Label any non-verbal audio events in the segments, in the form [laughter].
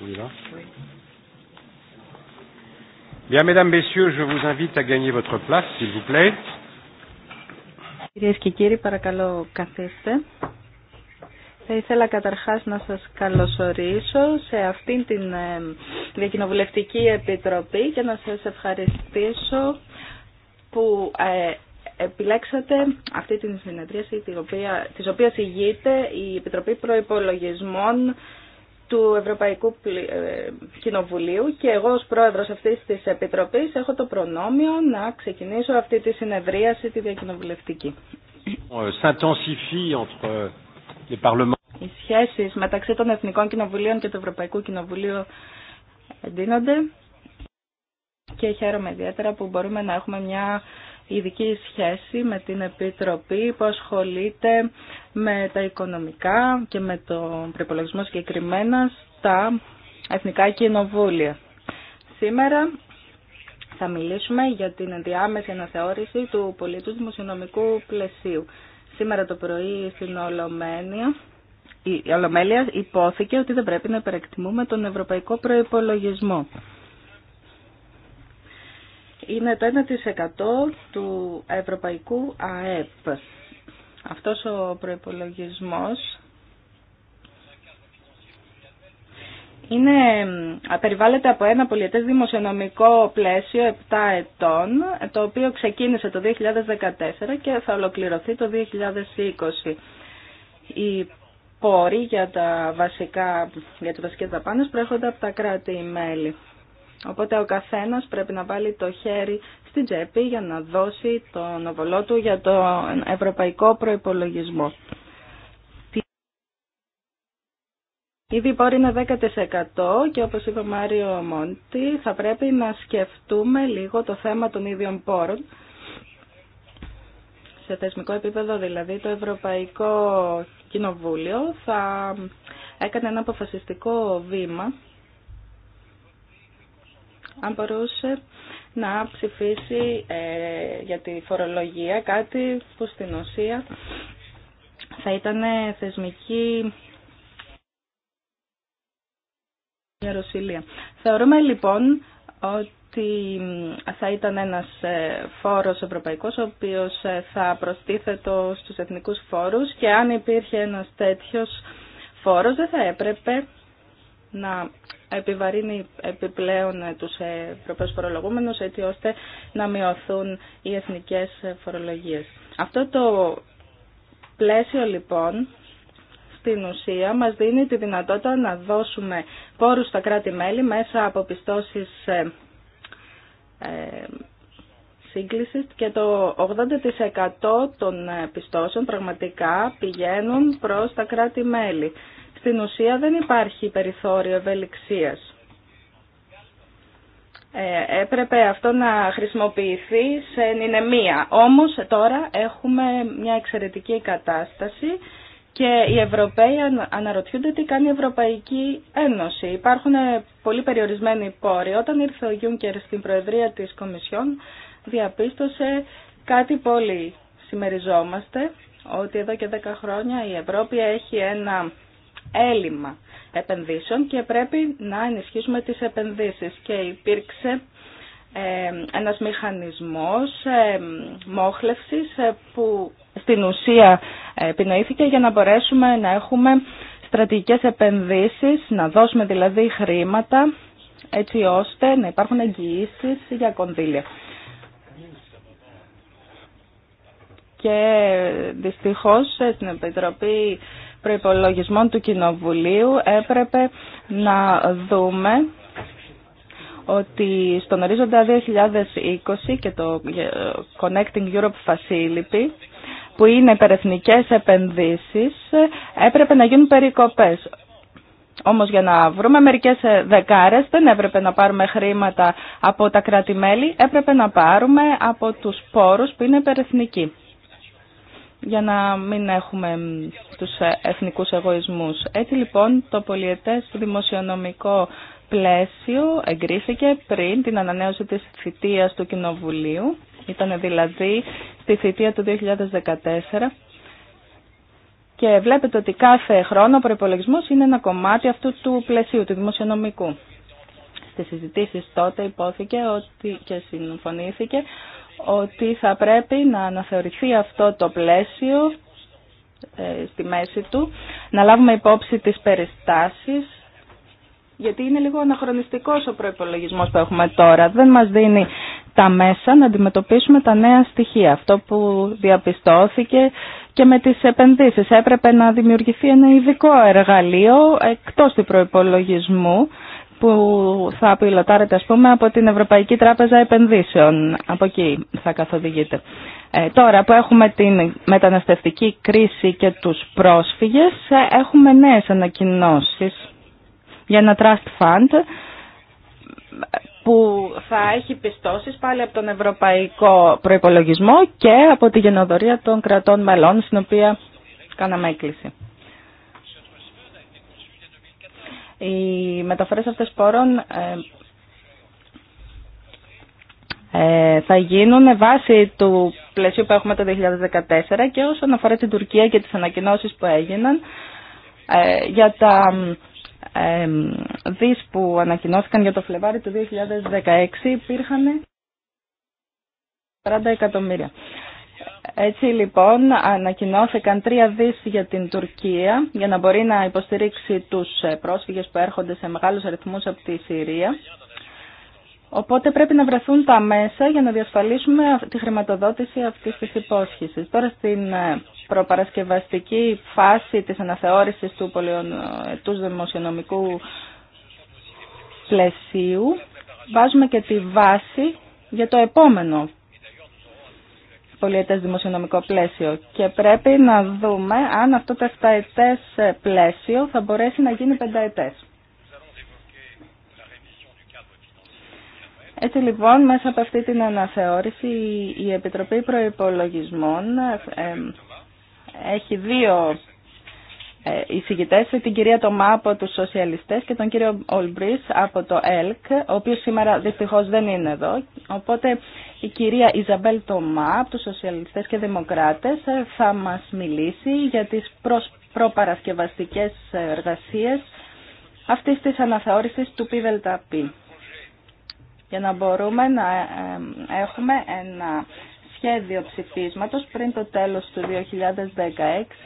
Κυρίε Bien, mesdames, messieurs, je vous invite à gagner votre place, s'il vous και κύριοι, παρακαλώ καθίστε. Θα ήθελα καταρχάς να σας καλωσορίσω σε αυτήν την ε, Διακοινοβουλευτική Επιτροπή και να σας ευχαριστήσω που ε, επιλέξατε αυτή την συνεδρία της οποίας ηγείται η Επιτροπή Προϋπολογισμών του Ευρωπαϊκού ε, Κοινοβουλίου και εγώ ως πρόεδρος αυτής της Επιτροπής έχω το προνόμιο να ξεκινήσω αυτή τη συνεδρίαση τη διακοινοβουλευτική. Οι σχέσεις μεταξύ των Εθνικών Κοινοβουλίων και του Ευρωπαϊκού Κοινοβουλίου εντείνονται και χαίρομαι ιδιαίτερα που μπορούμε να έχουμε μια ειδική σχέση με την Επιτροπή που ασχολείται με τα οικονομικά και με τον προπολογισμό συγκεκριμένα στα Εθνικά Κοινοβούλια. Σήμερα θα μιλήσουμε για την ενδιάμεση αναθεώρηση του πολίτου δημοσιονομικού πλαισίου. Σήμερα το πρωί στην Ολομέλεια, η Ολομέλεια υπόθηκε ότι δεν πρέπει να υπερεκτιμούμε τον ευρωπαϊκό προϋπολογισμό είναι το 1% του ευρωπαϊκού ΑΕΠ. Αυτός ο προϋπολογισμός είναι, περιβάλλεται από ένα πολιετές δημοσιονομικό πλαίσιο 7 ετών, το οποίο ξεκίνησε το 2014 και θα ολοκληρωθεί το 2020. Οι πόροι για, τα βασικά, για τις βασικές δαπάνες προέρχονται από τα κράτη-μέλη. Οπότε ο καθένας πρέπει να βάλει το χέρι στην τσέπη για να δώσει τον οβολό του για τον ευρωπαϊκό προϋπολογισμό. Ήδη πόρη είναι 10% και όπως είπε ο Μάριο Μόντι θα πρέπει να σκεφτούμε λίγο το θέμα των ίδιων πόρων σε θεσμικό επίπεδο δηλαδή το Ευρωπαϊκό Κοινοβούλιο θα έκανε ένα αποφασιστικό βήμα αν μπορούσε να ψηφίσει ε, για τη φορολογία κάτι που στην ουσία θα ήταν θεσμική Θα Θεωρούμε λοιπόν ότι θα ήταν ένας ε, φόρος ευρωπαϊκός ο οποίος ε, θα προστίθετο στους εθνικούς φόρους και αν υπήρχε ένας τέτοιος φόρος δεν θα έπρεπε να επιβαρύνει επιπλέον τους Ευρωπαίους φορολογούμενους έτσι ώστε να μειωθούν οι εθνικές φορολογίες. Αυτό το πλαίσιο λοιπόν στην ουσία μας δίνει τη δυνατότητα να δώσουμε πόρους στα κράτη-μέλη μέσα από πιστώσεις ε, ε, σύγκλησης και το 80% των πιστώσεων πραγματικά πηγαίνουν προς τα κράτη-μέλη στην ουσία δεν υπάρχει περιθώριο ευελιξίας. Ε, έπρεπε αυτό να χρησιμοποιηθεί σε νηνεμία. Όμως τώρα έχουμε μια εξαιρετική κατάσταση και οι Ευρωπαίοι αναρωτιούνται τι κάνει η Ευρωπαϊκή Ένωση. Υπάρχουν πολύ περιορισμένοι πόροι. Όταν ήρθε ο Γιούνκερ στην Προεδρία της Κομισιόν διαπίστωσε κάτι πολύ Σημεριζόμαστε ότι εδώ και 10 χρόνια η Ευρώπη έχει ένα έλλειμμα επενδύσεων και πρέπει να ενισχύσουμε τις επενδύσεις. Και υπήρξε ε, ένας μηχανισμός ε, μόχλευσης ε, που στην ουσία επινοήθηκε για να μπορέσουμε να έχουμε στρατηγικές επενδύσεις, να δώσουμε δηλαδή χρήματα έτσι ώστε να υπάρχουν εγγυήσεις για κονδύλια. Και δυστυχώς στην Επιτροπή Προϋπολογισμών του Κοινοβουλίου έπρεπε να δούμε ότι στον ορίζοντα 2020 και το ε, Connecting Europe Facility που είναι υπερεθνικές επενδύσεις έπρεπε να γίνουν περικοπές. Όμως για να βρούμε μερικές ε, δεκάρες δεν έπρεπε να πάρουμε χρήματα από τα κράτη-μέλη, έπρεπε να πάρουμε από τους πόρους που είναι υπερεθνικοί για να μην έχουμε τους ε, εθνικούς εγωισμούς. Έτσι λοιπόν το πολιετές δημοσιονομικό πλαίσιο εγκρίθηκε πριν την ανανέωση της θητείας του Κοινοβουλίου. Ήταν δηλαδή στη θητεία του 2014 και βλέπετε ότι κάθε χρόνο ο προπολογισμό είναι ένα κομμάτι αυτού του πλαισίου, του δημοσιονομικού. Στις συζητήσεις τότε υπόθηκε ότι και συμφωνήθηκε ότι θα πρέπει να αναθεωρηθεί αυτό το πλαίσιο ε, στη μέση του, να λάβουμε υπόψη τις περιστάσεις, γιατί είναι λίγο αναχρονιστικός ο προϋπολογισμός που έχουμε τώρα. Δεν μας δίνει τα μέσα να αντιμετωπίσουμε τα νέα στοιχεία. Αυτό που διαπιστώθηκε και με τις επενδύσεις. Έπρεπε να δημιουργηθεί ένα ειδικό εργαλείο εκτός του προϋπολογισμού που θα πιλωτάρεται, ας πούμε από την Ευρωπαϊκή Τράπεζα Επενδύσεων. Από εκεί θα καθοδηγείτε. Ε, τώρα που έχουμε την μεταναστευτική κρίση και τους πρόσφυγες ε, έχουμε νέες ανακοινώσεις για ένα trust fund που θα έχει πιστώσεις πάλι από τον Ευρωπαϊκό Προϋπολογισμό και από τη Γενοδορία των Κρατών Μελών στην οποία κάναμε έκκληση. Οι μεταφορές αυτές πόρων ε, ε, θα γίνουν βάσει του πλαισίου που έχουμε το 2014 και όσον αφορά την Τουρκία και τις ανακοινώσεις που έγιναν ε, για τα ε, δις που ανακοινώθηκαν για το Φλεβάρι του 2016 υπήρχαν 40 εκατομμύρια. Έτσι λοιπόν ανακοινώθηκαν τρία δις για την Τουρκία για να μπορεί να υποστηρίξει τους ε, πρόσφυγες που έρχονται σε μεγάλους αριθμούς από τη Συρία. Οπότε πρέπει να βρεθούν τα μέσα για να διασφαλίσουμε τη χρηματοδότηση αυτής της υπόσχεσης. Τώρα στην ε, προπαρασκευαστική φάση της αναθεώρησης του ε, του δημοσιονομικού πλαισίου βάζουμε και τη βάση για το επόμενο πολιετές δημοσιονομικό πλαίσιο και πρέπει να δούμε αν αυτό το 7 ετές πλαίσιο θα μπορέσει να γίνει 5 Έτσι λοιπόν, μέσα από αυτή την αναθεώρηση, η Επιτροπή Προϋπολογισμών ε, ε, έχει δύο ε, οι εισηγητές, την κυρία Τομά από τους Σοσιαλιστές και τον κύριο Ολμπρί από το ΕΛΚ, ο οποίος σήμερα δυστυχώ δεν είναι εδώ. Οπότε η κυρία Ιζαμπέλ Τομά από τους Σοσιαλιστές και Δημοκράτες ε, θα μας μιλήσει για τις προπαρασκευαστικέ εργασίες αυτής της αναθεώρησης του ΠΙΒΕΛΤΑΠΗ για να μπορούμε να έχουμε ένα σχέδιο ψηφίσματος πριν το τέλος του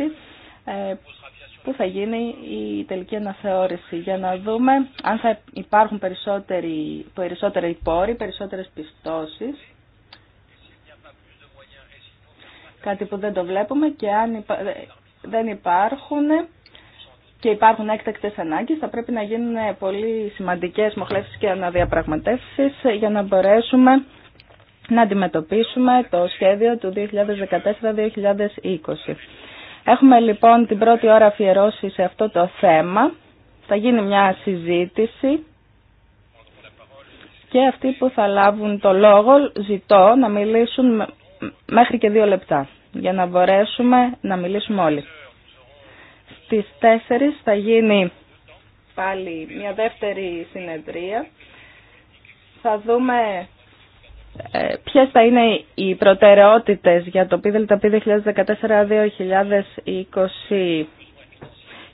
2016 που θα γίνει η τελική αναθεώρηση για να δούμε αν θα υπάρχουν περισσότεροι, περισσότεροι πόροι, περισσότερες πιστώσεις. Κάτι που δεν το βλέπουμε και αν δεν υπάρχουν και υπάρχουν έκτακτες ανάγκες θα πρέπει να γίνουν πολύ σημαντικές μοχλεύσεις και αναδιαπραγματεύσεις για να μπορέσουμε να αντιμετωπίσουμε το σχέδιο του 2014-2020. Έχουμε λοιπόν την πρώτη ώρα αφιερώσει σε αυτό το θέμα. Θα γίνει μια συζήτηση και αυτοί που θα λάβουν το λόγο ζητώ να μιλήσουν μέχρι και δύο λεπτά για να μπορέσουμε να μιλήσουμε όλοι. Στις τέσσερις θα γίνει πάλι μια δεύτερη συνεδρία. Θα δούμε ε, Ποιε θα είναι οι προτεραιότητες για το ΠΔΠ 2014-2020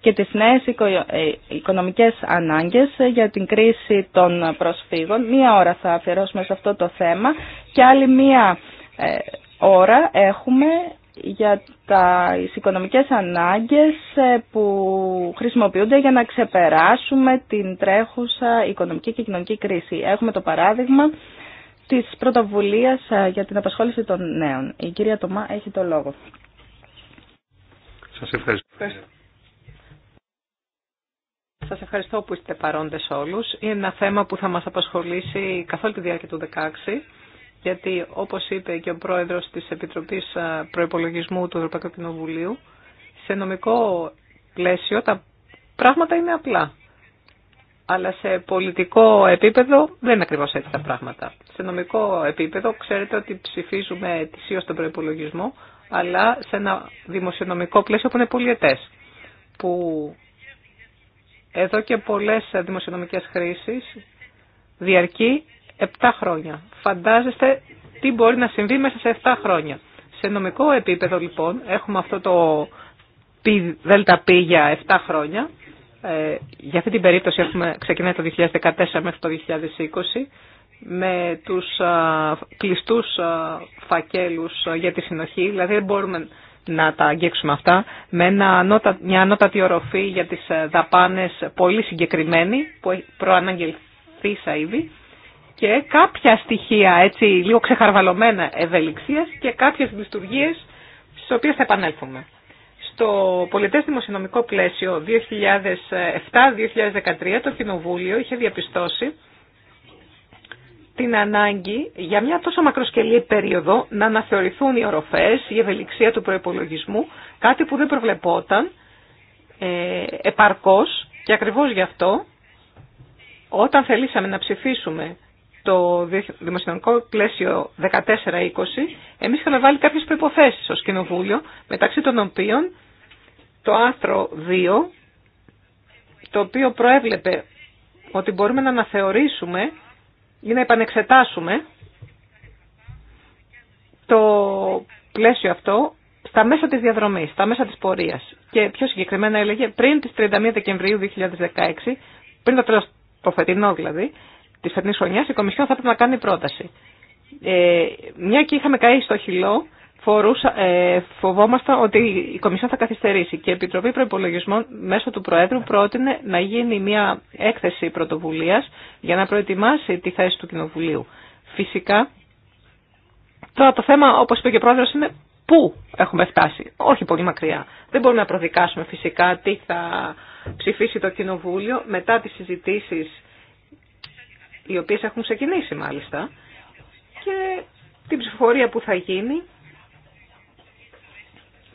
και τις νέες ε, οικονομικές ανάγκες για την κρίση των προσφύγων. Μία ώρα θα αφιερώσουμε σε αυτό το θέμα και άλλη μία ε, ώρα έχουμε για τις οικονομικές ανάγκες που χρησιμοποιούνται για να ξεπεράσουμε την τρέχουσα οικονομική και κοινωνική κρίση. Έχουμε το παράδειγμα Τη πρωτοβουλία ε, για την απασχόληση των νέων. Η κυρία Τομά έχει το λόγο. Σας ευχαριστώ. Σα ευχαριστώ που είστε παρόντες όλους. Είναι ένα θέμα που θα μας απασχολήσει καθ' όλη τη διάρκεια του 2016, γιατί όπως είπε και ο πρόεδρος της Επιτροπής ε, Προπολογισμού του Ευρωπαϊκού Κοινοβουλίου, σε νομικό πλαίσιο τα πράγματα είναι απλά αλλά σε πολιτικό επίπεδο δεν είναι ακριβώς έτσι τα πράγματα. Σε νομικό επίπεδο ξέρετε ότι ψηφίζουμε ετησίως τον προπολογισμό, αλλά σε ένα δημοσιονομικό πλαίσιο που είναι πολιετές, που εδώ και πολλές δημοσιονομικές χρήσεις διαρκεί 7 χρόνια. Φαντάζεστε τι μπορεί να συμβεί μέσα σε 7 χρόνια. Σε νομικό επίπεδο λοιπόν έχουμε αυτό το δελτα για 7 χρόνια ε, για αυτή την περίπτωση έχουμε, ξεκινάει το 2014 μέχρι το 2020 με τους α, κλειστούς φακέλους για τη συνοχή, δηλαδή δεν μπορούμε να τα αγγίξουμε αυτά, με ένα, μια ανώτατη οροφή για τις ε, δαπάνες πολύ συγκεκριμένη που σαν ήδη και κάποια στοιχεία έτσι λίγο ξεχαρβαλωμένα ευελιξίας και κάποιες λειτουργίε στις οποίες θα επανέλθουμε. Στο πολιτές δημοσιονομικό πλαίσιο 2007-2013 το Κοινοβούλιο είχε διαπιστώσει την ανάγκη για μια τόσο μακροσκελή περίοδο να αναθεωρηθούν οι οροφές, η ευελιξία του προϋπολογισμού, κάτι που δεν προβλεπόταν ε, επαρκώς και ακριβώς γι' αυτό όταν θελήσαμε να ψηφίσουμε το δημοσιονομικό πλαίσιο 14-20, εμείς είχαμε βάλει κάποιες προϋποθέσεις ως Κοινοβούλιο, μεταξύ των οποίων το άρθρο 2, το οποίο προέβλεπε ότι μπορούμε να αναθεωρήσουμε ή να επανεξετάσουμε το πλαίσιο αυτό στα μέσα της διαδρομής, στα μέσα της πορείας. Και πιο συγκεκριμένα έλεγε πριν τις 31 Δεκεμβρίου 2016, πριν το τέλος το φετινό δηλαδή, Τη φετινή χρονιά, η Κομισιόν θα πρέπει να κάνει πρόταση. Ε, μια και είχαμε καεί στο χυλό, φορούσα, ε, φοβόμασταν ότι η Κομισιόν θα καθυστερήσει και η Επιτροπή Προπολογισμών μέσω του Προέδρου πρότεινε να γίνει μια έκθεση πρωτοβουλία για να προετοιμάσει τη θέση του Κοινοβουλίου. Φυσικά, τώρα το θέμα, όπω είπε και ο πρόεδρο είναι πού έχουμε φτάσει. Όχι πολύ μακριά. Δεν μπορούμε να προδικάσουμε φυσικά τι θα ψηφίσει το Κοινοβούλιο μετά τις συζητήσεις οι οποίες έχουν ξεκινήσει μάλιστα, και την ψηφοφορία που θα γίνει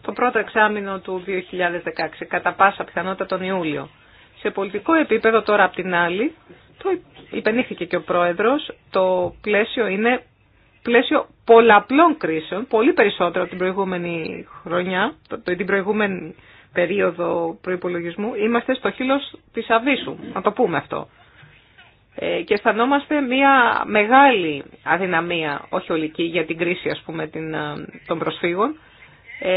το πρώτο εξάμεινο του 2016, κατά πάσα πιθανότητα τον Ιούλιο. Σε πολιτικό επίπεδο τώρα απ' την άλλη, το υπενήθηκε και ο Πρόεδρος, το πλαίσιο είναι πλαίσιο πολλαπλών κρίσεων, πολύ περισσότερο από την προηγούμενη χρονιά, την προηγούμενη περίοδο προϋπολογισμού, είμαστε στο χείλος της Αβίσου, να το πούμε αυτό. Ε, και αισθανόμαστε μια μεγάλη αδυναμία, όχι ολική, για την κρίση ας πούμε την, ε, των προσφύγων, ε,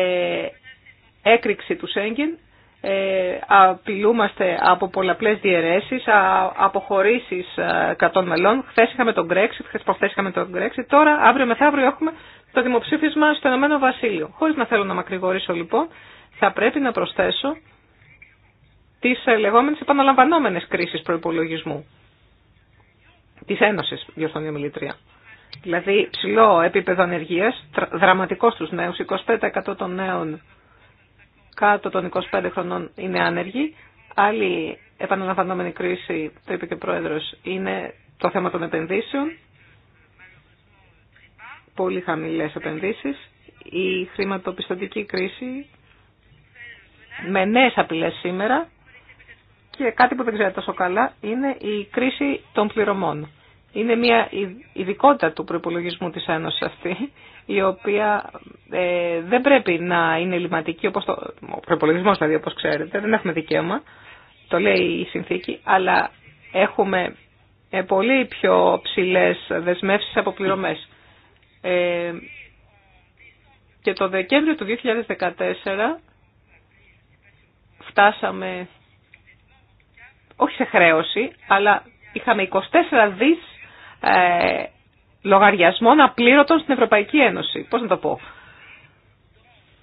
έκρηξη του Σέγγεν, ε, απειλούμαστε από πολλαπλές διαιρέσεις, α, αποχωρήσεις ε, κατών μελών. Χθε είχαμε τον Brexit, χθες προχθές είχαμε τον Brexit, τώρα αύριο μεθαύριο έχουμε το δημοψήφισμα στο Ηνωμένο Βασίλειο. Χωρίς να θέλω να μακρηγορήσω λοιπόν, θα πρέπει να προσθέσω τις λεγόμενες επαναλαμβανόμενες κρίσεις προϋπολογισμού τη Ένωση, διορθώνει ομιλήτρια. Δηλαδή ψηλό επίπεδο ανεργία, δραματικό στους νέου, 25% των νέων κάτω των 25 χρονών είναι άνεργοι. Άλλη επαναλαμβανόμενη κρίση, το είπε και ο πρόεδρο, είναι το θέμα των επενδύσεων. Πολύ χαμηλέ επενδύσει. Η χρηματοπιστωτική κρίση με νέε απειλέ σήμερα και κάτι που δεν ξέρω τόσο καλά είναι η κρίση των πληρωμών είναι μια ειδικότητα του προπολογισμού της Ένωσης αυτή, η οποία ε, δεν πρέπει να είναι ελληματική, όπως το, ο προπολογισμό δηλαδή όπως ξέρετε, δεν έχουμε δικαίωμα, το λέει η συνθήκη, αλλά έχουμε ε, πολύ πιο ψηλές δεσμεύσεις από πληρωμές. Ε, και το Δεκέμβριο του 2014 φτάσαμε όχι σε χρέωση, αλλά είχαμε 24 δις ε, λογαριασμών απλήρωτων στην Ευρωπαϊκή Ένωση. Πώς να το πω.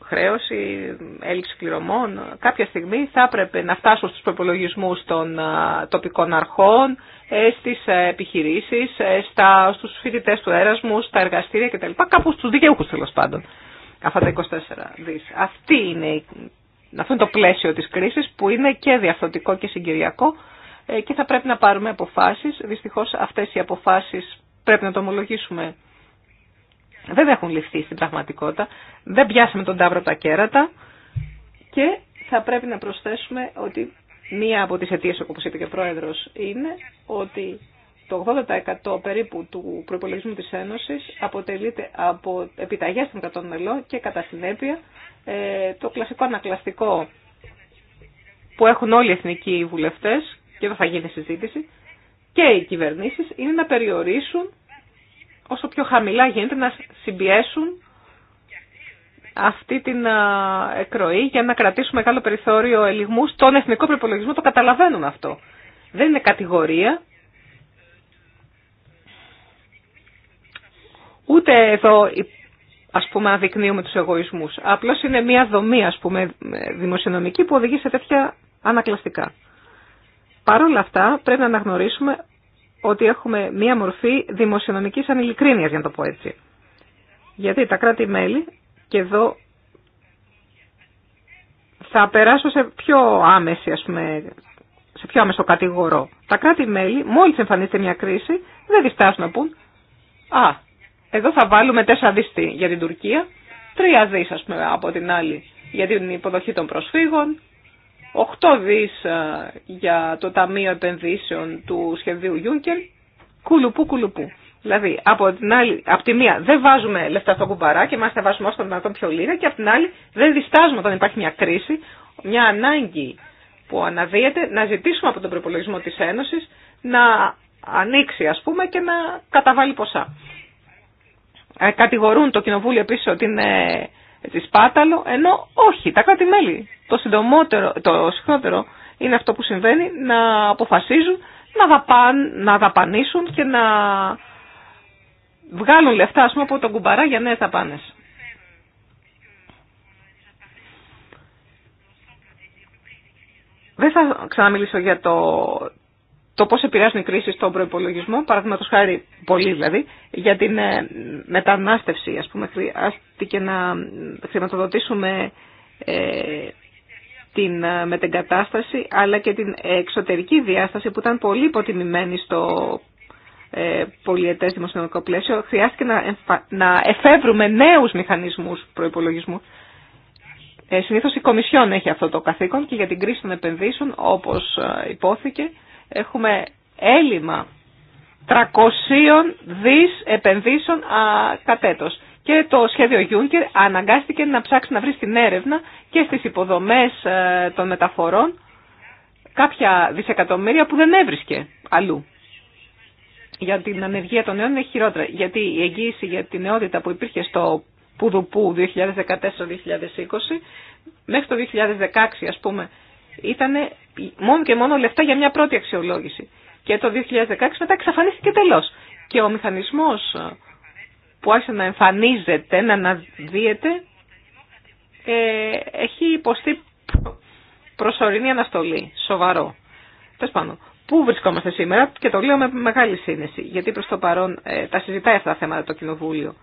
Χρέωση, έλλειψη πληρωμών. Κάποια στιγμή θα έπρεπε να φτάσουν στους προπολογισμού των ε, τοπικών αρχών, ε, στις ε, επιχειρήσεις, στα, στους φοιτητές του έρασμου, στα εργαστήρια κτλ. Κάπου στους δικαιούχους τέλο πάντων. Αυτά τα 24 δις. Αυτή είναι, αυτό είναι το πλαίσιο της κρίσης που είναι και διαφθορτικό και συγκυριακό ε, και θα πρέπει να πάρουμε αποφάσεις. Δυστυχώς αυτές οι αποφάσεις πρέπει να το ομολογήσουμε. Δεν έχουν ληφθεί στην πραγματικότητα. Δεν πιάσαμε τον τάβρο τα κέρατα και θα πρέπει να προσθέσουμε ότι μία από τις αιτίες, όπως είπε και ο Πρόεδρος, είναι ότι το 80% περίπου του προπολογισμού της Ένωσης αποτελείται από επιταγές των κρατών μελών και κατά συνέπεια ε, το κλασικό ανακλαστικό που έχουν όλοι οι εθνικοί βουλευτές και εδώ θα γίνει συζήτηση, και οι κυβερνήσεις είναι να περιορίσουν όσο πιο χαμηλά γίνεται να συμπιέσουν αυτή την εκροή για να κρατήσουμε μεγάλο περιθώριο ελιγμού στον εθνικό προπολογισμό. Το καταλαβαίνουν αυτό. Δεν είναι κατηγορία. Ούτε εδώ ας πούμε αδεικνύουμε τους εγωισμούς. Απλώς είναι μια δομή ας πούμε δημοσιονομική που οδηγεί σε τέτοια ανακλαστικά. Παρ' όλα αυτά πρέπει να αναγνωρίσουμε ότι έχουμε μία μορφή δημοσιονομικής ανηλικρίνειας, για να το πω έτσι. Γιατί τα κράτη-μέλη, και εδώ θα περάσω σε πιο άμεση, ας πούμε, σε πιο άμεσο κατηγορό. Τα κράτη-μέλη, μόλις εμφανίζεται μια κρίση, δεν διστάζουν να πούν «Α, εδώ θα βάλουμε τέσσερα δίστη για την Τουρκία, τρία δις, ας πούμε, από την άλλη για την υποδοχή των προσφύγων, 8 δις ε, για το Ταμείο Επενδύσεων του σχεδίου Juncker, κουλουπού κουλουπού. Δηλαδή, από, την από τη μία δεν βάζουμε λεφτά στο κουμπαρά και μάλιστα βάζουμε όσο το δυνατόν πιο λίγα και από την άλλη δεν διστάζουμε όταν υπάρχει μια δεν βαζουμε λεφτα στο κουμπαρα και τα βαζουμε οσο το δυνατον πιο λιγα και απο την αλλη δεν δισταζουμε οταν υπαρχει μια ανάγκη που αναδύεται να ζητήσουμε από τον προπολογισμό της Ένωσης να ανοίξει ας πούμε και να καταβάλει ποσά. Ε, κατηγορούν το Κοινοβούλιο επίσης ότι είναι έτσι, σπάταλο, ενώ όχι, τα κράτη-μέλη. Το, συντομότερο, το συχνότερο είναι αυτό που συμβαίνει, να αποφασίζουν να, δαπαν, να δαπανίσουν και να βγάλουν λεφτά ας πούμε, από τον κουμπαρά για νέες δαπάνες. Δεν θα ξαναμιλήσω για το, το πώς επηρεάζουν οι κρίσεις στον προϋπολογισμό, παραδείγματος χάρη πολύ δηλαδή, για την ε, μετανάστευση, ας πούμε, και να χρηματοδοτήσουμε ε, την ε, μετεγκατάσταση αλλά και την εξωτερική διάσταση που ήταν πολύ υποτιμημένη στο ε, πολιετές δημοσιονομικό πλαίσιο. Χρειάστηκε να, να εφεύρουμε νέους μηχανισμούς προϋπολογισμού. Ε, συνήθως η Κομισιόν έχει αυτό το καθήκον και για την κρίση των επενδύσεων όπως υπόθηκε έχουμε έλλειμμα 300 δις επενδύσεων α, κατέτος. Και το σχέδιο Juncker αναγκάστηκε να ψάξει να βρει στην έρευνα και στις υποδομές ε, των μεταφορών κάποια δισεκατομμύρια που δεν έβρισκε αλλού. Για την ανεργία των νέων είναι χειρότερα, γιατί η εγγύηση για την νεότητα που υπήρχε στο Πουδουπού 2014-2020 μέχρι το 2016 ας πούμε ήταν μόνο και μόνο λεφτά για μια πρώτη αξιολόγηση. Και το 2016 μετά εξαφανίστηκε τελώς. Και ο μηχανισμός που άρχισε να εμφανίζεται, να αναδύεται, ε, έχει υποστεί προσωρινή αναστολή. Σοβαρό. Τέλο πάνω. Πού βρισκόμαστε σήμερα και το λέω με μεγάλη σύνεση, γιατί προς το παρόν ε, τα συζητάει αυτά τα θέματα το Κοινοβούλιο.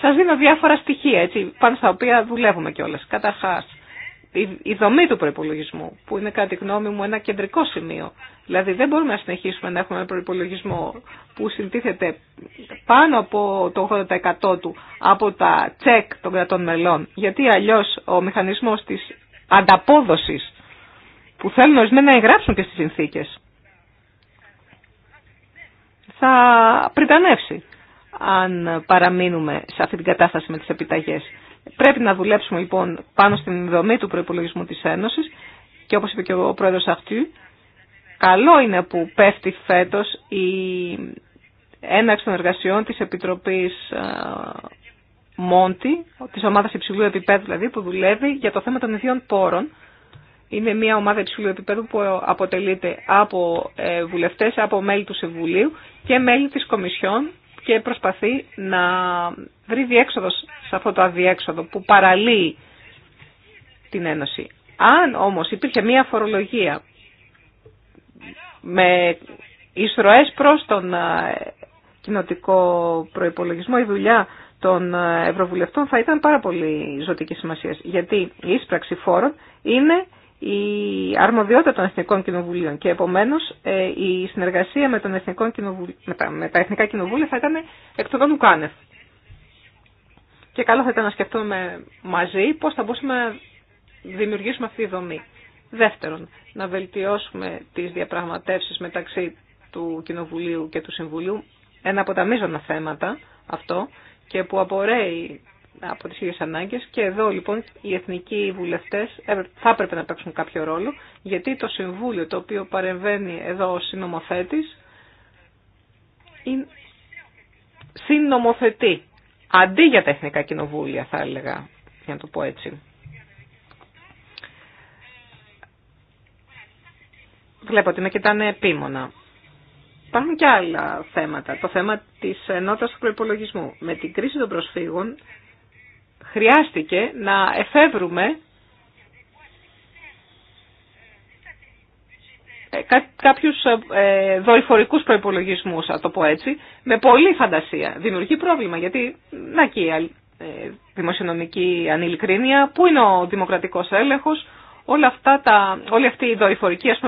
Σα δίνω διάφορα στοιχεία, έτσι, πάνω στα οποία δουλεύουμε κιόλας. Καταρχάς, η δομή του προπολογισμού, που είναι κάτι γνώμη μου ένα κεντρικό σημείο. Δηλαδή δεν μπορούμε να συνεχίσουμε να έχουμε ένα προπολογισμό που συντίθεται πάνω από το 80% του από τα τσεκ των κρατών μελών, γιατί αλλιώς ο μηχανισμός της ανταπόδοσης που θέλουν ορισμένα να εγγράψουν και στις συνθήκες θα πριτανεύσει αν παραμείνουμε σε αυτή την κατάσταση με τις επιταγές. Πρέπει να δουλέψουμε λοιπόν πάνω στην δομή του προπολογισμού της Ένωσης και όπως είπε και ο πρόεδρος αυτού, καλό είναι που πέφτει φέτος η έναρξη των εργασιών της Επιτροπής ε, Μόντι, της ομάδας υψηλού επίπεδου δηλαδή, που δουλεύει για το θέμα των ιδίων πόρων. Είναι μια ομάδα υψηλού επίπεδου που αποτελείται από ε, βουλευτές, από μέλη του Συμβουλίου και μέλη της Κομισιόν και προσπαθεί να βρει διέξοδο σε αυτό το αδιέξοδο που παραλύει την Ένωση. Αν όμως υπήρχε μία φορολογία με εισρωές προς τον ε, κοινοτικό προϋπολογισμό, η δουλειά των ε, Ευρωβουλευτών θα ήταν πάρα πολύ ζωτική σημασία. Γιατί η εισπραξη φόρων είναι η αρμοδιότητα των Εθνικών Κοινοβουλίων και επομένως ε, η συνεργασία με, τον Εθνικό Κοινοβουλ... με, τα... Εθνικά Κοινοβούλια θα ήταν εκ των Ουκάνευ. Και καλό θα ήταν να σκεφτούμε μαζί πώς θα μπορούσαμε να δημιουργήσουμε αυτή τη δομή. Δεύτερον, να βελτιώσουμε τις διαπραγματεύσεις μεταξύ του Κοινοβουλίου και του Συμβουλίου, ένα από τα μείζωνα θέματα αυτό και που απορρέει από τις ίδιες ανάγκες και εδώ λοιπόν οι εθνικοί βουλευτές ε, θα έπρεπε να παίξουν κάποιο ρόλο γιατί το Συμβούλιο το οποίο παρεμβαίνει εδώ ο συνομοθέτης σύνομοθέτη αντί για τα εθνικά κοινοβούλια θα έλεγα για να το πω έτσι. Βλέπω ότι με κοιτάνε επίμονα. Υπάρχουν και άλλα θέματα. Το θέμα της ενότητας του προπολογισμού. Με την κρίση των προσφύγων χρειάστηκε να εφεύρουμε ε, κάποιους ε, ε, δορυφορικούς προϋπολογισμούς, θα το πω έτσι, με πολλή φαντασία. Δημιουργεί πρόβλημα, γιατί, να και η δημοσιονομική ανηλικρίνεια, πού είναι ο δημοκρατικός έλεγχος, όλα αυτά τα, όλοι αυτοί οι δορυφορικοί ας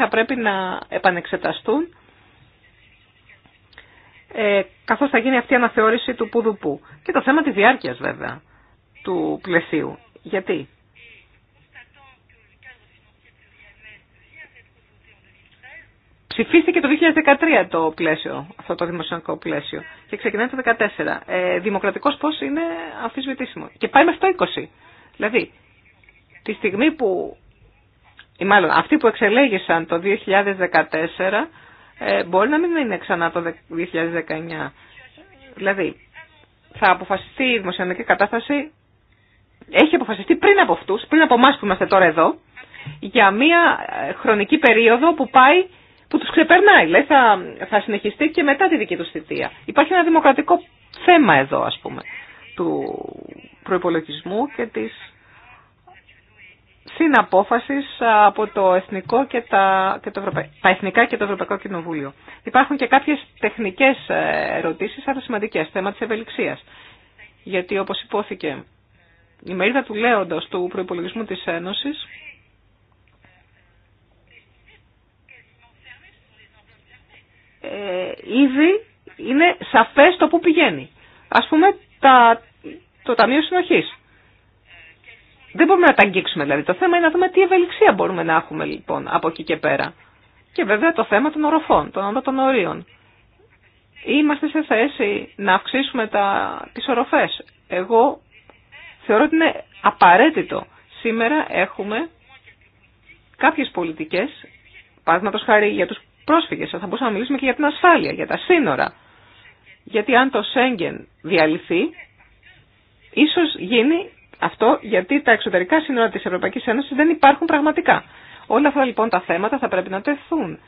θα πρέπει να επανεξεταστούν ε, καθώς θα γίνει αυτή η αναθεώρηση του πουδουπού. Και το θέμα τη διάρκεια βέβαια του πλαισίου. Γιατί. Ψηφίστηκε το 2013 το πλαίσιο, αυτό το δημοσιονομικό πλαίσιο και ξεκινάει το 2014. Ε, δημοκρατικός πώς είναι αμφισβητήσιμο. Και πάει μέχρι το 20. Δηλαδή, τη στιγμή που, ή μάλλον αυτοί που εξελέγησαν το 2014 ε, μπορεί να μην είναι ξανά το 2019. Δηλαδή, θα αποφασιστεί η δημοσιονομική κατάσταση, έχει αποφασιστεί πριν από αυτού, πριν από εμά που είμαστε τώρα εδώ, για μια ε, χρονική περίοδο που πάει που τους ξεπερνάει, λέει, θα, θα συνεχιστεί και μετά τη δική του θητεία. Υπάρχει ένα δημοκρατικό θέμα εδώ, ας πούμε, του προπολογισμού και της συναπόφαση από το εθνικό και τα, και το Ευρωπαϊ... εθνικά και το Ευρωπαϊκό Κοινοβούλιο. Υπάρχουν και κάποιες τεχνικές ε, ερωτήσεις, αλλά σημαντικέ θέμα τη ευελιξίας. Γιατί όπω υπόθηκε, η μερίδα του λέοντο του προπολογισμού της Ένωσης ε, ήδη είναι σαφές το που πηγαίνει. Ας πούμε τα, το Ταμείο Συνοχής. Δεν μπορούμε να τα αγγίξουμε δηλαδή. Το θέμα είναι να δούμε τι ευελιξία μπορούμε να έχουμε λοιπόν από εκεί και πέρα. Και βέβαια το θέμα των οροφών, των των ορίων. Είμαστε σε θέση να αυξήσουμε τα, τις οροφές. Εγώ θεωρώ ότι είναι απαραίτητο. Σήμερα έχουμε κάποιες πολιτικές, παραδείγματος χάρη για τους πρόσφυγες, θα μπορούσαμε να μιλήσουμε και για την ασφάλεια, για τα σύνορα. Γιατί αν το Σέγγεν διαλυθεί, ίσως γίνει αυτό γιατί τα εξωτερικά σύνορα της Ευρωπαϊκής Ένωσης δεν υπάρχουν πραγματικά. Όλα αυτά λοιπόν τα θέματα θα πρέπει να τεθούν.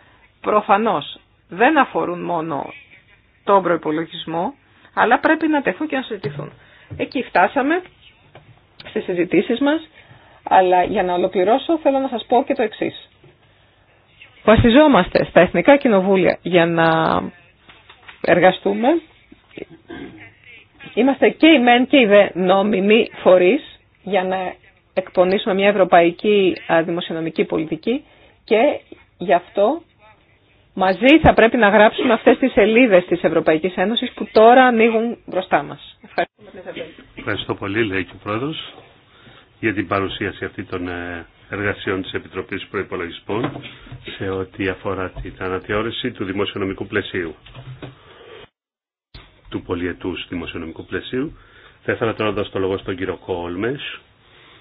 Προφανώς δεν αφορούν μόνο τον προπολογισμό, αλλά πρέπει να τεθούν και να συζητηθούν. Εκεί φτάσαμε στις συζητήσει μας, αλλά για να ολοκληρώσω θέλω να σας πω και το εξή. Βασιζόμαστε στα Εθνικά Κοινοβούλια για να εργαστούμε Είμαστε και οι μεν και οι δε νόμιμοι φορείς για να εκπονήσουμε μια ευρωπαϊκή δημοσιονομική πολιτική και γι' αυτό μαζί θα πρέπει να γράψουμε αυτές τις σελίδες της Ευρωπαϊκής Ένωσης που τώρα ανοίγουν μπροστά μας. Ευχαριστώ πολύ, λέει και ο Πρόεδρος, για την παρουσίαση αυτή των ε, εργασιών της Επιτροπής Προϋπολογισμών σε ό,τι αφορά την αναθεώρηση του δημοσιονομικού πλαισίου του πολιετού δημοσιονομικού πλαισίου. Θα ήθελα τώρα να δώσω το λόγο στον κύριο Κόλμες,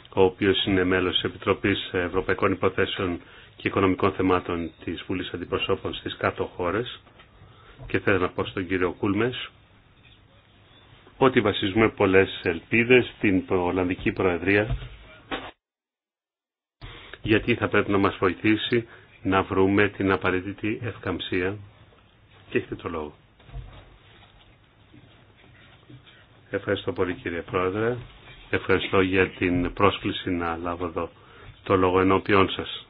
ο οποίος είναι μέλος της Επιτροπής Ευρωπαϊκών Υποθέσεων και Οικονομικών Θεμάτων της Βουλής Αντιπροσώπων στις κάτω χώρες. Και θέλω να πω στον κύριο Κούλμες ότι βασίζουμε πολλές ελπίδες στην Ολλανδική Προεδρία γιατί θα πρέπει να μας βοηθήσει να βρούμε την απαραίτητη ευκαμψία. Και έχετε το λόγο. Ευχαριστώ πολύ κύριε Πρόεδρε. Ευχαριστώ για την πρόσκληση να λάβω εδώ το λόγο ενώπιόν σας.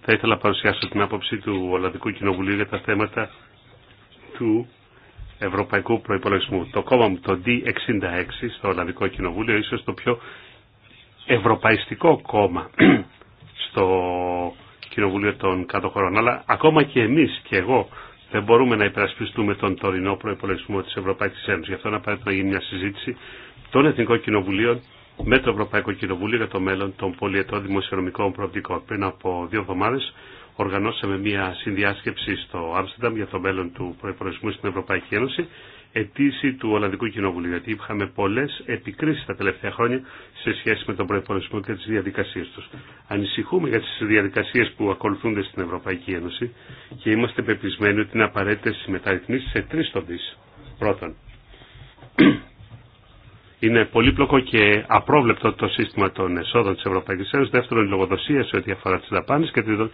Θα ήθελα να παρουσιάσω την άποψη του Ολλανδικού Κοινοβουλίου για τα θέματα του Ευρωπαϊκού Προϋπολογισμού. Το κόμμα μου, το D66 στο Ολλανδικό Κοινοβούλιο, ίσως το πιο ευρωπαϊστικό κόμμα [clears throat] στο Κοινοβούλιο των κατοχωρών Αλλά ακόμα και εμείς και εγώ δεν μπορούμε να υπερασπιστούμε τον τωρινό προπολογισμό τη Ευρωπαϊκή Ένωση. Γι' αυτό είναι απαραίτητο να γίνει μια συζήτηση των Εθνικών Κοινοβουλίων με το Ευρωπαϊκό Κοινοβούλιο για το μέλλον των πολιετών δημοσιονομικών προοπτικών. Πριν από δύο εβδομάδε οργανώσαμε μια συνδιάσκεψη στο Άμστερνταμ για το μέλλον του προπολογισμού στην Ευρωπαϊκή Ένωση ετήσι του Ολλανδικού Κοινοβουλίου, γιατί είχαμε πολλέ επικρίσει τα τελευταία χρόνια σε σχέση με τον προπολογισμό και τι διαδικασίε του. Ανησυχούμε για τι διαδικασίε που ακολουθούνται στην Ευρωπαϊκή Ένωση και είμαστε πεπισμένοι ότι είναι απαραίτητε οι μεταρρυθμίσει σε τρει τομεί. Πρώτον, [clears throat] είναι πολύπλοκο και απρόβλεπτο το σύστημα των εσόδων τη Ευρωπαϊκή Ένωση. Δεύτερον, η λογοδοσία σε ό,τι αφορά τι δαπάνε. Και τρίτον,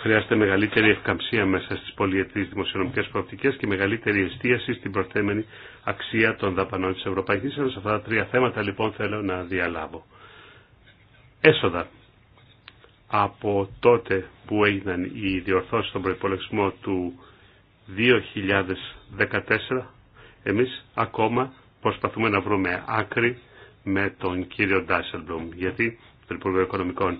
Χρειάζεται μεγαλύτερη ευκαμψία μέσα στις πολιετήσεις δημοσιονομικές προοπτικές και μεγαλύτερη εστίαση στην προθέμενη αξία των δαπανών της Ευρωπαϊκής Ένωσης. Αυτά τα τρία θέματα λοιπόν θέλω να διαλάβω. Έσοδα. Από τότε που έγιναν οι διορθώσεις στον προπολογισμό του 2014, εμείς ακόμα προσπαθούμε να βρούμε άκρη με τον κύριο Ντάσελμπλουμ, γιατί το Υπουργείο Οικονομικών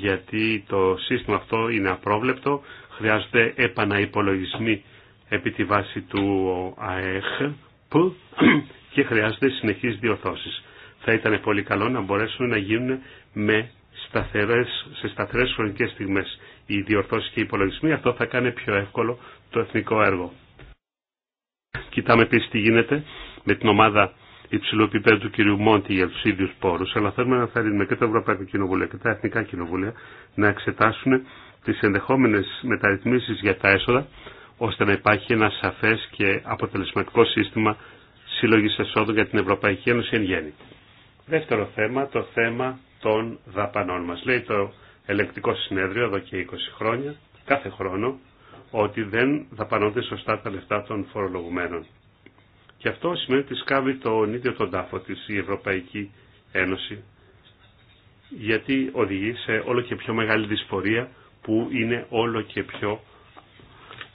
γιατί το σύστημα αυτό είναι απρόβλεπτο, χρειάζονται επαναυπολογισμοί επί τη βάση του ΑΕΧ και χρειάζονται συνεχείς διορθώσεις. Θα ήταν πολύ καλό να μπορέσουν να γίνουν με σταθερές, σε σταθερές χρονικές στιγμές οι διορθώσεις και οι υπολογισμοί. Αυτό θα κάνει πιο εύκολο το εθνικό έργο. Κοιτάμε επίσης τι γίνεται με την ομάδα υψηλού επίπεδου του κυρίου Μόντι για του ίδιου πόρου, αλλά θέλουμε να θαρρύνουμε και το Ευρωπαϊκό Κοινοβουλία και τα Εθνικά Κοινοβούλια να εξετάσουν τι ενδεχόμενε μεταρρυθμίσει για τα έσοδα, ώστε να υπάρχει ένα σαφέ και αποτελεσματικό σύστημα σύλλογη εσόδων για την Ευρωπαϊκή Ένωση εν γέννη. Δεύτερο θέμα, το θέμα των δαπανών μα. Λέει το ελεκτικό συνέδριο εδώ και 20 χρόνια, κάθε χρόνο, ότι δεν δαπανώνται σωστά τα λεφτά των φορολογουμένων. Και αυτό σημαίνει ότι σκάβει τον ίδιο τον τάφο της η Ευρωπαϊκή Ένωση γιατί οδηγεί σε όλο και πιο μεγάλη δυσφορία που είναι όλο και πιο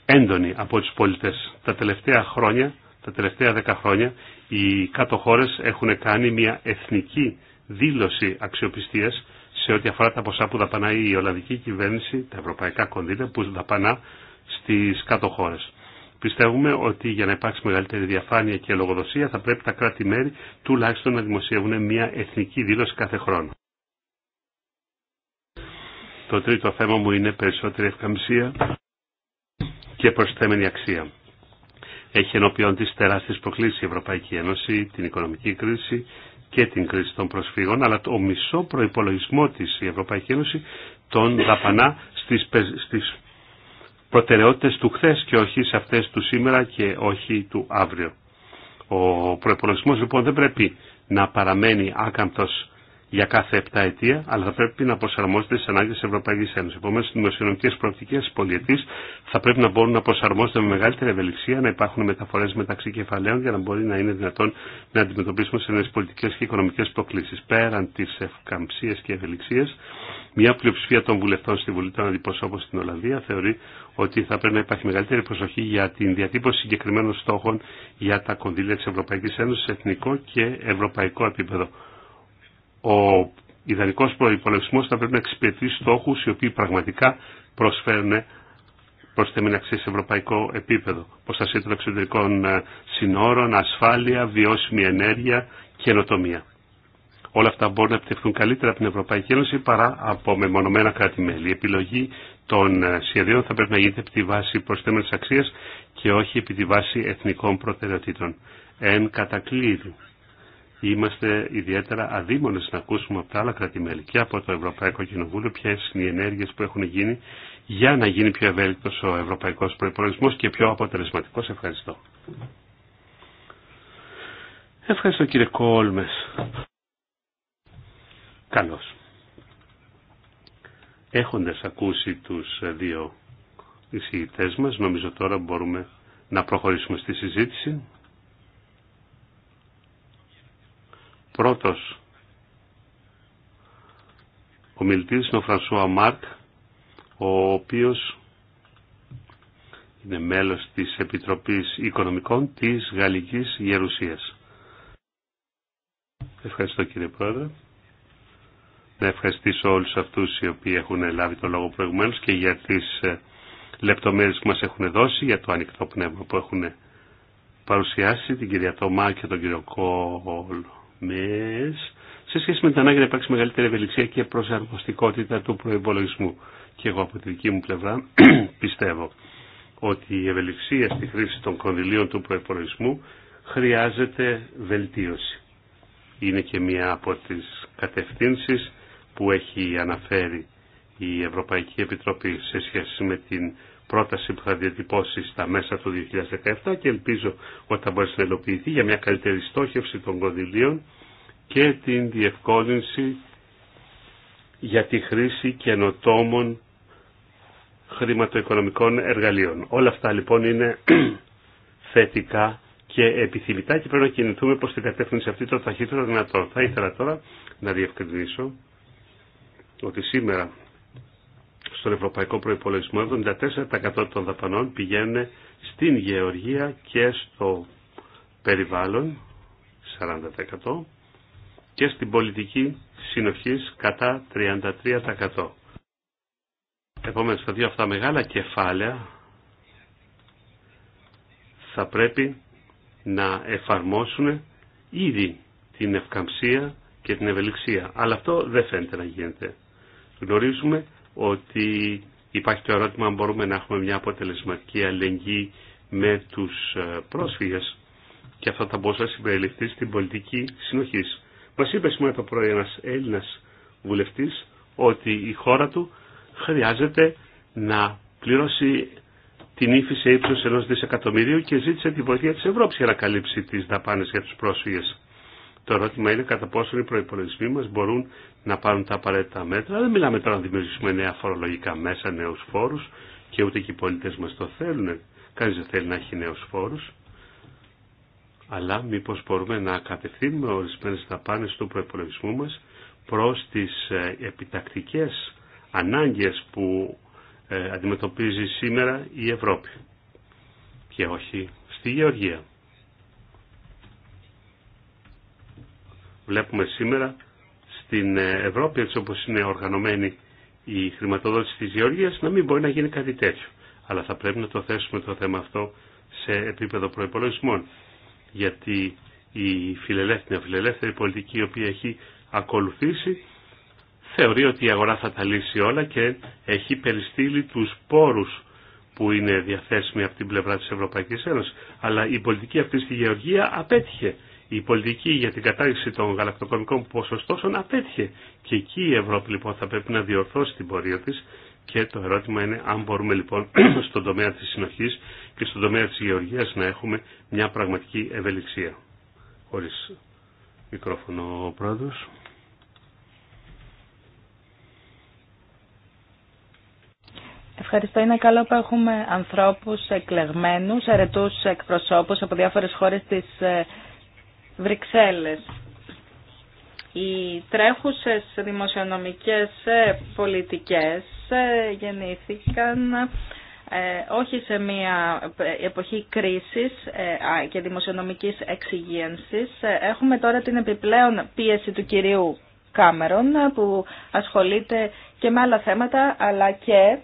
έντονη από τους πολίτες. Τα τελευταία χρόνια, τα τελευταία δέκα χρόνια, οι κάτω χώρες έχουν κάνει μια εθνική δήλωση αξιοπιστίας σε ό,τι αφορά τα ποσά που δαπανάει η Ολλανδική κυβέρνηση, τα ευρωπαϊκά κονδύλια που δαπανά στις κάτω χώρες. Πιστεύουμε ότι για να υπάρξει μεγαλύτερη διαφάνεια και λογοδοσία θα πρέπει τα κράτη-μέρη τουλάχιστον να δημοσιεύουν μια εθνική δήλωση κάθε χρόνο. Το τρίτο θέμα μου είναι περισσότερη ευκαμψία και προσθέμενη αξία. Έχει ενώπιον τη τεράστιε προκλήσει η Ευρωπαϊκή Ένωση, την οικονομική κρίση και την κρίση των προσφύγων, αλλά το μισό προπολογισμό τη η Ευρωπαϊκή Ένωση τον δαπανά στις, στις προτεραιότητες του χθες και όχι σε αυτές του σήμερα και όχι του αύριο. Ο προπολογισμό λοιπόν δεν πρέπει να παραμένει άκαμπτος για κάθε 7 ετία, αλλά θα πρέπει να προσαρμόζεται στι ανάγκε τη Ευρωπαϊκή Ένωση. Επομένω, οι δημοσιονομικέ προοπτικέ τη πολιετή θα πρέπει να μπορούν να προσαρμόζονται με μεγαλύτερη ευελιξία, να υπάρχουν μεταφορέ μεταξύ κεφαλαίων για να μπορεί να είναι δυνατόν να αντιμετωπίσουμε σε νέε πολιτικέ και οικονομικέ προκλήσει. Πέραν τη ευκαμψία και ευελιξία, μια πλειοψηφία των βουλευτών στη Βουλή των Αντιπροσώπων στην Ολλανδία θεωρεί ότι θα πρέπει να υπάρχει μεγαλύτερη προσοχή για την διατύπωση συγκεκριμένων στόχων για τα κονδύλια τη Ευρωπαϊκή Ένωση σε εθνικό και ευρωπαϊκό επίπεδο ο ιδανικό προπολογισμό θα πρέπει να εξυπηρετεί στόχου οι οποίοι πραγματικά προσφέρουν προσθέμενη αξία σε ευρωπαϊκό επίπεδο. Προστασία των εξωτερικών ε, συνόρων, ασφάλεια, βιώσιμη ενέργεια, και καινοτομία. Όλα αυτά μπορούν να επιτευχθούν καλύτερα από την Ευρωπαϊκή Ένωση παρά από μεμονωμένα κράτη-μέλη. Η επιλογή των ε, σχεδίων θα πρέπει να γίνεται επί τη βάση προσθέμενης αξίας και όχι επί τη βάση εθνικών προτεραιοτήτων. Εν κατακλείδου. Είμαστε ιδιαίτερα αδίμονες να ακούσουμε από τα άλλα κρατημέλη και από το Ευρωπαϊκό Κοινοβούλιο ποιε είναι οι ενέργειες που έχουν γίνει για να γίνει πιο ευέλικτος ο ευρωπαϊκός προϋπολογισμός και πιο αποτελεσματικός. Ευχαριστώ. Ευχαριστώ κύριε Κόλμες. Καλώς. Έχοντας ακούσει τους δύο εισηγητές μας, νομίζω τώρα μπορούμε να προχωρήσουμε στη συζήτηση. Πρώτος ο μιλητής είναι ο Φρανσούα Μάρκ, ο οποίος είναι μέλος της Επιτροπής Οικονομικών της Γαλλικής Γερουσίας. Ευχαριστώ κύριε Πρόεδρε. Να ευχαριστήσω όλους αυτούς οι οποίοι έχουν λάβει το λόγο προηγουμένως και για τις ε, λεπτομέρειες που μας έχουν δώσει, για το ανοιχτό πνεύμα που έχουν παρουσιάσει, την κυρία Τόμα και τον κύριο Κόλ μες σε σχέση με την ανάγκη να υπάρξει μεγαλύτερη ευελιξία και προσαρμοστικότητα του προϋπολογισμού. Και εγώ από τη δική μου πλευρά [clears throat] πιστεύω ότι η ευελιξία στη χρήση των κονδυλίων του προϋπολογισμού χρειάζεται βελτίωση. Είναι και μία από τις κατευθύνσεις που έχει αναφέρει η Ευρωπαϊκή Επιτροπή σε σχέση με την πρόταση που θα διατυπώσει στα μέσα του 2017 και ελπίζω ότι θα μπορέσει να υλοποιηθεί για μια καλύτερη στόχευση των κονδυλίων και την διευκόλυνση για τη χρήση καινοτόμων χρηματοοικονομικών εργαλείων. Όλα αυτά λοιπόν είναι [clears throat] θετικά και επιθυμητά και πρέπει να κινηθούμε προς την κατεύθυνση αυτή το ταχύτερο δυνατόν. Θα ήθελα τώρα να διευκρινίσω ότι σήμερα στον ευρωπαϊκό προϋπολογισμό 74% των δαπανών πηγαίνουν στην γεωργία και στο περιβάλλον 40% και στην πολιτική συνοχής κατά 33%. Επομένως τα δύο αυτά μεγάλα κεφάλαια θα πρέπει να εφαρμόσουν ήδη την ευκαμψία και την ευελιξία. Αλλά αυτό δεν φαίνεται να γίνεται. Γνωρίζουμε ότι υπάρχει το ερώτημα αν μπορούμε να έχουμε μια αποτελεσματική αλληλεγγύη με τους ε, πρόσφυγες και αυτό θα μπορούσε να συμπεριληφθεί στην πολιτική συνοχή. Μας είπε σήμερα το πρωί ένα Έλληνα βουλευτή ότι η χώρα του χρειάζεται να πληρώσει την ύφη σε ύψο ενό δισεκατομμυρίου και ζήτησε τη βοήθεια τη Ευρώπη για να καλύψει τι δαπάνε για του πρόσφυγε. Το ερώτημα είναι κατά πόσο οι προπολογισμοί μα μπορούν να πάρουν τα απαραίτητα μέτρα. Δεν μιλάμε τώρα να δημιουργήσουμε νέα φορολογικά μέσα, νέου φόρου και ούτε και οι πολίτε μα το θέλουν. Κανεί δεν θέλει να έχει νέου φόρου. Αλλά μήπω μπορούμε να κατευθύνουμε ορισμένε δαπάνε του προπολογισμού μα προ τι ε, επιτακτικέ ανάγκε που ε, αντιμετωπίζει σήμερα η Ευρώπη και όχι στη Γεωργία. βλέπουμε σήμερα στην ε, Ευρώπη, έτσι όπως είναι οργανωμένη η χρηματοδότηση της γεωργίας, να μην μπορεί να γίνει κάτι τέτοιο. Αλλά θα πρέπει να το θέσουμε το θέμα αυτό σε επίπεδο προϋπολογισμών. Γιατί η φιλελεύθερη, φιλελεύθερη πολιτική η οποία έχει ακολουθήσει θεωρεί ότι η αγορά θα τα λύσει όλα και έχει περιστύλει τους πόρους που είναι διαθέσιμοι από την πλευρά της Ευρωπαϊκής Ένωσης. Αλλά η πολιτική αυτή στη Γεωργία απέτυχε η πολιτική για την κατάργηση των γαλακτοκομικών ποσοστώσεων απέτυχε. Και εκεί η Ευρώπη λοιπόν θα πρέπει να διορθώσει την πορεία της και το ερώτημα είναι αν μπορούμε λοιπόν [clears throat] στον τομέα της συνοχής και στον τομέα της γεωργίας να έχουμε μια πραγματική ευελιξία. Χωρίς μικρόφωνο ο Ευχαριστώ. Είναι καλό που έχουμε ανθρώπους εκλεγμένους, αιρετούς εκπροσώπους από διάφορες χώρες της ε, Βρυξέλλες. Οι τρέχουσες δημοσιονομικές ε, πολιτικές ε, γεννήθηκαν ε, όχι σε μια εποχή κρίσης και δημοσιονομικής εξυγίανσης. Έχουμε τώρα την επιπλέον πίεση του κυρίου Κάμερον που ασχολείται και με άλλα θέματα αλλά και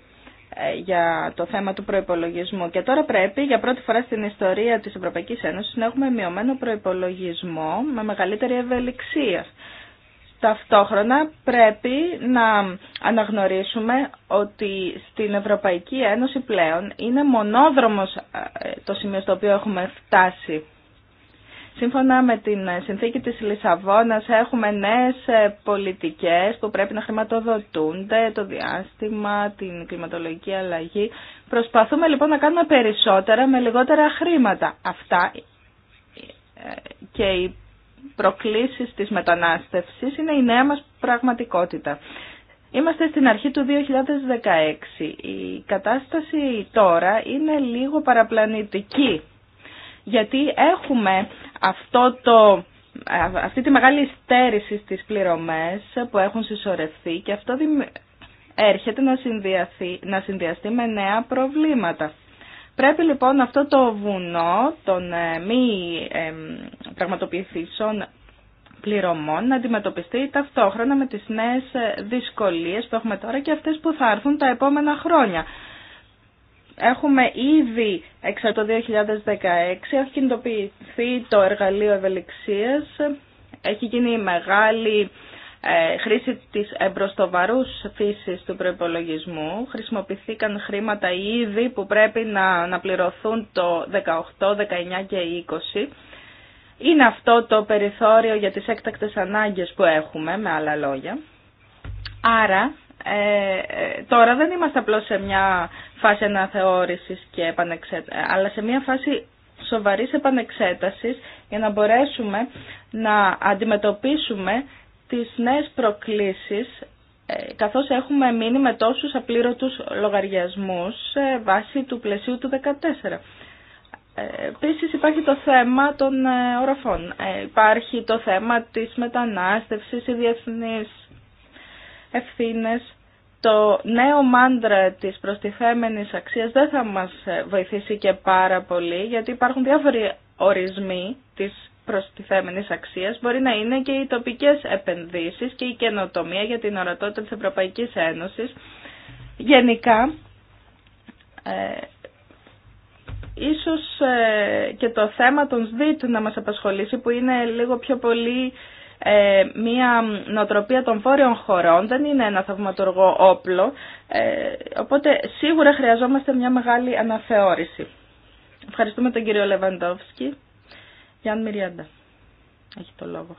ε, για το θέμα του προϋπολογισμού. Και τώρα πρέπει για πρώτη φορά στην ιστορία της Ευρωπαϊκής Ένωσης να έχουμε μειωμένο προϋπολογισμό με μεγαλύτερη ευελιξία. Ταυτόχρονα πρέπει να αναγνωρίσουμε ότι στην Ευρωπαϊκή Ένωση πλέον είναι μονόδρομος ε, το σημείο στο οποίο έχουμε φτάσει. Σύμφωνα με την συνθήκη της Λισαβόνας έχουμε νέες ε, πολιτικές που πρέπει να χρηματοδοτούνται, το διάστημα, την κλιματολογική αλλαγή. Προσπαθούμε λοιπόν να κάνουμε περισσότερα με λιγότερα χρήματα. Αυτά ε, και οι προκλήσεις της μετανάστευσης είναι η νέα μας πραγματικότητα. Είμαστε στην αρχή του 2016. Η κατάσταση τώρα είναι λίγο παραπλανητική γιατί έχουμε αυτό το, αυτή τη μεγάλη στέρηση στις πληρωμές που έχουν συσσωρευτεί και αυτό έρχεται να, να συνδυαστεί με νέα προβλήματα. Πρέπει λοιπόν αυτό το βουνό των ε, μη πραγματοποιηθήσεων πληρωμών να αντιμετωπιστεί ταυτόχρονα με τις νέες ε, δυσκολίες που έχουμε τώρα και αυτές που θα έρθουν τα επόμενα χρόνια. Έχουμε ήδη εξ το 2016, έχει κινητοποιηθεί το εργαλείο ευελιξίας, έχει γίνει μεγάλη ε, χρήση της εμπροστοβαρούς φύσης του προϋπολογισμού. Χρησιμοποιηθήκαν χρήματα ήδη που πρέπει να πληρωθούν το 18, 19 και 20. Είναι αυτό το περιθώριο για τις έκτακτες ανάγκες που έχουμε, με άλλα λόγια. Άρα ε, τώρα δεν είμαστε απλώς σε μια φάση αναθεώρησης και επανεξέτασης, αλλά σε μια φάση σοβαρής επανεξέτασης για να μπορέσουμε να αντιμετωπίσουμε τις νέες προκλήσεις ε, καθώς έχουμε μείνει με τόσους απλήρωτους λογαριασμούς βάση του πλαισίου του 14. Ε, επίσης υπάρχει το θέμα των οραφών. Υπάρχει το θέμα της μετανάστευσης, η διεθνής ευθύνες, το νέο μάντρα της προστιθέμενης αξίας δεν θα μας βοηθήσει και πάρα πολύ, γιατί υπάρχουν διάφοροι ορισμοί της προστιθέμενης αξίας. Μπορεί να είναι και οι τοπικές επενδύσεις και η καινοτομία για την ορατότητα της Ευρωπαϊκής Ένωσης. Γενικά, ε, ίσως ε, και το θέμα των ΣΔΙΤ να μας απασχολήσει, που είναι λίγο πιο πολύ ε, μια νοοτροπία των βόρειων χωρών, δεν είναι ένα θαυματουργό όπλο, ε, οπότε σίγουρα χρειαζόμαστε μια μεγάλη αναθεώρηση. Ευχαριστούμε τον κύριο Λεβαντόφσκι. Γιάννη Μυριάντα έχει το λόγο.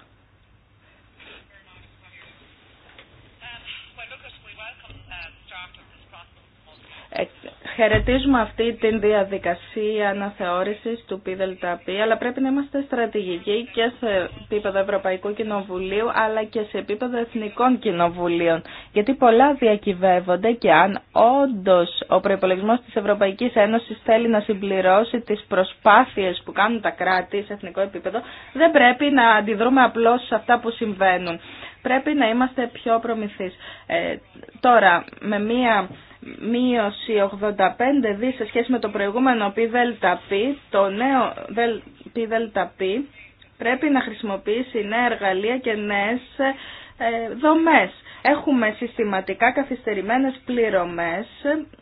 Χαιρετίζουμε αυτή τη διαδικασία αναθεώρησης του ΠΙΔΕΛΤΑΠΗ, αλλά πρέπει να είμαστε στρατηγικοί και σε επίπεδο Ευρωπαϊκού Κοινοβουλίου, αλλά και σε επίπεδο Εθνικών Κοινοβουλίων. Γιατί πολλά διακυβεύονται και αν όντω ο προπολογισμό τη Ευρωπαϊκή Ένωση θέλει να συμπληρώσει τι προσπάθειε που κάνουν τα κράτη σε εθνικό επίπεδο, δεν πρέπει να αντιδρούμε απλώ σε αυτά που συμβαίνουν. Πρέπει να είμαστε πιο προμηθείς. Ε, τώρα, με μία μείωση 85 δι. σε σχέση με το προηγούμενο πι, το νέο πι πρέπει να χρησιμοποιήσει νέα εργαλεία και νέες ε, δομές. Έχουμε συστηματικά καθυστερημένες πληρωμές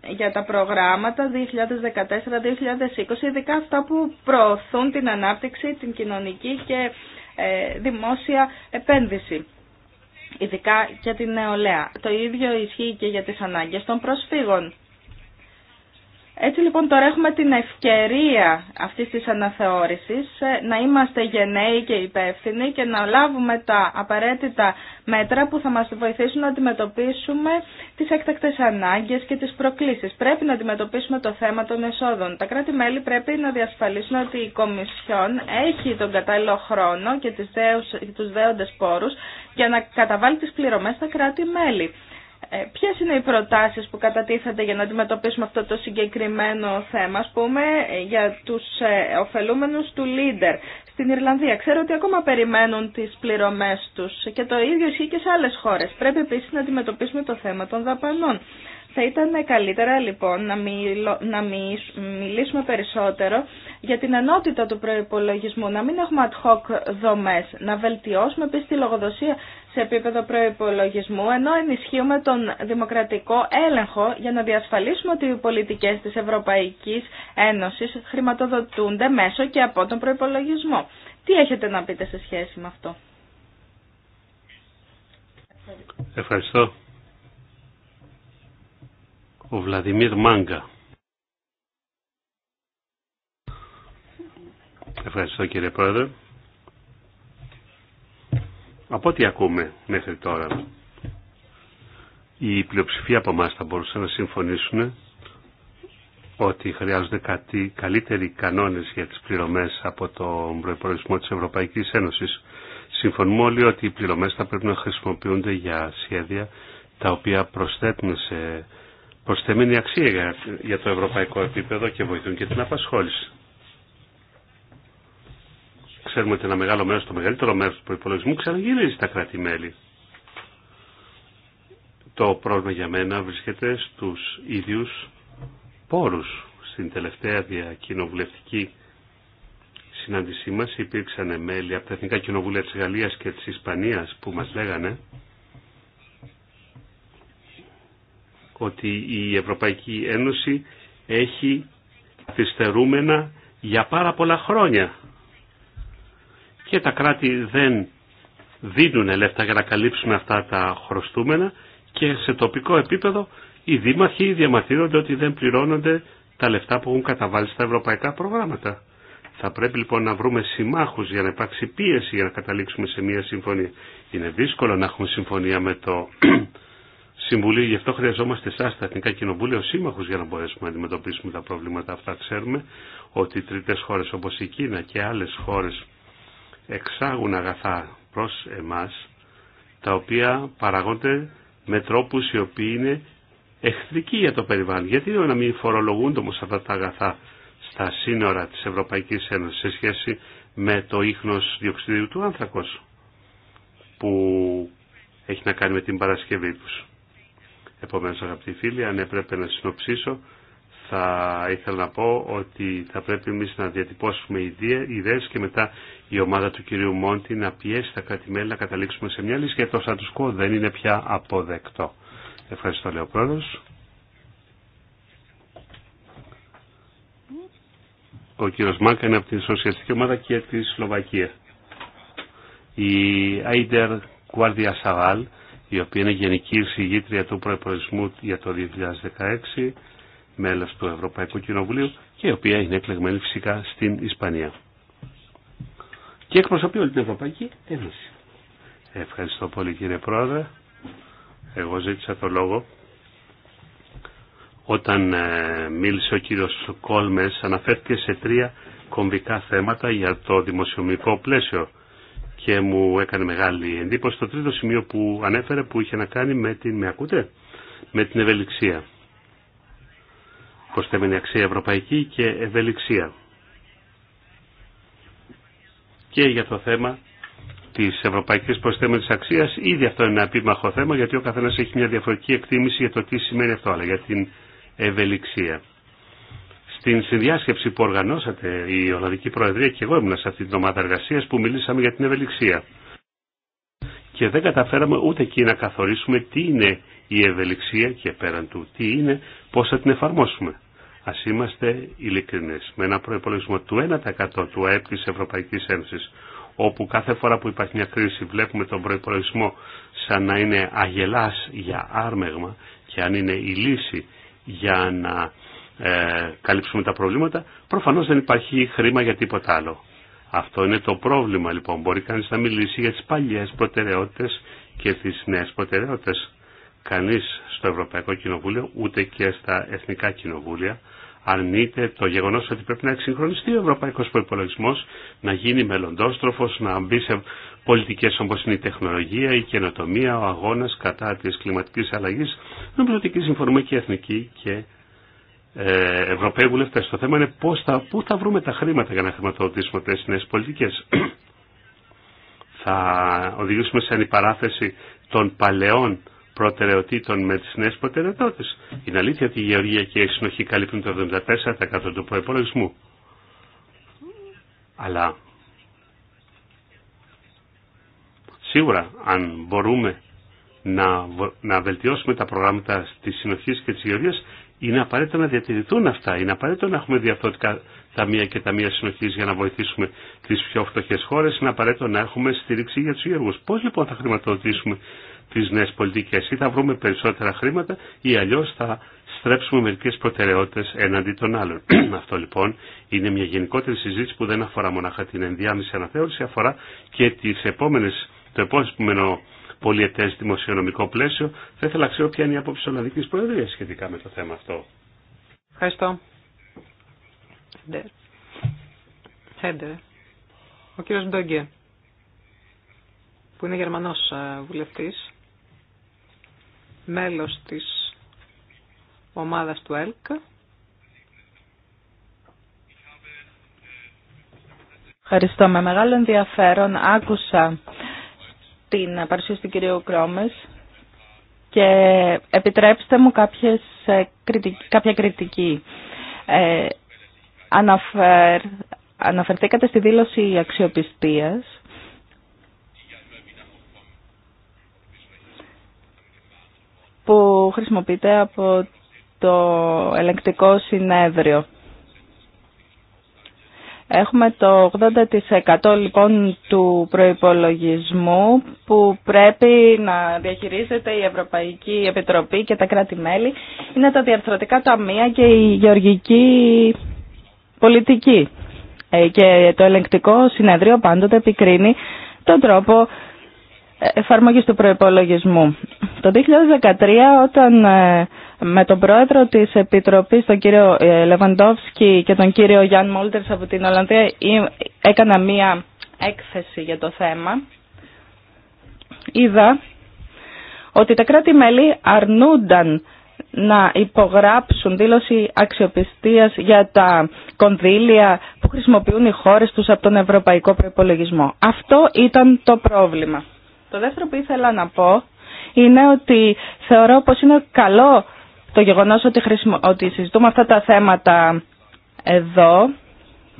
για τα προγράμματα 2014-2020, ειδικά αυτά που προωθούν την ανάπτυξη, την κοινωνική και ε, δημόσια επένδυση ειδικά για την νεολαία. Το ίδιο ισχύει και για τις ανάγκες των προσφύγων. Έτσι λοιπόν τώρα έχουμε την ευκαιρία αυτής της αναθεώρησης ε, να είμαστε γενναίοι και υπεύθυνοι και να λάβουμε τα απαραίτητα μέτρα που θα μας βοηθήσουν να αντιμετωπίσουμε τις έκτακτες ανάγκες και τις προκλήσεις. Πρέπει να αντιμετωπίσουμε το θέμα των εσόδων. Τα κράτη-μέλη πρέπει να διασφαλίσουν ότι η Κομισιόν έχει τον κατάλληλο χρόνο και τους δέοντες πόρους για να καταβάλει τις πληρωμές στα κράτη-μέλη. Ε, Ποιε είναι οι προτάσεις που κατατίθενται για να αντιμετωπίσουμε αυτό το συγκεκριμένο θέμα, ας πούμε, για τους ε, ωφελούμενους του Λίντερ στην Ιρλανδία. Ξέρω ότι ακόμα περιμένουν τις πληρωμές τους και το ίδιο ισχύει και σε άλλες χώρες. Πρέπει επίσης να αντιμετωπίσουμε το θέμα των δαπανών. Θα ήταν καλύτερα λοιπόν να, μιλω, να μιλήσουμε περισσότερο για την ενότητα του προϋπολογισμού, να μην έχουμε ad hoc δομές, να βελτιώσουμε επίσης τη λογοδοσία σε επίπεδο προϋπολογισμού, ενώ ενισχύουμε τον δημοκρατικό έλεγχο για να διασφαλίσουμε ότι οι πολιτικές της Ευρωπαϊκής Ένωσης χρηματοδοτούνται μέσω και από τον προϋπολογισμό. Τι έχετε να πείτε σε σχέση με αυτό. Ευχαριστώ ο Βλαδιμίρ Μάγκα. Ευχαριστώ κύριε Πρόεδρε. Από ό,τι ακούμε μέχρι τώρα, η πλειοψηφία από εμά θα μπορούσε να συμφωνήσουν ότι χρειάζονται κάτι, καλύτεροι κανόνες για τις πληρωμές από τον προϋπολογισμό της Ευρωπαϊκής Ένωσης. Συμφωνούμε όλοι ότι οι πληρωμές θα πρέπει να χρησιμοποιούνται για σχέδια τα οποία προσθέτουν σε προσθεμένη αξία για το ευρωπαϊκό επίπεδο και βοηθούν και την απασχόληση. Ξέρουμε ότι ένα μεγάλο μέρος, το μεγαλύτερο μέρος του προϋπολογισμού ξαναγυρίζει στα κράτη-μέλη. Το πρόβλημα για μένα βρίσκεται στους ίδιους πόρους. Στην τελευταία διακοινοβουλευτική συνάντησή μας υπήρξαν μέλη από τα Εθνικά Κοινοβούλια της Γαλλίας και της Ισπανίας που μας λέγανε ότι η Ευρωπαϊκή Ένωση έχει αθυστερούμενα για πάρα πολλά χρόνια και τα κράτη δεν δίνουν λεφτά για να καλύψουν αυτά τα χρωστούμενα και σε τοπικό επίπεδο οι δήμαρχοι διαμαρτύρονται ότι δεν πληρώνονται τα λεφτά που έχουν καταβάλει στα ευρωπαϊκά προγράμματα. Θα πρέπει λοιπόν να βρούμε συμμάχους για να υπάρξει πίεση για να καταλήξουμε σε μια συμφωνία. Είναι δύσκολο να έχουμε συμφωνία με το Συμβουλή. Γι' αυτό χρειαζόμαστε εσά, τα Εθνικά Κοινοβούλια, ω σύμμαχου για να μπορέσουμε να αντιμετωπίσουμε τα προβλήματα αυτά. Ξέρουμε ότι τρίτε χώρε όπω η Κίνα και άλλε χώρε εξάγουν αγαθά προ εμά, τα οποία παραγόνται με τρόπου οι οποίοι είναι εχθρικοί για το περιβάλλον. Γιατί να μην φορολογούνται όμω αυτά τα αγαθά στα σύνορα τη Ευρωπαϊκή Ένωση σε σχέση με το ίχνος διοξιδίου του Άνθρακο που έχει να κάνει με την Παρασκευή τους. Επομένως αγαπητοί φίλοι, αν έπρεπε να συνοψίσω, θα ήθελα να πω ότι θα πρέπει εμεί να διατυπώσουμε ιδέες και μετά η ομάδα του κυρίου Μόντι να πιέσει τα κρατη να καταλήξουμε σε μια λύση γιατί το Σαντουσκό δεν είναι πια αποδεκτό. Ευχαριστώ λέω ο Ο κύριος Μάκα είναι από την Σοσιαλιστική Ομάδα και τη Σλοβακία. Η Άιντερ Κουάρδια Σαβάλ η οποία είναι Γενική Εισηγήτρια του Προεπορισμού για το 2016, μέλος του Ευρωπαϊκού Κοινοβουλίου και η οποία είναι εκλεγμένη φυσικά στην Ισπανία. Και εκπροσωπεί όλη την Ευρωπαϊκή Ένωση. Ευχαριστώ πολύ κύριε Πρόεδρε. Εγώ ζήτησα το λόγο όταν ε, μίλησε ο κύριος Κόλμες αναφέρθηκε σε τρία κομβικά θέματα για το δημοσιομικό πλαίσιο και μου έκανε μεγάλη εντύπωση το τρίτο σημείο που ανέφερε που είχε να κάνει με την, με ακούτε, με την ευελιξία. Προστέμενη αξία ευρωπαϊκή και ευελιξία. Και για το θέμα της ευρωπαϊκής προστέμενης αξίας, ήδη αυτό είναι ένα επίμαχο θέμα γιατί ο καθένας έχει μια διαφορετική εκτίμηση για το τι σημαίνει αυτό, αλλά για την ευελιξία. Στην συνδιάσκεψη που οργανώσατε η Ολλανδική Προεδρία και εγώ ήμουν σε αυτή την ομάδα εργασία που μιλήσαμε για την ευελιξία. Και δεν καταφέραμε ούτε εκεί να καθορίσουμε τι είναι η ευελιξία και πέραν του τι είναι, πώς θα την εφαρμόσουμε. Α είμαστε ειλικρινέ, Με ένα προπολογισμό του 1% του ΑΕΠ τη Ευρωπαϊκής ένωση όπου κάθε φορά που υπάρχει μια κρίση βλέπουμε τον προπολογισμό σαν να είναι αγελά για άρμεγμα και αν είναι η λύση για να ε, καλύψουμε τα προβλήματα, προφανώς δεν υπάρχει χρήμα για τίποτα άλλο. Αυτό είναι το πρόβλημα λοιπόν. Μπορεί κανείς να μιλήσει για τις παλιές προτεραιότητες και τις νέες προτεραιότητες. Κανείς στο Ευρωπαϊκό Κοινοβούλιο ούτε και στα Εθνικά Κοινοβούλια αρνείται το γεγονός ότι πρέπει να εξυγχρονιστεί ο Ευρωπαϊκός προπολογισμό, να γίνει μελλοντόστροφος, να μπει σε πολιτικές όπως είναι η τεχνολογία, η καινοτομία, ο αγώνα κατά της κλιματικής αλλαγής. Νομίζω ότι εκεί συμφωνούμε και Εθνική και ε, Ευρωπαίοι βουλευτέ. Το θέμα είναι πώς θα, πού θα βρούμε τα χρήματα για να χρηματοδοτήσουμε αυτέ τι νέε πολιτικέ. [clears throat] θα οδηγήσουμε σε παράθεση των παλαιών προτεραιοτήτων με τι νέε προτεραιότητε. Είναι αλήθεια ότι η γεωργία και η συνοχή καλύπτουν το 74% του προπολογισμού. Αλλά σίγουρα αν μπορούμε να, να βελτιώσουμε τα προγράμματα τη συνοχή και τη γεωργία είναι απαραίτητο να διατηρηθούν αυτά. Είναι απαραίτητο να έχουμε διαφορετικά ταμεία και ταμεία συνοχή για να βοηθήσουμε τι πιο φτωχέ χώρε. Είναι απαραίτητο να έχουμε στήριξη για του γεωργού. Πώ λοιπόν θα χρηματοδοτήσουμε τι νέε πολιτικέ, ή θα βρούμε περισσότερα χρήματα, ή αλλιώ θα στρέψουμε μερικέ προτεραιότητε έναντι των άλλων. [clears throat] Αυτό λοιπόν είναι μια γενικότερη συζήτηση που δεν αφορά μονάχα την ενδιάμεση αναθεώρηση, αφορά και τις επόμενες, το επόμενο πολιετέ δημοσιονομικό πλαίσιο. Θα ήθελα να ξέρω ποια είναι η άποψη τη Ολλανδική Προεδρίας σχετικά με το θέμα αυτό. Ευχαριστώ. Ο κύριος Ντόγκε, που είναι Γερμανός ε, βουλευτής, μέλος της ομάδας του ΕΛΚ. Ευχαριστώ. Με μεγάλο ενδιαφέρον άκουσα την παρουσίαση του κυρίου Κρόμες και επιτρέψτε μου κάποιες, ε, κάποια κριτική. Ε, αναφερ, αναφερθήκατε στη δήλωση αξιοπιστίας που χρησιμοποιείται από το ελεγκτικό συνέδριο. Έχουμε το 80% λοιπόν του προϋπολογισμού που πρέπει να διαχειρίζεται η Ευρωπαϊκή Επιτροπή και τα κράτη-μέλη. Είναι τα διαρθρωτικά ταμεία και η γεωργική πολιτική. Ε, και το ελεγκτικό συνεδρίο πάντοτε επικρίνει τον τρόπο εφαρμογής του προϋπολογισμού. Το 2013 όταν ε, με τον πρόεδρο της Επιτροπής, τον κύριο ε, Λεβαντόφσκι και τον κύριο Γιάν Μόλτερ από την Ολλανδία έκανα μία έκθεση για το θέμα. Είδα ότι τα κράτη-μέλη αρνούνταν να υπογράψουν δήλωση αξιοπιστίας για τα κονδύλια που χρησιμοποιούν οι χώρες τους από τον Ευρωπαϊκό Προϋπολογισμό. Αυτό ήταν το πρόβλημα. Το δεύτερο που ήθελα να πω είναι ότι θεωρώ πως είναι καλό το γεγονός ότι, ότι συζητούμε αυτά τα θέματα εδώ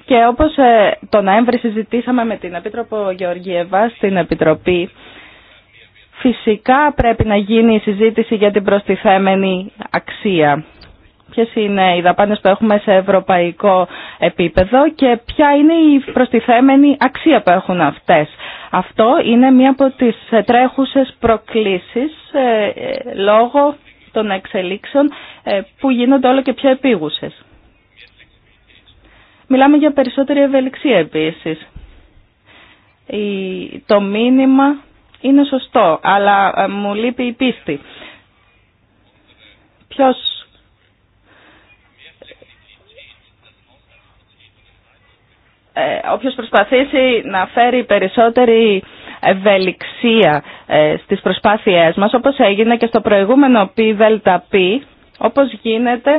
και όπως ε, το Νοέμβρη συζητήσαμε με την Επίτροπο Γεωργίευα στην Επιτροπή φυσικά πρέπει να γίνει η συζήτηση για την προστιθέμενη αξία. Ποιε είναι οι δαπάνες που έχουμε σε ευρωπαϊκό επίπεδο και ποια είναι η προστιθέμενη αξία που έχουν αυτές. Αυτό είναι μία από τις τρέχουσες προκλήσεις ε, ε, λόγω των εξελίξεων ε, που γίνονται όλο και πιο επίγουσες. Μιλάμε για περισσότερη ευελιξία επίσης. Το μήνυμα είναι σωστό, αλλά ε, μου λείπει η πίστη. Ποιος ε, όποιος προσπαθήσει να φέρει περισσότερη ευελιξία ε, στις προσπάθειές μας, όπως έγινε και στο προηγούμενο πι όπως γίνεται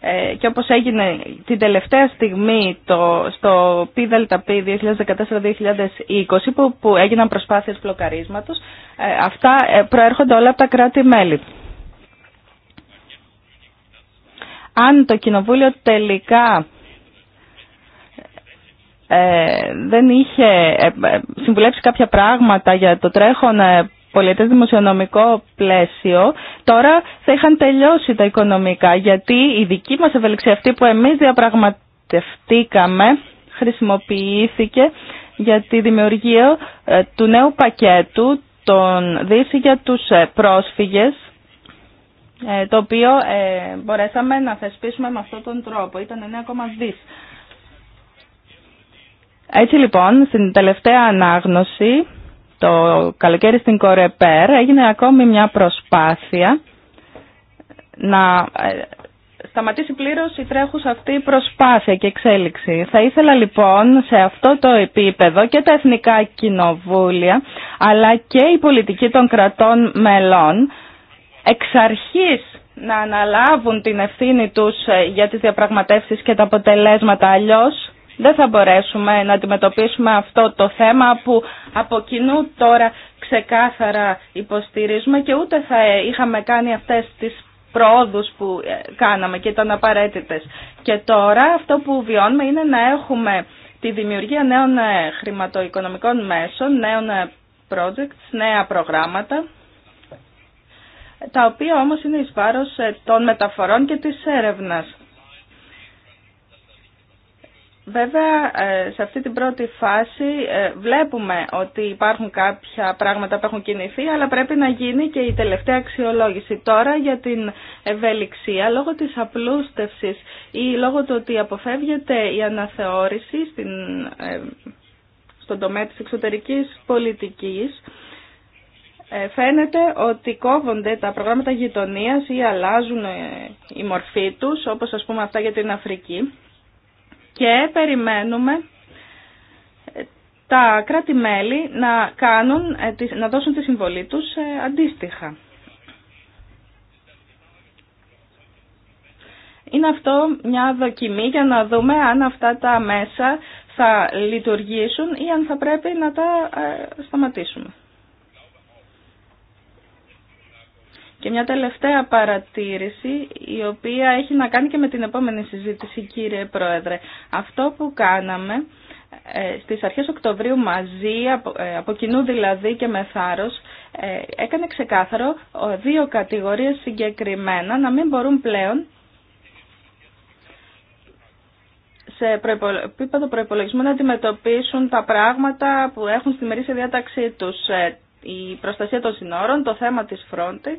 ε, και όπως έγινε την τελευταία στιγμή το, στο πι 2014-2020 που, που έγιναν προσπάθειες πλοκαρίσματος, ε, αυτά προέρχονται όλα από τα κράτη-μέλη. Αν το Κοινοβούλιο τελικά ε, δεν είχε ε, ε, συμβουλέψει κάποια πράγματα για το τρέχον πολιτέ δημοσιονομικό πλαίσιο, τώρα θα είχαν τελειώσει τα οικονομικά, γιατί η δική μας ευελιξία αυτή που εμείς διαπραγματευτήκαμε χρησιμοποιήθηκε για τη δημιουργία του νέου πακέτου των Δύση για τους πρόσφυγες, το οποίο μπορέσαμε να θεσπίσουμε με αυτόν τον τρόπο. Ήταν 9,2 έτσι λοιπόν, στην τελευταία ανάγνωση, το καλοκαίρι στην Κορεπέρ, έγινε ακόμη μια προσπάθεια να ε, σταματήσει πλήρως η τρέχουσα αυτή η προσπάθεια και εξέλιξη. Θα ήθελα λοιπόν σε αυτό το επίπεδο και τα εθνικά κοινοβούλια, αλλά και η πολιτική των κρατών μελών, εξ αρχής να αναλάβουν την ευθύνη τους ε, για τις διαπραγματεύσεις και τα αποτελέσματα, αλλιώς δεν θα μπορέσουμε να αντιμετωπίσουμε αυτό το θέμα που από κοινού τώρα ξεκάθαρα υποστηρίζουμε και ούτε θα είχαμε κάνει αυτές τις προόδους που ε, κάναμε και ήταν απαραίτητες. Και τώρα αυτό που βιώνουμε είναι να έχουμε τη δημιουργία νέων ε, χρηματοοικονομικών μέσων, νέων ε, projects, νέα προγράμματα, τα οποία όμως είναι εις των μεταφορών και της έρευνας. Βέβαια, ε, σε αυτή την πρώτη φάση ε, βλέπουμε ότι υπάρχουν κάποια πράγματα που έχουν κινηθεί, αλλά πρέπει να γίνει και η τελευταία αξιολόγηση. Τώρα για την ευελιξία, λόγω της απλούστευσης ή λόγω του ότι αποφεύγεται η αναθεώρηση ε, στον τομέα της εξωτερικής πολιτικής, φαίνεται ότι κόβονται τα προγράμματα γειτονίας ή αλλάζουν η μορφή τους, όπως ας πούμε αυτά για την Αφρική και περιμένουμε τα κράτη-μέλη να, κάνουν, ε, να δώσουν τη συμβολή τους ε, αντίστοιχα. Είναι αυτό μια δοκιμή για να δούμε αν αυτά τα μέσα θα λειτουργήσουν ή αν θα πρέπει να τα ε, σταματήσουμε. Και μια τελευταία παρατήρηση, η οποία έχει να κάνει και με την επόμενη συζήτηση, κύριε Πρόεδρε. Αυτό που κάναμε ε, στις αρχές Οκτωβρίου μαζί, ε, από κοινού δηλαδή και με θάρρος, ε, έκανε ξεκάθαρο δύο κατηγορίες συγκεκριμένα να μην μπορούν πλέον σε επίπεδο προϋπολογισμού να αντιμετωπίσουν τα πράγματα που έχουν στη μερίσια διάταξή τους. Η προστασία των συνόρων, το θέμα της Frontex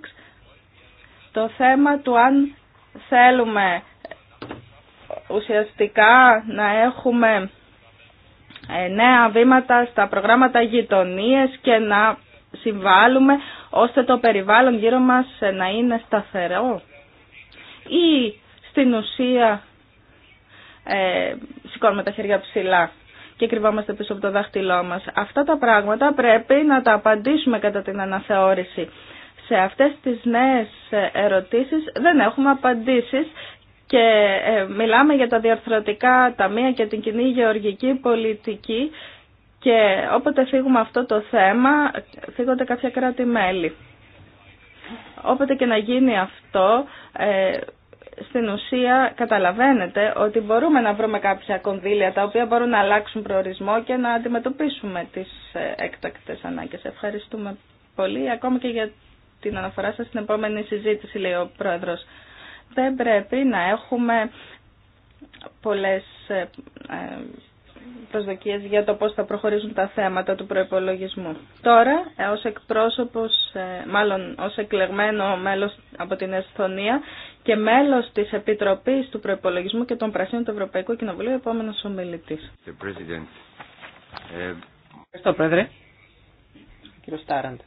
το θέμα του αν θέλουμε ουσιαστικά να έχουμε ε, νέα βήματα στα προγράμματα γειτονίες και να συμβάλλουμε ώστε το περιβάλλον γύρω μας ε, να είναι σταθερό ή στην ουσία ε, σηκώνουμε τα χέρια ψηλά και κρυβόμαστε πίσω από το δάχτυλό μας. Αυτά τα πράγματα πρέπει να τα απαντήσουμε κατά την αναθεώρηση σε αυτές τις νέες ερωτήσεις δεν έχουμε απαντήσεις και ε, μιλάμε για τα διαρθρωτικά ταμεία και την κοινή γεωργική πολιτική και όποτε φύγουμε αυτό το θέμα φύγονται κάποια κράτη-μέλη. Όποτε και να γίνει αυτό, ε, στην ουσία καταλαβαίνετε ότι μπορούμε να βρούμε κάποια κονδύλια τα οποία μπορούν να αλλάξουν προορισμό και να αντιμετωπίσουμε τις ε, έκτακτες ανάγκες. Ευχαριστούμε πολύ ακόμα και για την αναφορά σας στην επόμενη συζήτηση, λέει ο Πρόεδρος. Δεν πρέπει να έχουμε πολλές ε, ε, προσδοκίες για το πώς θα προχωρήσουν τα θέματα του προϋπολογισμού. Τώρα, ε, ως εκπρόσωπος, μάλλον ως εκλεγμένο μέλος από την Εσθονία και μέλος της Επιτροπής του Προϋπολογισμού και των Πρασίνων του Ευρωπαϊκού Κοινοβουλίου, επόμενος ομιλητής. Ευχαριστώ, Πρόεδρε. Κύριο Στάραντ.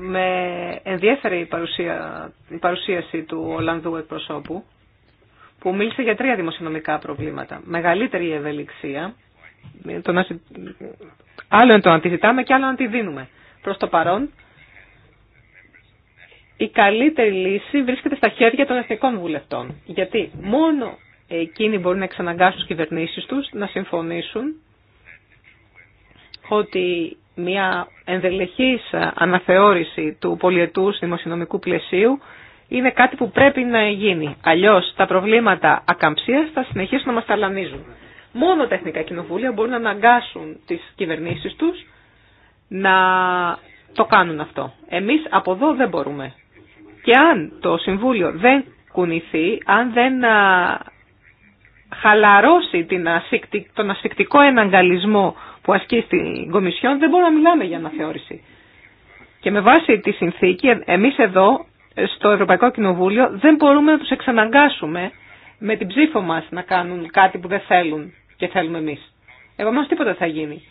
Με ενδιέφερε η, παρουσία, παρουσίαση του Ολλανδού εκπροσώπου που μίλησε για τρία δημοσιονομικά προβλήματα. Μεγαλύτερη ευελιξία, το άλλο είναι το να τη ζητάμε και άλλο να τη δίνουμε. Προς το παρόν, η καλύτερη λύση βρίσκεται στα χέρια των εθνικών βουλευτών. Γιατί μόνο εκείνοι μπορούν να εξαναγκάσουν τις κυβερνήσεις τους να συμφωνήσουν ότι μια ενδελεχής αναθεώρηση του πολιετούς δημοσιονομικού πλαισίου είναι κάτι που πρέπει να γίνει. Αλλιώς τα προβλήματα ακαμψίας θα συνεχίσουν να μας ταλανίζουν. Μόνο τα εθνικά κοινοβούλια μπορούν να αναγκάσουν τις κυβερνήσεις τους να το κάνουν αυτό. Εμείς από εδώ δεν μπορούμε. Και αν το Συμβούλιο δεν κουνηθεί, αν δεν χαλαρώσει την τον ασφικτικό εναγκαλισμό που ασκεί στην Κομισιόν δεν μπορούμε να μιλάμε για αναθεώρηση. Και με βάση τη συνθήκη ε, εμείς εδώ στο Ευρωπαϊκό Κοινοβούλιο δεν μπορούμε να τους εξαναγκάσουμε με την ψήφο μας να κάνουν κάτι που δεν θέλουν και θέλουμε εμείς. Επομένω τίποτα θα γίνει.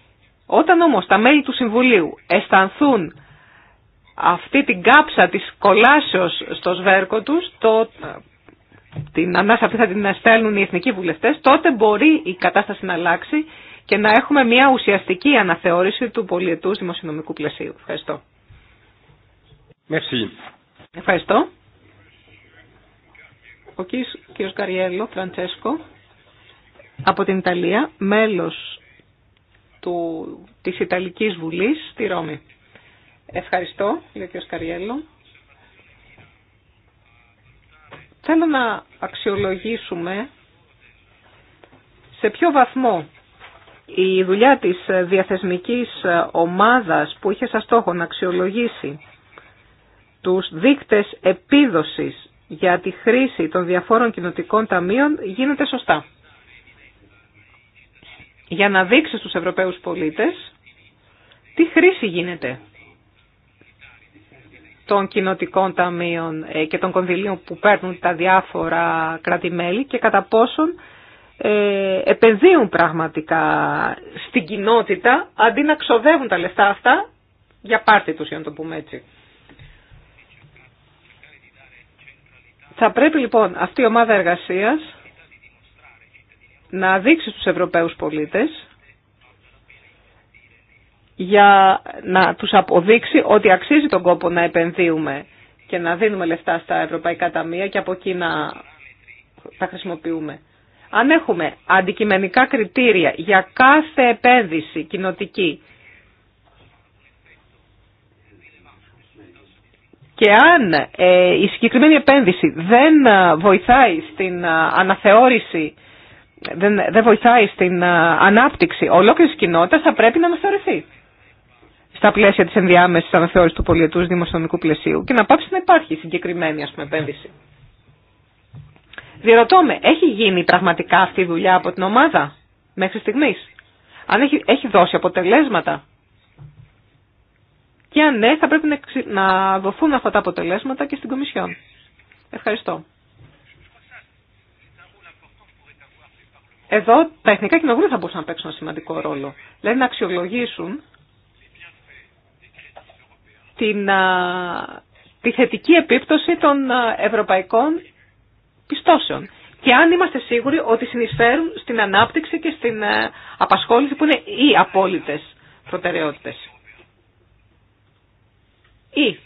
Όταν όμως τα μέλη του Συμβουλίου αισθανθούν αυτή την κάψα της κολάσεως στο σβέρκο τους, το, την ανάσα αυτή θα την στέλνουν οι εθνικοί βουλευτές, τότε μπορεί η κατάσταση να αλλάξει και να έχουμε μια ουσιαστική αναθεώρηση του πολιετού δημοσιονομικού πλασίου. Ευχαριστώ. Merci. Ευχαριστώ. Ο κ. Καριέλο Φραντσέσκο από την Ιταλία, μέλος του, της Ιταλικής Βουλής στη Ρώμη. Ευχαριστώ, ο κ. Καριέλο. Θέλω να αξιολογήσουμε σε ποιο βαθμό η δουλειά της διαθεσμικής ομάδας που είχε σαν στόχο να αξιολογήσει τους δείκτες επίδοσης για τη χρήση των διαφόρων κοινοτικών ταμείων γίνεται σωστά. Για να δείξει στους Ευρωπαίους πολίτες τι χρήση γίνεται των κοινοτικών ταμείων ε, και των κονδυλίων που παίρνουν τα διάφορα κράτη-μέλη και κατά πόσον ε, επενδύουν πραγματικά στην κοινότητα αντί να ξοδεύουν τα λεφτά αυτά για πάρτι τους, για να το πούμε έτσι. Θα πρέπει λοιπόν αυτή η ομάδα εργασίας να δείξει στους Ευρωπαίους πολίτες για να τους αποδείξει ότι αξίζει τον κόπο να επενδύουμε και να δίνουμε λεφτά στα ευρωπαϊκά ταμεία και από εκεί να τα χρησιμοποιούμε. Αν έχουμε αντικειμενικά κριτήρια για κάθε επένδυση κοινοτική και αν ε, η συγκεκριμένη επένδυση δεν ε, βοηθάει στην ε, αναθεώρηση, δεν, βοηθάει στην ανάπτυξη ολόκληρης κοινότητας, θα πρέπει να αναθεωρηθεί στα πλαίσια της ενδιάμεσης αναθεώρησης του πολιετούς δημοσιονομικού πλαισίου και να πάψει να υπάρχει συγκεκριμένη ας επένδυση. Διερωτώ με, έχει γίνει πραγματικά αυτή η δουλειά από την ομάδα μέχρι στιγμής. Αν έχει, έχει δώσει αποτελέσματα. Και αν ναι, θα πρέπει να δοθούν αυτά τα αποτελέσματα και στην Κομισιόν. Ευχαριστώ. Εδώ τα εθνικά κοινοβούλια θα μπορούσαν να παίξουν ένα σημαντικό ρόλο. Δηλαδή να αξιολογήσουν την, τη θετική επίπτωση των ευρωπαϊκών πιστώσεων. Και αν είμαστε σίγουροι ότι συνεισφέρουν στην ανάπτυξη και στην ε, απασχόληση που είναι οι απόλυτες προτεραιότητες. Ή,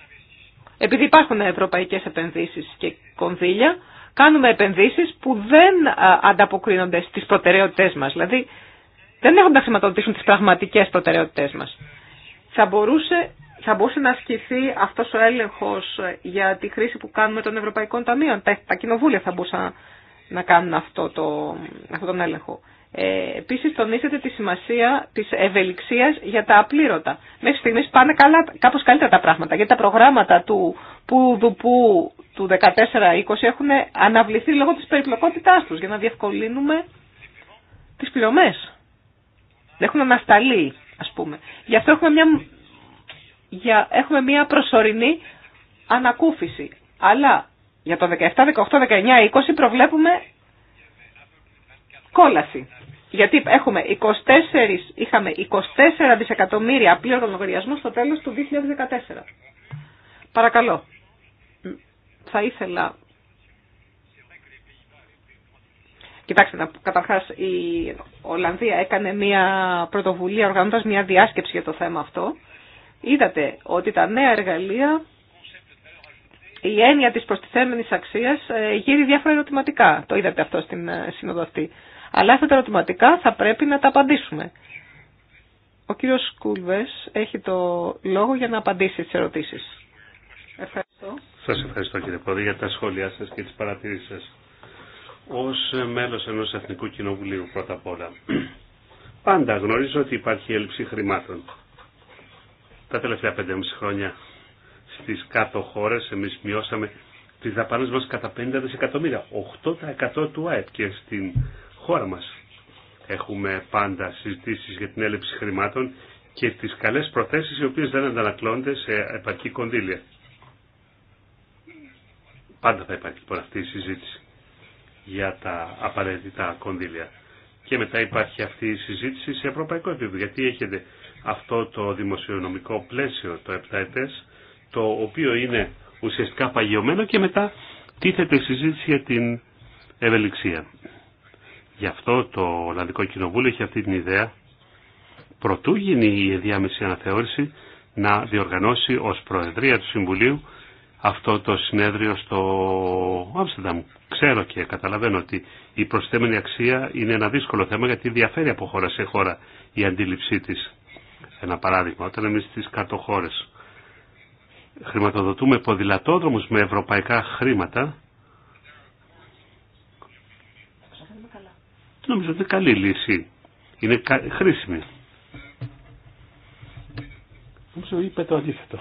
επειδή υπάρχουν ευρωπαϊκές επενδύσεις και κονδύλια, κάνουμε επενδύσεις που δεν ε, ανταποκρίνονται στις προτεραιότητές μας. Δηλαδή, δεν έχουν να χρηματοδοτήσουν τις πραγματικές προτεραιότητές μας. Θα μπορούσε θα μπορούσε να ασκηθεί αυτό ο έλεγχο για τη χρήση που κάνουμε των Ευρωπαϊκών Ταμείων. Τα, κοινοβούλια θα μπορούσαν να κάνουν αυτό το, αυτόν τον έλεγχο. Ε, Επίση, τονίζεται τη σημασία τη ευελιξία για τα απλήρωτα. Μέχρι στιγμή πάνε κάπω καλύτερα τα πράγματα. Γιατί τα προγράμματα του που, του 14-20 έχουν αναβληθεί λόγω τη περιπλοκότητά του για να διευκολύνουμε τι πληρωμέ. Έχουν ανασταλεί, α πούμε. Γι' αυτό έχουμε μια για, έχουμε μια προσωρινή ανακούφιση. Αλλά για το 17, 18, 19, 20 προβλέπουμε κόλαση. Γιατί έχουμε 24, είχαμε 24 δισεκατομμύρια απλήρωτων λογαριασμού στο τέλος του 2014. Παρακαλώ. Θα ήθελα... Κοιτάξτε, καταρχάς η Ολλανδία έκανε μια πρωτοβουλία οργανώντας μια διάσκεψη για το θέμα αυτό. Είδατε ότι τα νέα εργαλεία, η έννοια της προστιθέμενης αξίας ε, γύρει διάφορα ερωτηματικά. Το είδατε αυτό στην ε, σύνοδο αυτή. Αλλά αυτά τα ερωτηματικά θα πρέπει να τα απαντήσουμε. Ο κύριος Κούλβες έχει το λόγο για να απαντήσει τις ερωτήσεις. Ευχαριστώ. Σας ευχαριστώ κύριε Πρόεδρε για τα σχόλιά σας και τις παρατηρήσεις σας. Ως μέλος ενός Εθνικού Κοινοβουλίου πρώτα απ' όλα. [clears throat] Πάντα γνωρίζω ότι υπάρχει έλλειψη χρημάτων τα τελευταία 5,5 χρόνια στις κάτω χώρες εμείς μειώσαμε τις δαπάνες μας κατά 50 δισεκατομμύρια, 8% του ΑΕΠ και στην χώρα μας. Έχουμε πάντα συζητήσεις για την έλλειψη χρημάτων και τις καλές προθέσεις οι οποίες δεν αντανακλώνται σε επαρκή κονδύλια. Πάντα θα υπάρχει λοιπόν αυτή η συζήτηση για τα απαραίτητα κονδύλια. Και μετά υπάρχει αυτή η συζήτηση σε ευρωπαϊκό επίπεδο, γιατί έχετε αυτό το δημοσιονομικό πλαίσιο το επτάετες, το οποίο είναι ουσιαστικά παγιωμένο και μετά τίθεται η συζήτηση για την ευελιξία. Γι' αυτό το Ολλανδικό Κοινοβούλιο έχει αυτή την ιδέα, προτού γίνει η διάμεση αναθεώρηση, να διοργανώσει ως Προεδρία του Συμβουλίου αυτό το συνέδριο στο Άμστερνταμ. Ξέρω και καταλαβαίνω ότι η προσθέμενη αξία είναι ένα δύσκολο θέμα γιατί διαφέρει από χώρα σε χώρα η αντίληψή ένα παράδειγμα, όταν εμείς στις κατοχώρες χρηματοδοτούμε ποδηλατόδρομους με ευρωπαϊκά χρήματα, νομίζω ότι είναι καλή λύση. Είναι χρήσιμη. Νομίζω είπε το αντίθετο.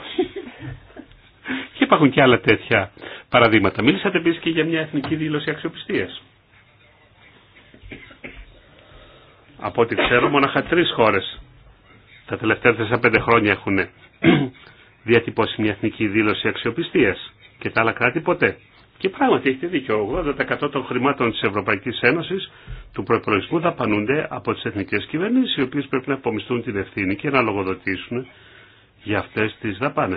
[laughs] και υπάρχουν και άλλα τέτοια παραδείγματα. Μίλησατε επίση και για μια εθνική δήλωση αξιοπιστία. Από ό,τι ξέρω, μόναχα τρει χώρε τα τελευταία 4-5 χρόνια έχουν [clears throat] διατυπώσει μια εθνική δήλωση αξιοπιστία και τα άλλα κράτη ποτέ. Και πράγματι έχετε δίκιο, 80% των χρημάτων τη Ευρωπαϊκή Ένωση, του προπολογισμού δαπανούνται από τι εθνικέ κυβερνήσεις οι οποίε πρέπει να απομιστούν την ευθύνη και να λογοδοτήσουν για αυτέ τι δαπάνε.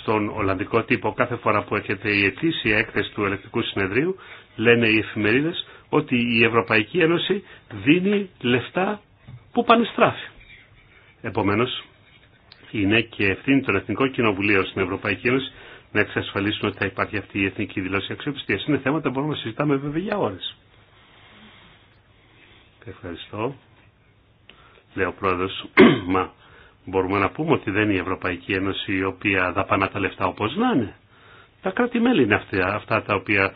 Στον Ολλανδικό τύπο κάθε φορά που έρχεται η ετήσια έκθεση του ελεκτικού συνεδρίου λένε οι Εφημερίδε ότι η Ευρωπαϊκή Ένωση δίνει λεφτά που πανεστράφει. Επομένω, είναι και ευθύνη των Εθνικών Κοινοβουλίων στην Ευρωπαϊκή Ένωση να εξασφαλίσουν ότι θα υπάρχει αυτή η εθνική δηλώση αξιοπιστία. Είναι θέματα που μπορούμε να συζητάμε βέβαια για ώρε. Ευχαριστώ. Λέω πρόεδρο, [clears throat] μα μπορούμε να πούμε ότι δεν είναι η Ευρωπαϊκή Ένωση η οποία δαπανά τα λεφτά όπω να είναι. Τα κράτη-μέλη είναι αυτά, αυτά τα οποία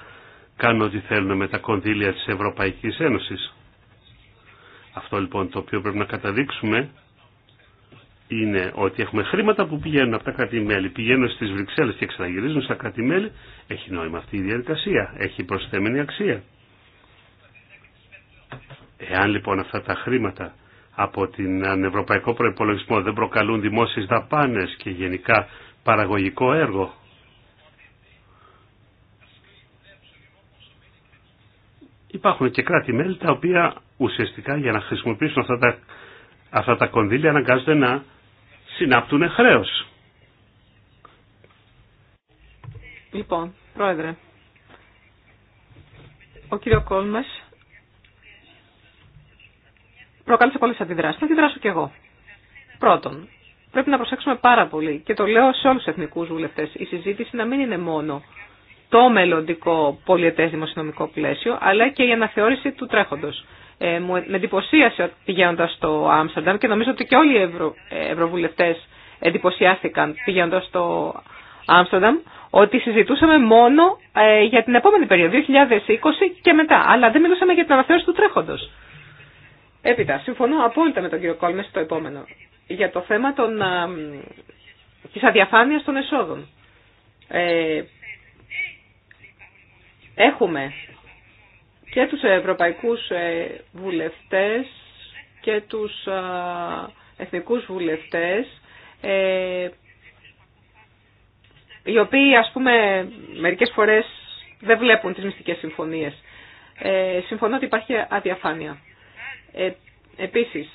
κάνουν ό,τι θέλουν με τα κονδύλια τη Ευρωπαϊκή Ένωση. Αυτό λοιπόν το οποίο πρέπει να καταδείξουμε είναι ότι έχουμε χρήματα που πηγαίνουν από τα κράτη-μέλη, πηγαίνουν στις Βρυξέλλες και ξαναγυρίζουν στα κράτη-μέλη, έχει νόημα αυτή η διαδικασία, έχει προσθέμενη αξία. Εάν λοιπόν αυτά τα χρήματα από την Ευρωπαϊκό Προϋπολογισμό δεν προκαλούν δημόσιες δαπάνες και γενικά παραγωγικό έργο, υπάρχουν και κράτη-μέλη τα οποία ουσιαστικά για να χρησιμοποιήσουν αυτά τα, αυτά τα κονδύλια αναγκάζονται να συνάπτουν χρέος. Λοιπόν, Πρόεδρε, ο κύριο Κόλμες προκάλεσε πολλές αντιδράσεις. Θα αντιδράσω κι εγώ. Πρώτον, πρέπει να προσέξουμε πάρα πολύ και το λέω σε όλους τους εθνικούς βουλευτές. Η συζήτηση να μην είναι μόνο το μελλοντικό πολιετές δημοσιονομικό πλαίσιο, αλλά και η αναθεώρηση του τρέχοντος. Ε, μου, με εντυπωσίασε πηγαίνοντα στο Άμστερνταμ και νομίζω ότι και όλοι οι Ευρω, ευρωβουλευτέ εντυπωσιάστηκαν πηγαίνοντα στο Άμστερνταμ ότι συζητούσαμε μόνο ε, για την επόμενη περίοδο, 2020 και μετά. Αλλά δεν μιλούσαμε για την αναθεώρηση του τρέχοντο. Έπειτα, συμφωνώ απόλυτα με τον κύριο Κόλμε στο επόμενο. Για το θέμα των, α, ε, της αδιαφάνειας των εσόδων. Ε, έχουμε και τους ε, ευρωπαϊκούς ε, βουλευτές και τους ε, εθνικούς βουλευτές οι οποίοι ας πούμε μερικές φορές δεν βλέπουν τις μυστικές συμφωνίες. συμφωνώ ότι υπάρχει αδιαφάνεια. Ε, επίσης,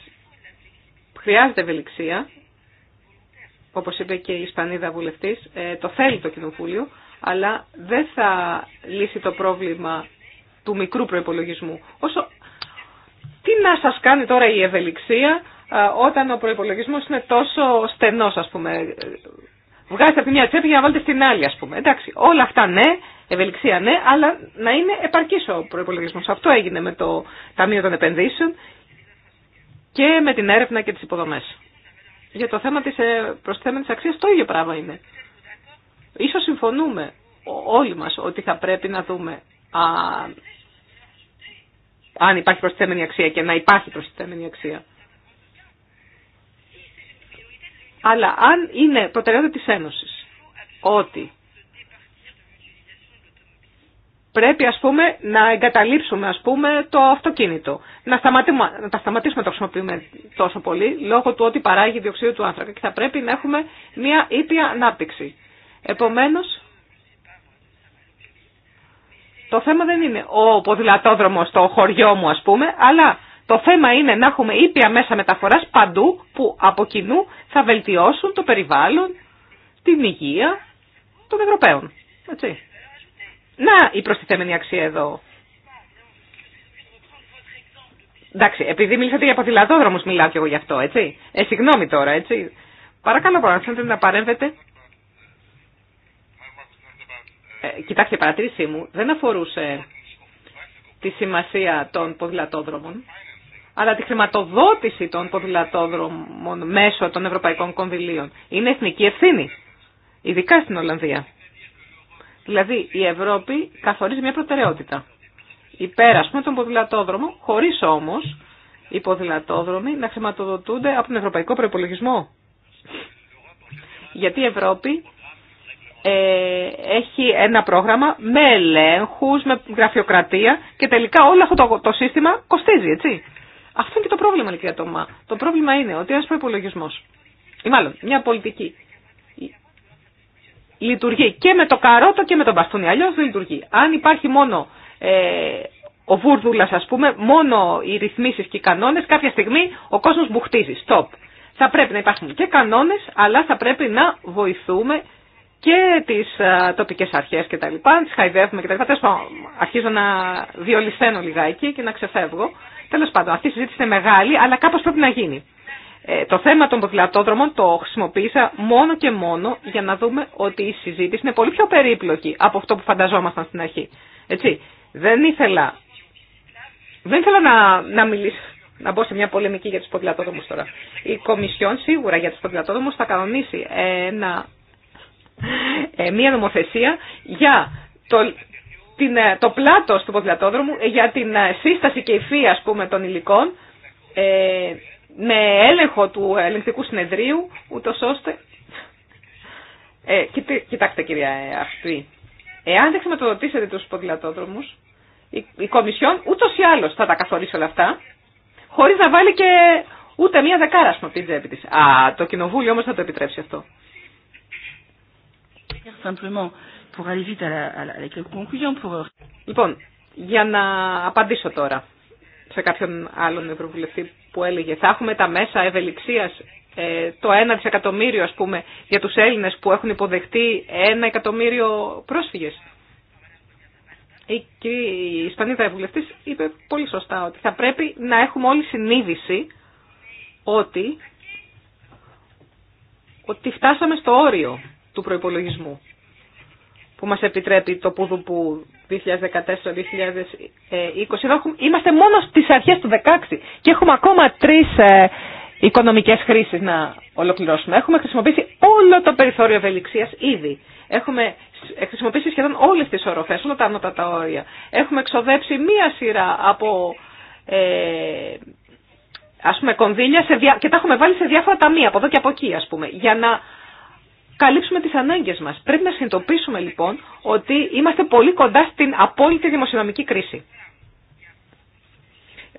χρειάζεται ευελιξία, όπως είπε και η Ισπανίδα βουλευτής, το θέλει το Κοινοβούλιο, αλλά δεν θα λύσει το πρόβλημα του μικρού προϋπολογισμού. Όσο... Τι να σας κάνει τώρα η ευελιξία όταν ο προϋπολογισμός είναι τόσο στενός, ας πούμε. Βγάζετε από τη μια τσέπη για να βάλετε στην άλλη, ας πούμε. Εντάξει, όλα αυτά ναι, ευελιξία ναι, αλλά να είναι επαρκής ο προϋπολογισμός. Αυτό έγινε με το Ταμείο των Επενδύσεων και με την έρευνα και τις υποδομές. Για το θέμα της ε, προσθέμενης αξίας το ίδιο πράγμα είναι. Ίσως συμφωνούμε όλοι μας ότι θα πρέπει να δούμε α, αν υπάρχει προστιθέμενη αξία και να υπάρχει προστιθέμενη αξία. Αλλά αν είναι προτεραιότητα της Ένωσης ότι πρέπει ας πούμε να εγκαταλείψουμε ας πούμε το αυτοκίνητο, να, να τα σταματήσουμε να το χρησιμοποιούμε τόσο πολύ λόγω του ότι παράγει διοξείδιο του άνθρακα και θα πρέπει να έχουμε μια ήπια ανάπτυξη. Επομένως, το θέμα δεν είναι ο ποδηλατόδρομος στο χωριό μου ας πούμε, αλλά το θέμα είναι να έχουμε ήπια μέσα μεταφοράς παντού που από κοινού θα βελτιώσουν το περιβάλλον, την υγεία των Ευρωπαίων. Έτσι. Να η προστιθέμενη αξία εδώ. Εντάξει, επειδή μιλήσατε για ποδηλατόδρομους μιλάω κι εγώ γι' αυτό, έτσι. Ε, συγγνώμη τώρα, έτσι. Παρακαλώ, παρακαλώ να παρέμβετε. Ε, κοιτάξτε, η παρατήρησή μου δεν αφορούσε τη σημασία των ποδηλατόδρομων, αλλά τη χρηματοδότηση των ποδηλατόδρομων μέσω των ευρωπαϊκών κονδυλίων. Είναι εθνική ευθύνη, ειδικά στην Ολλανδία. Δηλαδή η Ευρώπη καθορίζει μια προτεραιότητα. Υπέρ, τον ποδηλατόδρομο, χωρίς όμως οι ποδηλατόδρομοι να χρηματοδοτούνται από τον ευρωπαϊκό προπολογισμό. Γιατί η Ευρώπη ε, έχει ένα πρόγραμμα με ελέγχου, με γραφειοκρατία και τελικά όλο αυτό το, το σύστημα κοστίζει, έτσι. Αυτό είναι και το πρόβλημα, λέει Το πρόβλημα είναι ότι ένα προπολογισμό, ή μάλλον μια πολιτική, λειτουργεί και με το καρότο και με τον μπαστούνι. Αλλιώ δεν λειτουργεί. Αν υπάρχει μόνο ε, ο βούρδουλα, α πούμε, μόνο οι ρυθμίσει και οι κανόνε, κάποια στιγμή ο κόσμο μπουχτίζει. Στοπ. Θα πρέπει να υπάρχουν και κανόνε, αλλά θα πρέπει να βοηθούμε και τι τοπικές αρχές κτλ. τα λοιπά, χαϊδεύουμε και τα πάντων, αρχίζω να διολυσταίνω λιγάκι και να ξεφεύγω. Τέλο πάντων, αυτή η συζήτηση είναι μεγάλη, αλλά κάπω πρέπει να γίνει. Ε, το θέμα των ποδηλατόδρομων το χρησιμοποίησα μόνο και μόνο για να δούμε ότι η συζήτηση είναι πολύ πιο περίπλοκη από αυτό που φανταζόμασταν στην αρχή. Έτσι, δεν ήθελα, δεν ήθελα να, να μιλήσω, να μπω σε μια πολεμική για τους ποδηλατόδρομους τώρα. Η Κομισιόν σίγουρα για του ποδηλατόδρομους θα κανονίσει ένα ε, μία νομοθεσία για το, την, ε, το πλάτος του ποδηλατόδρομου, ε, για την σύσταση και υφή ας πούμε των υλικών, ε, με έλεγχο του ελεγκτικού συνεδρίου, ούτω ώστε... Ε, κοιτάξτε κυρία αυτή, εάν δεν χρηματοδοτήσετε τους ποδηλατόδρομους, η, η Κομισιόν ούτως ή άλλως θα τα καθορίσει όλα αυτά, χωρίς να βάλει και ούτε μία δεκάρα από την τσέπη της. Α, το Κοινοβούλιο όμως θα το επιτρέψει αυτό. Λοιπόν, για να απαντήσω τώρα σε κάποιον άλλον ευρωβουλευτή που έλεγε θα έχουμε τα μέσα ευελιξίας ε, το 1 δισεκατομμύριο ας πούμε για τους Έλληνες που έχουν υποδεχτεί 1 εκατομμύριο πρόσφυγες. Η, Ισπανίδα Ευρωβουλευτής είπε πολύ σωστά ότι θα πρέπει να έχουμε όλη συνείδηση ότι, ότι φτάσαμε στο όριο του προϋπολογισμού που μας επιτρέπει το πουδου που 2014-2020. Είμαστε μόνο στις αρχές του 2016 και έχουμε ακόμα τρεις ε, οικονομικές χρήσεις να ολοκληρώσουμε. Έχουμε χρησιμοποιήσει όλο το περιθώριο ευελιξίας ήδη. Έχουμε ε, χρησιμοποιήσει σχεδόν όλες τις οροφές, όλα τα ανώτατα όρια. Έχουμε εξοδέψει μία σειρά από... Ε, ας πούμε, κονδύλια σε δια... και τα έχουμε βάλει σε διάφορα ταμεία, από εδώ και από εκεί, ας πούμε, για να καλύψουμε τις ανάγκες μας. Πρέπει να συνειδητοποιήσουμε λοιπόν ότι είμαστε πολύ κοντά στην απόλυτη δημοσιονομική κρίση.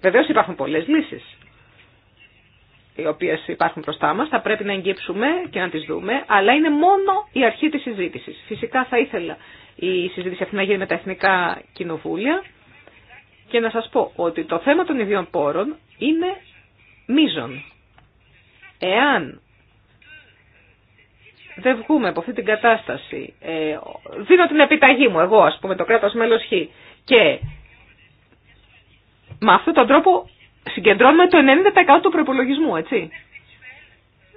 Βεβαίως υπάρχουν πολλές λύσεις οι οποίες υπάρχουν μπροστά μας, θα πρέπει να εγγύψουμε και να τις δούμε, αλλά είναι μόνο η αρχή της συζήτησης. Φυσικά θα ήθελα η συζήτηση αυτή να γίνει με τα εθνικά κοινοβούλια και να σας πω ότι το θέμα των ιδιών πόρων είναι μείζον. Εάν δεν βγούμε από αυτή την κατάσταση, ε, δίνω την επιταγή μου εγώ, ας πούμε, το κράτος μέλος Χ και με αυτόν τον τρόπο συγκεντρώνουμε το 90% του προπολογισμού, έτσι,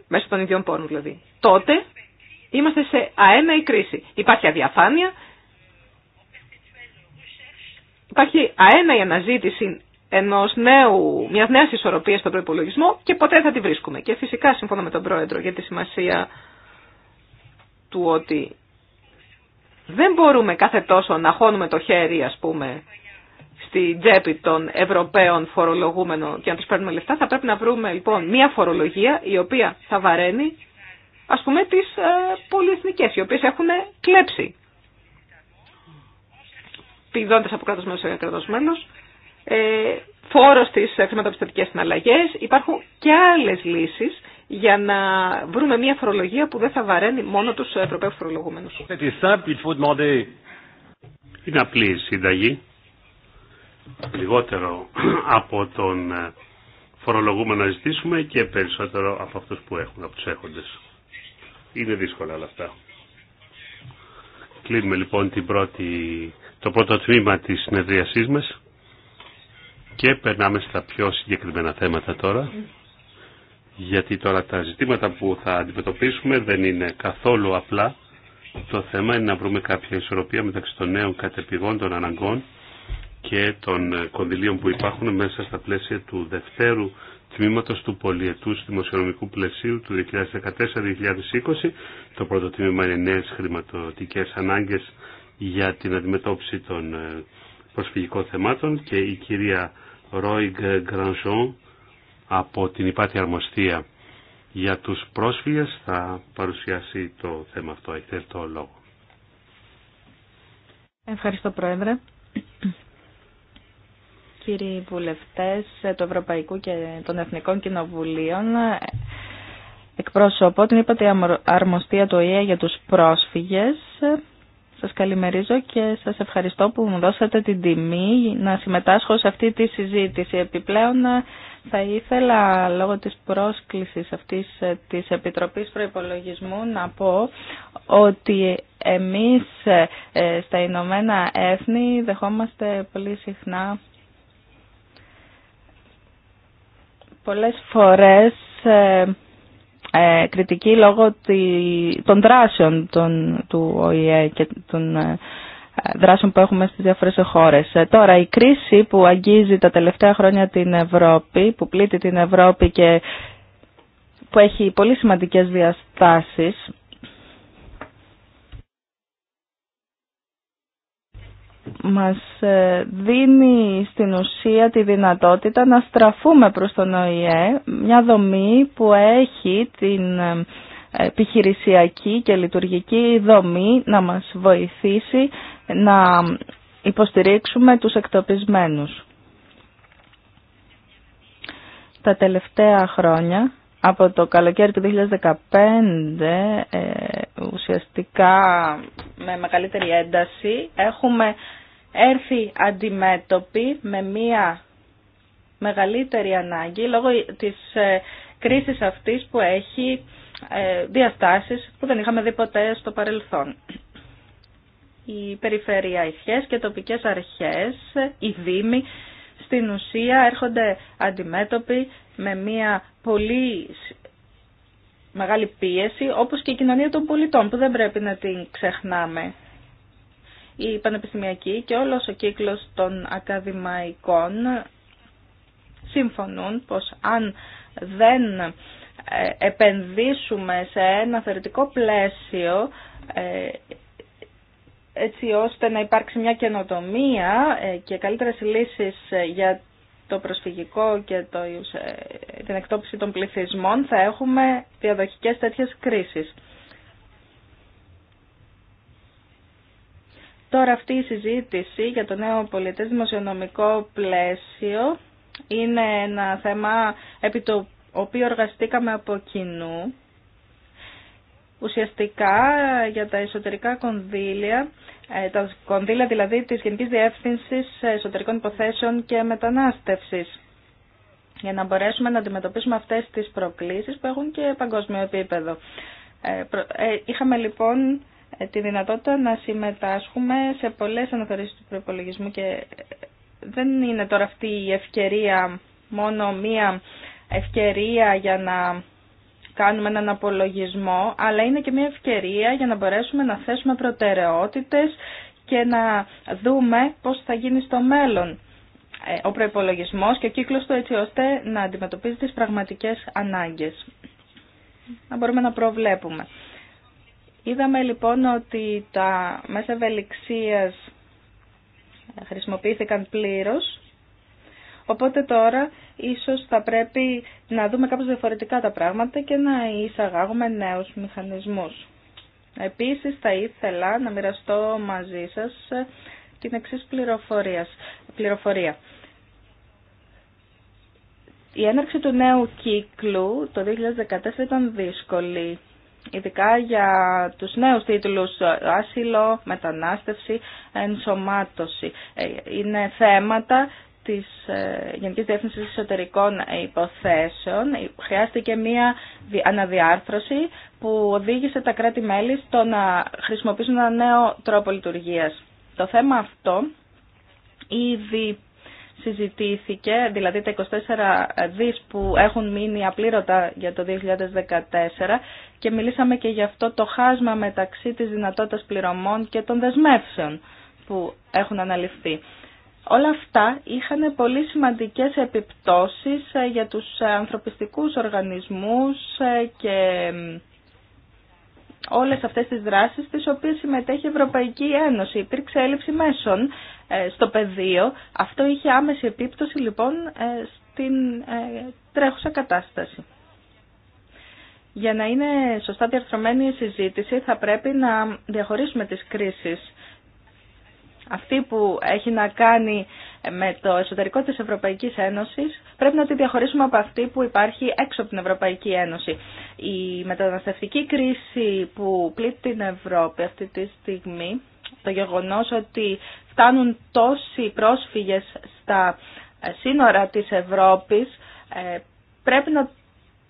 μέσω των ιδιών πόρων δηλαδή. Τότε είμαστε σε αένα η κρίση. Υπάρχει αδιαφάνεια, υπάρχει αένα η αναζήτηση ενός νέου, μια νέα ισορροπία στον προπολογισμό και ποτέ θα τη βρίσκουμε. Και φυσικά σύμφωνα με τον Πρόεδρο για τη σημασία του ότι δεν μπορούμε κάθε τόσο να χώνουμε το χέρι, ας πούμε, στη τσέπη των Ευρωπαίων φορολογούμενων και να τους παίρνουμε λεφτά, θα πρέπει να βρούμε λοιπόν μια φορολογία η οποία θα βαραίνει, ας πούμε, τις ε, πολυεθνικές, οι οποίες έχουν κλέψει. Πηδώντας από κράτος μέλος σε κράτος μέλος, ε, φόρος στις χρηματοπιστωτικές συναλλαγές, υπάρχουν και άλλες λύσεις για να βρούμε μια φορολογία που δεν θα βαραίνει μόνο τους Ευρωπαίους φορολογούμενους. Είναι απλή η σύνταγη, λιγότερο από τον ε, φορολογούμενο να ζητήσουμε και περισσότερο από αυτούς που έχουν, από τους έχοντες. Είναι δύσκολα όλα αυτά. Κλείνουμε λοιπόν την πρώτη, το πρώτο τμήμα της συνεδρίασής μας και περνάμε στα πιο συγκεκριμένα θέματα τώρα γιατί τώρα τα ζητήματα που θα αντιμετωπίσουμε δεν είναι καθόλου απλά. Το θέμα είναι να βρούμε κάποια ισορροπία μεταξύ των νέων κατεπηγών των αναγκών και των κονδυλίων που υπάρχουν μέσα στα πλαίσια του δευτέρου τμήματος του πολιετούς δημοσιονομικού πλαισίου του 2014-2020. Το πρώτο τμήμα είναι νέες χρηματοτικές ανάγκες για την αντιμετώπιση των ε, προσφυγικών θεμάτων και η κυρία Ρόιγκ Γκρανζόν από την Υπάτη Αρμοστία για τους πρόσφυγες θα παρουσιάσει το θέμα αυτό. Έχετε το λόγο. Ευχαριστώ Πρόεδρε. Κύριοι βουλευτές του Ευρωπαϊκού και των Εθνικών Κοινοβουλίων, εκπρόσωπο την είπατε αρμοστία του ΙΕ για τους πρόσφυγες. Σας καλημερίζω και σας ευχαριστώ που μου δώσατε την τιμή να συμμετάσχω σε αυτή τη συζήτηση. Επιπλέον θα ήθελα λόγω της πρόσκλησης αυτής ε, της Επιτροπής Προϋπολογισμού να πω ότι εμείς ε, ε, στα Ηνωμένα Έθνη δεχόμαστε πολύ συχνά πολλές φορές κριτική λόγω των δράσεων του ΟΗΕ και των δράσεων που έχουμε στις διάφορες χώρες. Ε, τώρα, η κρίση που αγγίζει τα τελευταία χρόνια την Ευρώπη, που πλήττει την Ευρώπη και που έχει πολύ σημαντικές διαστάσεις, μας ε, δίνει στην ουσία τη δυνατότητα να στραφούμε προς τον ΟΗΕ, μια δομή που έχει την ε, επιχειρησιακή και λειτουργική δομή να μας βοηθήσει να υποστηρίξουμε τους εκτοπισμένους. Τα τελευταία χρόνια, από το καλοκαίρι του 2015, ε, ουσιαστικά με μεγαλύτερη ένταση, έχουμε έρθει αντιμέτωποι με μία μεγαλύτερη ανάγκη λόγω της ε, κρίσης αυτής που έχει ε, διαστάσεις που δεν είχαμε δει ποτέ στο παρελθόν. Οι περιφερειακές και τοπικές αρχές, οι δήμοι, στην ουσία έρχονται αντιμέτωποι με μια πολύ μεγάλη πίεση, όπως και η κοινωνία των πολιτών, που δεν πρέπει να την ξεχνάμε. Η πανεπιστημιακή και όλος ο κύκλος των ακαδημαϊκών συμφωνούν πως αν δεν ε, επενδύσουμε σε ένα θεωρητικό πλαίσιο ε, έτσι ώστε να υπάρξει μια καινοτομία ε, και καλύτερες λύσεις για το προσφυγικό και το, την εκτόπιση των πληθυσμών θα έχουμε διαδοχικές τέτοιες κρίσεις. Τώρα αυτή η συζήτηση για το νέο πολιτές δημοσιονομικό πλαίσιο είναι ένα θέμα επί το οποίο εργαστήκαμε από κοινού, ουσιαστικά για τα εσωτερικά κονδύλια, ε, τα κονδύλια δηλαδή της Γενικής Διεύθυνσης Εσωτερικών Υποθέσεων και Μετανάστευσης για να μπορέσουμε να αντιμετωπίσουμε αυτές τις προκλήσεις που έχουν και παγκόσμιο επίπεδο. Ε, ε, είχαμε λοιπόν τη δυνατότητα να συμμετάσχουμε σε πολλές αναθεωρήσεις του προπολογισμού και δεν είναι τώρα αυτή η ευκαιρία μόνο μία ευκαιρία για να κάνουμε έναν απολογισμό, αλλά είναι και μια ευκαιρία για να μπορέσουμε να θέσουμε προτεραιότητες και να δούμε πώς θα γίνει στο μέλλον ε, ο προϋπολογισμός και ο κύκλος του έτσι ώστε να αντιμετωπίζει τις πραγματικές ανάγκες. Να μπορούμε να προβλέπουμε. Είδαμε λοιπόν ότι τα μέσα ευελιξίας χρησιμοποιήθηκαν πλήρως, οπότε τώρα ίσως θα πρέπει να δούμε κάπως διαφορετικά τα πράγματα και να εισαγάγουμε νέους μηχανισμούς. Επίσης θα ήθελα να μοιραστώ μαζί σας ε, την εξής πληροφορία. Η έναρξη του νέου κύκλου το 2014 ήταν δύσκολη, ειδικά για τους νέους τίτλους ε, άσυλο, μετανάστευση, ενσωμάτωση. Ε, είναι θέματα της ε, Γενικής Διεύθυνσης Εσωτερικών Υποθέσεων χρειάστηκε μία αναδιάρθρωση που οδήγησε τα κράτη-μέλη στο να χρησιμοποιήσουν ένα νέο τρόπο λειτουργίας. Το θέμα αυτό ήδη συζητήθηκε, δηλαδή τα 24 δις που έχουν μείνει απλήρωτα για το 2014 και μιλήσαμε και γι' αυτό το χάσμα μεταξύ της δυνατότητας πληρωμών και των δεσμεύσεων που έχουν αναλυφθεί. Όλα αυτά είχαν πολύ σημαντικές επιπτώσεις ε, για τους ανθρωπιστικούς οργανισμούς ε, και όλες αυτές τις δράσεις τις οποίες συμμετέχει η Ευρωπαϊκή Ένωση. Υπήρξε έλλειψη μέσων ε, στο πεδίο. Αυτό είχε άμεση επίπτωση λοιπόν στην τρέχουσα κατάσταση. Για να είναι σωστά διαρθρωμένη η συζήτηση θα πρέπει να διαχωρίσουμε τις κρίσεις αυτή που έχει να κάνει με το εσωτερικό της Ευρωπαϊκής Ένωσης πρέπει να τη διαχωρίσουμε από αυτή που υπάρχει έξω από την Ευρωπαϊκή Ένωση. Η μεταναστευτική κρίση που πλήττει την Ευρώπη αυτή τη στιγμή, το γεγονός ότι φτάνουν τόσοι πρόσφυγες στα σύνορα της Ευρώπης, ε, πρέπει να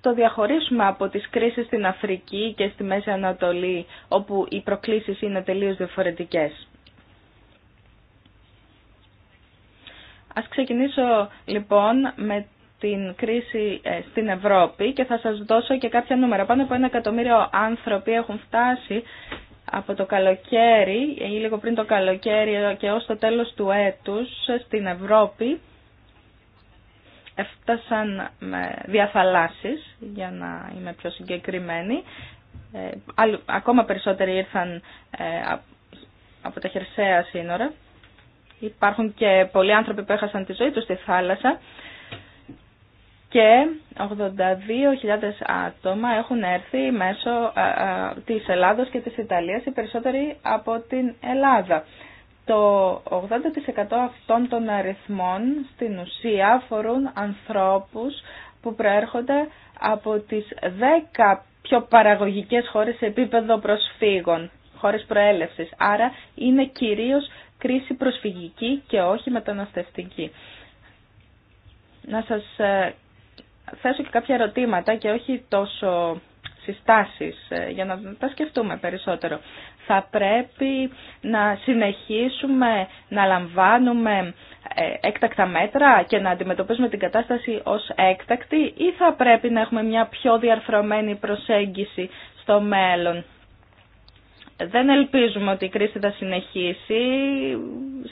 το διαχωρίσουμε από τις κρίσεις στην Αφρική και στη Μέση Ανατολή, όπου οι προκλήσεις είναι τελείως διαφορετικές. Ας ξεκινήσω λοιπόν με την κρίση ε, στην Ευρώπη και θα σας δώσω και κάποια νούμερα. Πάνω από ένα εκατομμύριο άνθρωποι έχουν φτάσει από το καλοκαίρι ή λίγο πριν το καλοκαίρι και ως το τέλος του έτους στην Ευρώπη έφτασαν με για να είμαι πιο συγκεκριμένη. Ε, ακόμα περισσότεροι ήρθαν ε, από τα χερσαία σύνορα. Υπάρχουν και πολλοί άνθρωποι που έχασαν τη ζωή τους στη θάλασσα και 82.000 άτομα έχουν έρθει μέσω της Ελλάδος και της Ιταλίας, οι περισσότεροι από την Ελλάδα. Το 80% αυτών των αριθμών στην ουσία αφορούν ανθρώπους που προέρχονται από τις 10 πιο παραγωγικές χώρες σε επίπεδο προσφύγων, χώρες προέλευσης. Άρα είναι κυρίως κρίση προσφυγική και όχι μεταναστευτική. Να σας ε, θέσω και κάποια ερωτήματα και όχι τόσο συστάσεις ε, για να τα σκεφτούμε περισσότερο. Θα πρέπει να συνεχίσουμε να λαμβάνουμε ε, έκτακτα μέτρα και να αντιμετωπίζουμε την κατάσταση ως έκτακτη ή θα πρέπει να έχουμε μια πιο διαρθρωμένη προσέγγιση στο μέλλον δεν ελπίζουμε ότι η κρίση θα συνεχίσει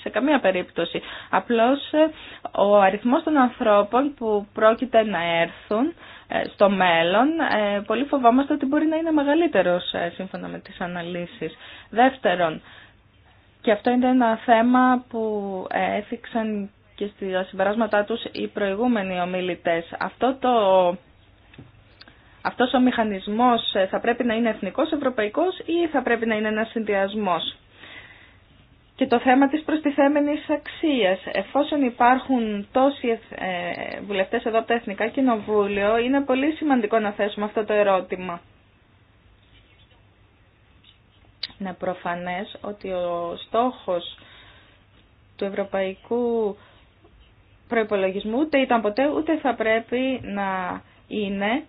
σε καμία περίπτωση. Απλώς ε, ο αριθμός των ανθρώπων που πρόκειται να έρθουν ε, στο μέλλον, ε, πολύ φοβόμαστε ότι μπορεί να είναι μεγαλύτερος σύμφωνα με τις αναλύσεις. Δεύτερον, και αυτό είναι ένα θέμα που έθιξαν και στα συμπεράσματά τους οι προηγούμενοι ομιλητές. Αυτό το αυτός ο μηχανισμός ε, θα πρέπει να είναι εθνικός, ευρωπαϊκός ή θα πρέπει να είναι ένας συνδυασμός. Και το θέμα της προστιθέμενης αξίας. Εφόσον υπάρχουν τόσοι ε, βουλευτές εδώ από τα Εθνικά Κοινοβούλιο, είναι πολύ σημαντικό να θέσουμε αυτό το ερώτημα. Είναι προφανές ότι ο στόχος του ευρωπαϊκού προϋπολογισμού ούτε ήταν ποτέ ούτε θα πρέπει να είναι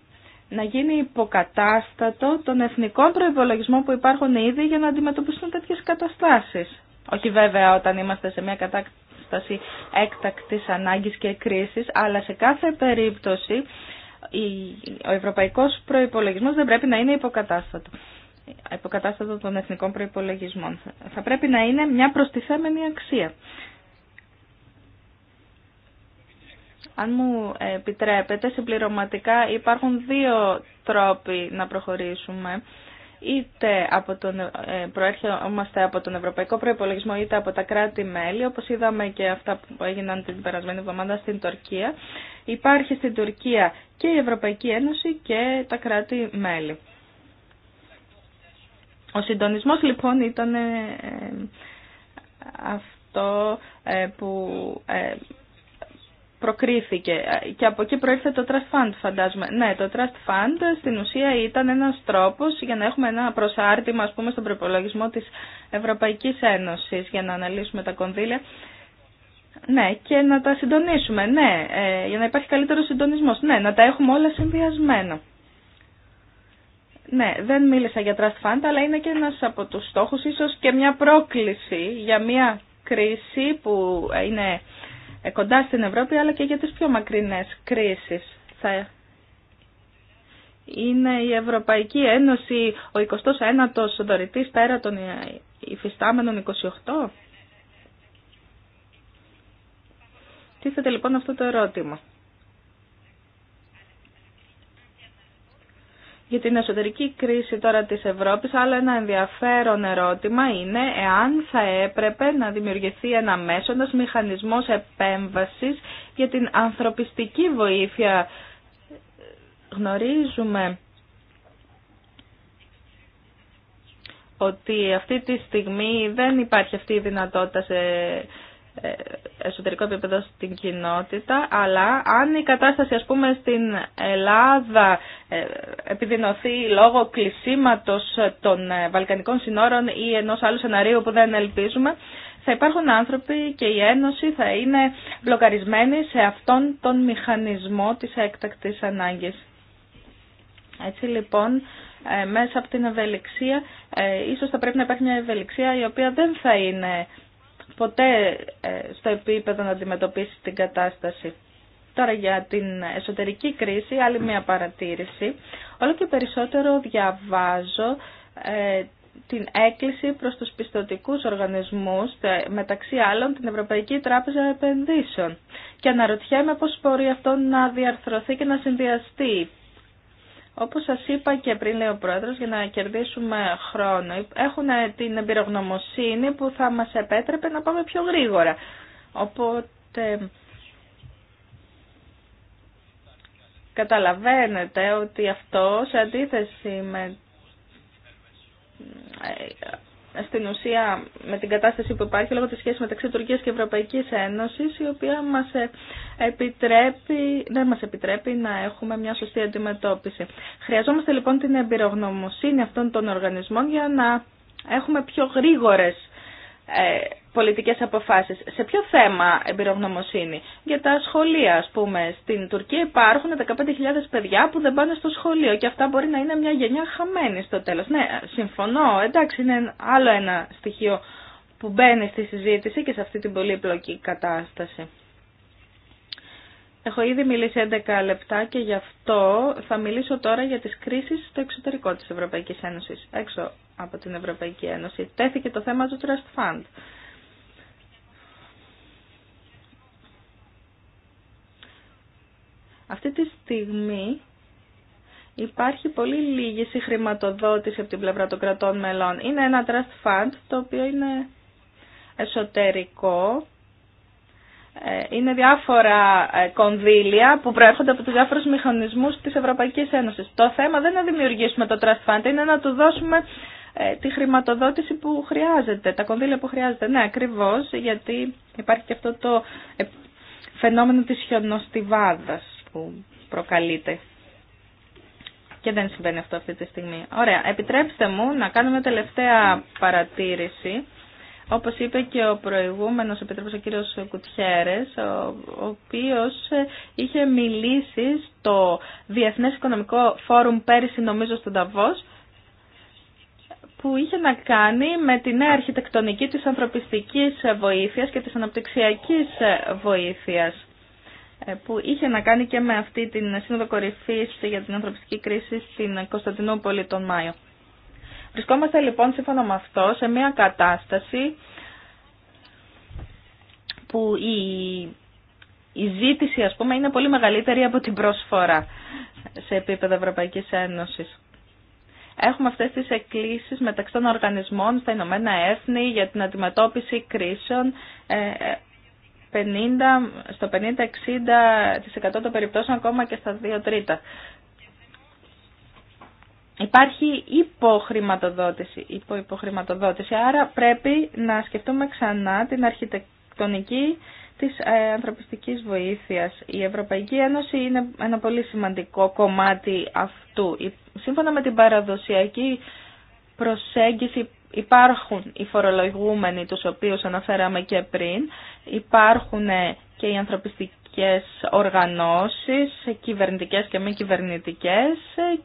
να γίνει υποκατάστατο των εθνικών προϋπολογισμών που υπάρχουν ήδη για να αντιμετωπιστούν τέτοιες καταστάσεις. Όχι βέβαια όταν είμαστε σε μια κατάσταση έκτακτης ανάγκης και κρίσης, αλλά σε κάθε περίπτωση ο ευρωπαϊκός προϋπολογισμός δεν πρέπει να είναι υποκατάστατο υποκατάστατο των εθνικών προϋπολογισμών. Θα πρέπει να είναι μια προστιθέμενη αξία. Αν μου επιτρέπετε, συμπληρωματικά υπάρχουν δύο τρόποι να προχωρήσουμε. Είτε από τον, ε, προέρχομαστε από τον Ευρωπαϊκό Προϋπολογισμό είτε από τα κράτη-μέλη, όπως είδαμε και αυτά που έγιναν την περασμένη εβδομάδα στην Τουρκία. Υπάρχει στην Τουρκία και η Ευρωπαϊκή Ένωση και τα κράτη-μέλη. Ο συντονισμός λοιπόν ήταν ε, αυτό ε, που προκρίθηκε και από εκεί προήρθε το Trust Fund φαντάζομαι. Ναι, το Trust Fund στην ουσία ήταν ένας τρόπος για να έχουμε ένα προσάρτημα ας πούμε στον προπολογισμό της Ευρωπαϊκής Ένωσης για να αναλύσουμε τα κονδύλια. Ναι, και να τα συντονίσουμε, ναι, ε, για να υπάρχει καλύτερο συντονισμός. Ναι, να τα έχουμε όλα συνδυασμένα. Ναι, δεν μίλησα για Trust Fund, αλλά είναι και ένας από τους στόχους, ίσως και μια πρόκληση για μια κρίση που είναι ε, κοντά στην Ευρώπη αλλά και για τις πιο μακρινές κρίσεις. είναι η Ευρωπαϊκή Ένωση ο 21ος δωρητής πέρα των υφιστάμενων 28. Τίθεται λοιπόν αυτό το ερώτημα. για την εσωτερική κρίση τώρα της Ευρώπης, αλλά ένα ενδιαφέρον ερώτημα είναι εάν θα έπρεπε να δημιουργηθεί ένα μέσονος μηχανισμός επέμβασης για την ανθρωπιστική βοήθεια. Γνωρίζουμε ότι αυτή τη στιγμή δεν υπάρχει αυτή η δυνατότητα σε ε, εσωτερικό επίπεδο στην κοινότητα, αλλά αν η κατάσταση ας πούμε στην Ελλάδα ε, επιδεινωθεί λόγω κλεισίματος των ε, Βαλκανικών συνόρων ή ενός άλλου σεναρίου που δεν ελπίζουμε, θα υπάρχουν άνθρωποι και η Ένωση θα είναι μπλοκαρισμένη σε αυτόν τον μηχανισμό της έκτακτης ανάγκης. Έτσι λοιπόν, μέσα από την ευελιξία, ίσως θα πρέπει να υπάρχει μια ευελιξία η οποία δεν θα είναι ποτέ ε, στο επίπεδο να αντιμετωπίσει την κατάσταση. Τώρα για την εσωτερική κρίση, άλλη μια παρατήρηση. Όλο και περισσότερο διαβάζω ε, την έκκληση προς τους πιστοτικούς οργανισμούς, ε, μεταξύ άλλων την Ευρωπαϊκή Τράπεζα Επενδύσεων. Και αναρωτιέμαι πώς μπορεί αυτό να διαρθρωθεί και να συνδυαστεί. Όπως σας είπα και πριν λέει ο Πρόεδρος, για να κερδίσουμε χρόνο, έχουν την εμπειρογνωμοσύνη που θα μας επέτρεπε να πάμε πιο γρήγορα. Οπότε καταλαβαίνετε ότι αυτό σε αντίθεση με στην ουσία με την κατάσταση που υπάρχει λόγω της σχέσης μεταξύ Τουρκίας και Ευρωπαϊκής Ένωσης η οποία μας ε, επιτρέπει, δεν μας επιτρέπει να έχουμε μια σωστή αντιμετώπιση. Χρειαζόμαστε λοιπόν την εμπειρογνωμοσύνη αυτών των οργανισμών για να έχουμε πιο γρήγορες ε, πολιτικές αποφάσεις. Σε ποιο θέμα εμπειρογνωμοσύνη. Για τα σχολεία, ας πούμε. Στην Τουρκία υπάρχουν 15.000 παιδιά που δεν πάνε στο σχολείο και αυτά μπορεί να είναι μια γενιά χαμένη στο τέλος. Ναι, συμφωνώ. Εντάξει, είναι άλλο ένα στοιχείο που μπαίνει στη συζήτηση και σε αυτή την πολύπλοκη κατάσταση. Έχω ήδη μιλήσει 11 λεπτά και γι' αυτό θα μιλήσω τώρα για τις κρίσεις στο εξωτερικό της Ευρωπαϊκής Ένωσης, έξω από την Ευρωπαϊκή Ένωση. Τέθηκε το θέμα του Trust Fund. Αυτή τη στιγμή υπάρχει πολύ λίγη χρηματοδότηση από την πλευρά των κρατών μελών. Είναι ένα trust fund το οποίο είναι εσωτερικό ε, είναι διάφορα ε, κονδύλια που προέρχονται από τους διάφορους μηχανισμούς της Ευρωπαϊκής Ένωσης. Το θέμα δεν είναι να δημιουργήσουμε το Trust Fund, είναι να του δώσουμε ε, τη χρηματοδότηση που χρειάζεται, τα κονδύλια που χρειάζεται. Ναι, ακριβώς, γιατί υπάρχει και αυτό το φαινόμενο της χιονοστιβάδας που προκαλείται. Και δεν συμβαίνει αυτό αυτή τη στιγμή. Ωραία, επιτρέψτε μου να κάνουμε τελευταία παρατήρηση Όπω είπε και ο προηγούμενο επίτροπο, ο κύριο Κουτιέρε, ο οποίο ε, είχε μιλήσει στο Διεθνέ Οικονομικό Φόρουμ πέρυσι, νομίζω, στον ταβό, που είχε να κάνει με τη νέα αρχιτεκτονική της ανθρωπιστικής βοήθειας και της αναπτυξιακής βοήθειας ε, που είχε να κάνει και με αυτή την σύνοδο κορυφής για την ανθρωπιστική κρίση στην Κωνσταντινούπολη τον Μάιο. Βρισκόμαστε λοιπόν σύμφωνα με αυτό σε μια κατάσταση που η, ζήτηση ας πούμε είναι πολύ μεγαλύτερη από την πρόσφορα σε επίπεδο Ευρωπαϊκής Ένωσης. Έχουμε αυτές τις εκκλήσεις μεταξύ των οργανισμών στα Ηνωμένα Έθνη για την αντιμετώπιση κρίσεων. 50, ε, ε, στο 50-60% των περιπτώσεων ακόμα και στα 2 τρίτα. Υπάρχει υποχρηματοδότηση, υπο-υποχρήματοδότηση, άρα πρέπει να σκεφτούμε ξανά την αρχιτεκτονική της ε, ανθρωπιστικής βοήθειας. Η Ευρωπαϊκή Ένωση είναι ένα πολύ σημαντικό κομμάτι αυτού. Σύμφωνα με την παραδοσιακή προσέγγιση υπάρχουν οι φορολογούμενοι τους οποίους αναφέραμε και πριν, υπάρχουν και οι ανθρωπιστικοί κοινωνικές οργανώσεις, κυβερνητικές και μη κυβερνητικές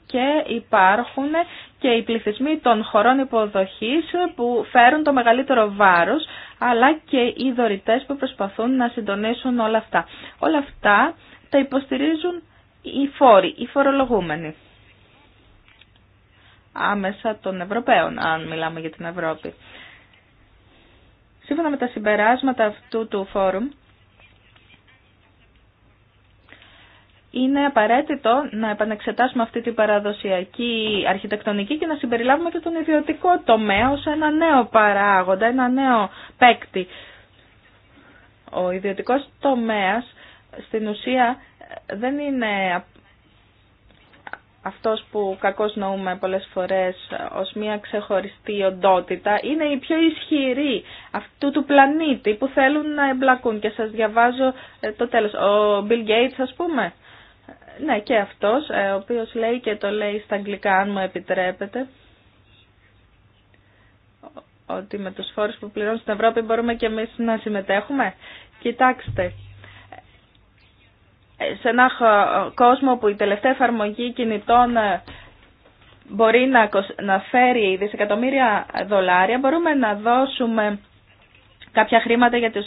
και υπάρχουν και οι πληθυσμοί των χωρών υποδοχής που φέρουν το μεγαλύτερο βάρος, αλλά και οι δωρητές που προσπαθούν να συντονίσουν όλα αυτά. Όλα αυτά τα υποστηρίζουν οι φόροι, οι φορολογούμενοι. Άμεσα των Ευρωπαίων, αν μιλάμε για την Ευρώπη. Σύμφωνα με τα συμπεράσματα αυτού του φόρουμ, είναι απαραίτητο να επανεξετάσουμε αυτή την παραδοσιακή αρχιτεκτονική και να συμπεριλάβουμε και τον ιδιωτικό τομέα ως ένα νέο παράγοντα, ένα νέο παίκτη. Ο ιδιωτικός τομέας στην ουσία δεν είναι αυτός που κακώς νοούμε πολλές φορές ως μια ξεχωριστή οντότητα, είναι οι πιο ισχυροί αυτού του πλανήτη που θέλουν να εμπλακούν. Και σας διαβάζω ε, το τέλος. Ο Bill Gates ας πούμε ναι, και αυτός, ε, ο οποίος λέει και το λέει στα αγγλικά, αν μου επιτρέπετε, ότι με τους φόρους που πληρώνουν στην Ευρώπη μπορούμε και εμείς να συμμετέχουμε. Κοιτάξτε, ε, σε ένα κόσμο που η τελευταία εφαρμογή κινητών ε, μπορεί να φέρει δισεκατομμύρια δολάρια, μπορούμε να δώσουμε κάποια χρήματα για τους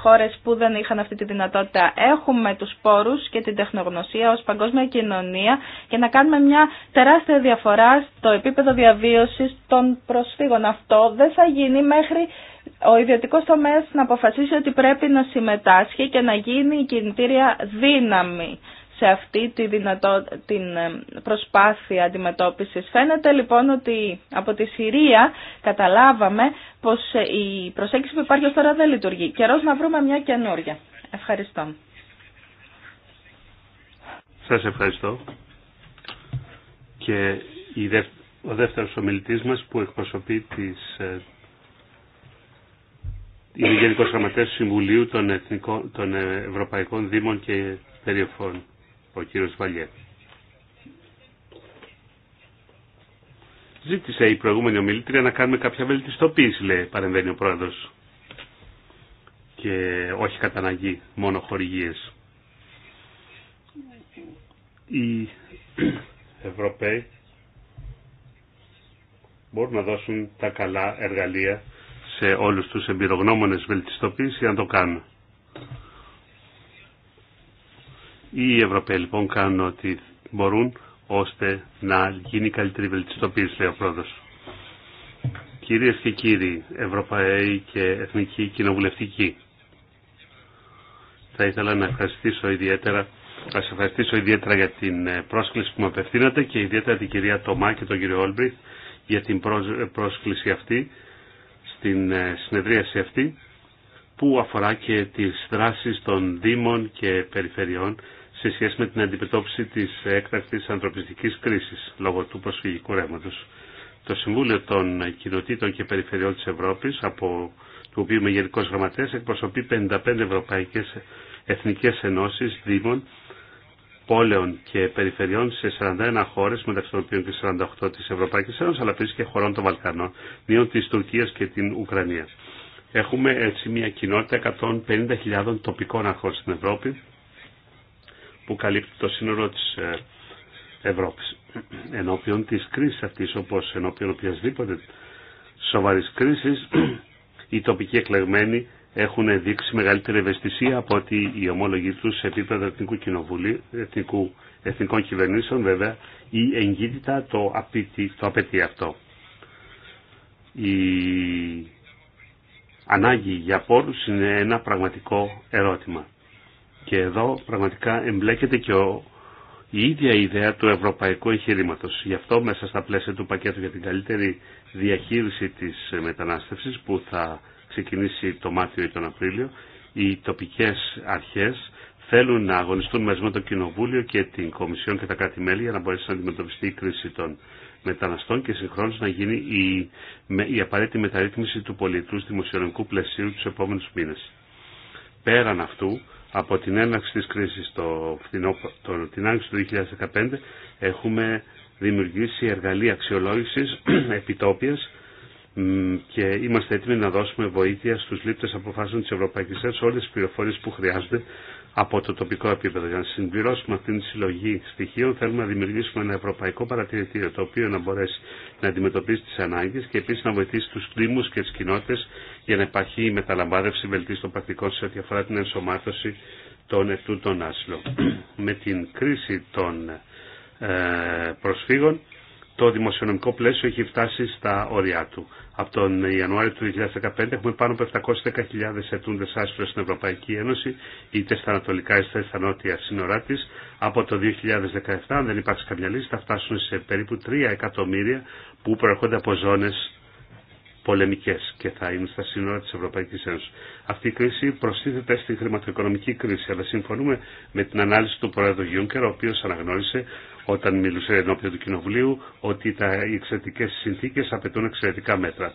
χώρες που δεν είχαν αυτή τη δυνατότητα. Έχουμε τους πόρους και την τεχνογνωσία ως παγκόσμια κοινωνία και να κάνουμε μια τεράστια διαφορά στο επίπεδο διαβίωσης των προσφύγων. Αυτό δεν θα γίνει μέχρι ο ιδιωτικός τομέας να αποφασίσει ότι πρέπει να συμμετάσχει και να γίνει η κινητήρια δύναμη σε αυτή τη δυνατό, την ε, προσπάθεια αντιμετώπισης. Φαίνεται λοιπόν ότι από τη Συρία καταλάβαμε πως ε, η προσέγγιση που υπάρχει ως τώρα δεν λειτουργεί. Καιρός να βρούμε μια καινούρια. Ευχαριστώ. Σας ευχαριστώ. Και ο δεύτερος ομιλητής μας που εκπροσωπεί τις ε, είναι Γενικός Γραμματέας Συμβουλίου των, Εθνικών, των Ευρωπαϊκών Δήμων και Περιοφών ο κύριος Βαλιέ. Ζήτησε η προηγούμενη ομιλήτρια να κάνουμε κάποια βελτιστοποίηση, λέει, παρεμβαίνει ο πρόεδρος. Και όχι καταναγή μόνο χορηγίες. Οι Ευρωπαίοι μπορούν να δώσουν τα καλά εργαλεία σε όλους τους εμπειρογνώμονες βελτιστοποίηση να το κάνουν. Οι Ευρωπαίοι λοιπόν κάνουν ό,τι μπορούν ώστε να γίνει καλύτερη βελτιστοποίηση, λέει ο πρόεδρος. Κυρίες και κύριοι, Ευρωπαίοι και Εθνικοί Κοινοβουλευτικοί, θα ήθελα να ευχαριστήσω ιδιαίτερα να σας ευχαριστήσω ιδιαίτερα για την ε, πρόσκληση που με απευθύνατε και ιδιαίτερα την κυρία Τομά και τον κύριο Όλμπριθ για την πρόσκληση αυτή στην ε, συνεδρίαση αυτή που αφορά και τις δράσεις των Δήμων και Περιφερειών σε σχέση με την αντιμετώπιση της έκτακτης ανθρωπιστικής κρίσης λόγω του προσφυγικού ρεύματος. Το Συμβούλιο των Κοινοτήτων και Περιφερειών της Ευρώπης, από το οποίο είμαι Γενικός γραμματέα, εκπροσωπεί 55 ευρωπαϊκές εθνικές ενώσεις, δήμων, πόλεων και περιφερειών σε 41 χώρες, μεταξύ των οποίων και 48 της Ευρωπαϊκής Ένωσης, αλλά επίση και χωρών των Βαλκανών, νέων της Τουρκίας και την Ουκρανία. Έχουμε έτσι μια κοινότητα 150.000 τοπικών αρχών στην Ευρώπη, που καλύπτει το σύνολο της ε, Ευρώπης. Ενώπιον της κρίσης αυτής, όπως ενώπιον οποιασδήποτε σοβαρής κρίσης, οι τοπικοί εκλεγμένοι έχουν δείξει μεγαλύτερη ευαισθησία από ότι οι ομόλογοι του σε επίπεδο Εθνικού Κοινοβουλίου, εθνικού, Εθνικών Κυβερνήσεων βέβαια, ή εγκύτητα το, απαιτεί, το απαιτεί αυτό. Η ανάγκη για πόρους είναι ένα πραγματικό ερώτημα. Και εδώ πραγματικά εμπλέκεται και η ίδια ιδέα του ευρωπαϊκού εγχειρήματο. Γι' αυτό μέσα στα πλαίσια του πακέτου για την καλύτερη διαχείριση τη μετανάστευση που θα ξεκινήσει το Μάρτιο ή τον Απρίλιο, οι τοπικέ αρχέ θέλουν να αγωνιστούν μαζί με το Κοινοβούλιο και την Κομισιόν και τα κράτη-μέλη για να μπορέσει να αντιμετωπιστεί η κρίση των μεταναστών και συγχρόνω να γίνει η, η απαραίτητη μεταρρύθμιση του πολιτού δημοσιονομικού πλαισίου του επόμενου μήνε. Πέραν αυτού, από την έναρξη της κρίσης το, το, την άνοιξη του 2015 έχουμε δημιουργήσει εργαλεία αξιολόγησης [clears throat] επιτόπιας και είμαστε έτοιμοι να δώσουμε βοήθεια στους λήπτες αποφάσεων της Ευρωπαϊκής Ένωσης όλες τις πληροφορίες που χρειάζονται από το τοπικό επίπεδο. Για να συμπληρώσουμε αυτήν τη συλλογή στοιχείων θέλουμε να δημιουργήσουμε ένα ευρωπαϊκό παρατηρητήριο το οποίο να μπορέσει να αντιμετωπίσει τις ανάγκες και επίσης να βοηθήσει τους κλίμους και τις κοινότητες για να υπάρχει η βελτίωση των πρακτικών σε ό,τι αφορά την ενσωμάτωση των των άσυλων. [clears throat] Με την κρίση των ε, προσφύγων, το δημοσιονομικό πλαίσιο έχει φτάσει στα όρια του. Από τον Ιανουάριο του 2015 έχουμε πάνω από 710.000 ετούντες άσυλο στην Ευρωπαϊκή Ένωση, είτε στα ανατολικά είτε στα νότια σύνορά της. Από το 2017, αν δεν υπάρξει καμιά λύση, θα φτάσουν σε περίπου 3 εκατομμύρια που προερχόνται από ζώνες πολεμικές και θα είναι στα σύνορα τη Ευρωπαϊκή Ένωση. Αυτή η κρίση προστίθεται στην χρηματοοικονομική κρίση, αλλά συμφωνούμε με την ανάλυση του Πρόεδρου Γιούνκερ, ο οποίο αναγνώρισε όταν μιλούσε ενώπιον του Κοινοβουλίου ότι τα, εξαιρετικέ συνθήκε απαιτούν εξαιρετικά μέτρα.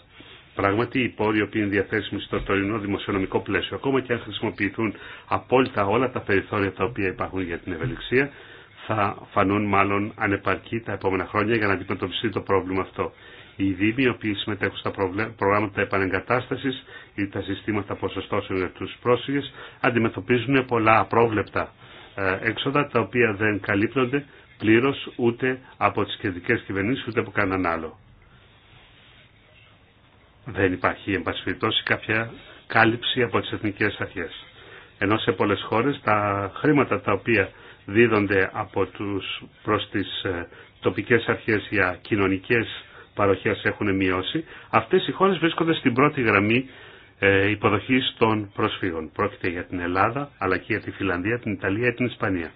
Πράγματι, οι πόροι που είναι διαθέσιμοι στο τωρινό δημοσιονομικό πλαίσιο, ακόμα και αν χρησιμοποιηθούν απόλυτα όλα τα περιθώρια τα οποία υπάρχουν για την ευελιξία, θα φανούν μάλλον ανεπαρκή τα επόμενα χρόνια για να αντιμετωπιστεί το πρόβλημα αυτό οι δήμοι οι οποίοι συμμετέχουν στα προγράμματα επανεγκατάστασης ή τα συστήματα ποσοστώσεων για του πρόσφυγε, αντιμετωπίζουν πολλά απρόβλεπτα ε, έξοδα τα οποία δεν καλύπτονται πλήρω ούτε από τις κεντρικές κυβερνήσει ούτε από κανέναν άλλο. Δεν υπάρχει περιπτώσει, κάποια κάλυψη από τις εθνικέ αρχέ. Ενώ σε πολλέ χώρε τα χρήματα τα οποία δίδονται από τι προς τις ε, τοπικές αρχές για κοινωνικές παροχές έχουν μειώσει, αυτές οι χώρε βρίσκονται στην πρώτη γραμμή ε, υποδοχής των προσφύγων. Πρόκειται για την Ελλάδα, αλλά και για τη Φιλανδία, την Ιταλία και την Ισπανία.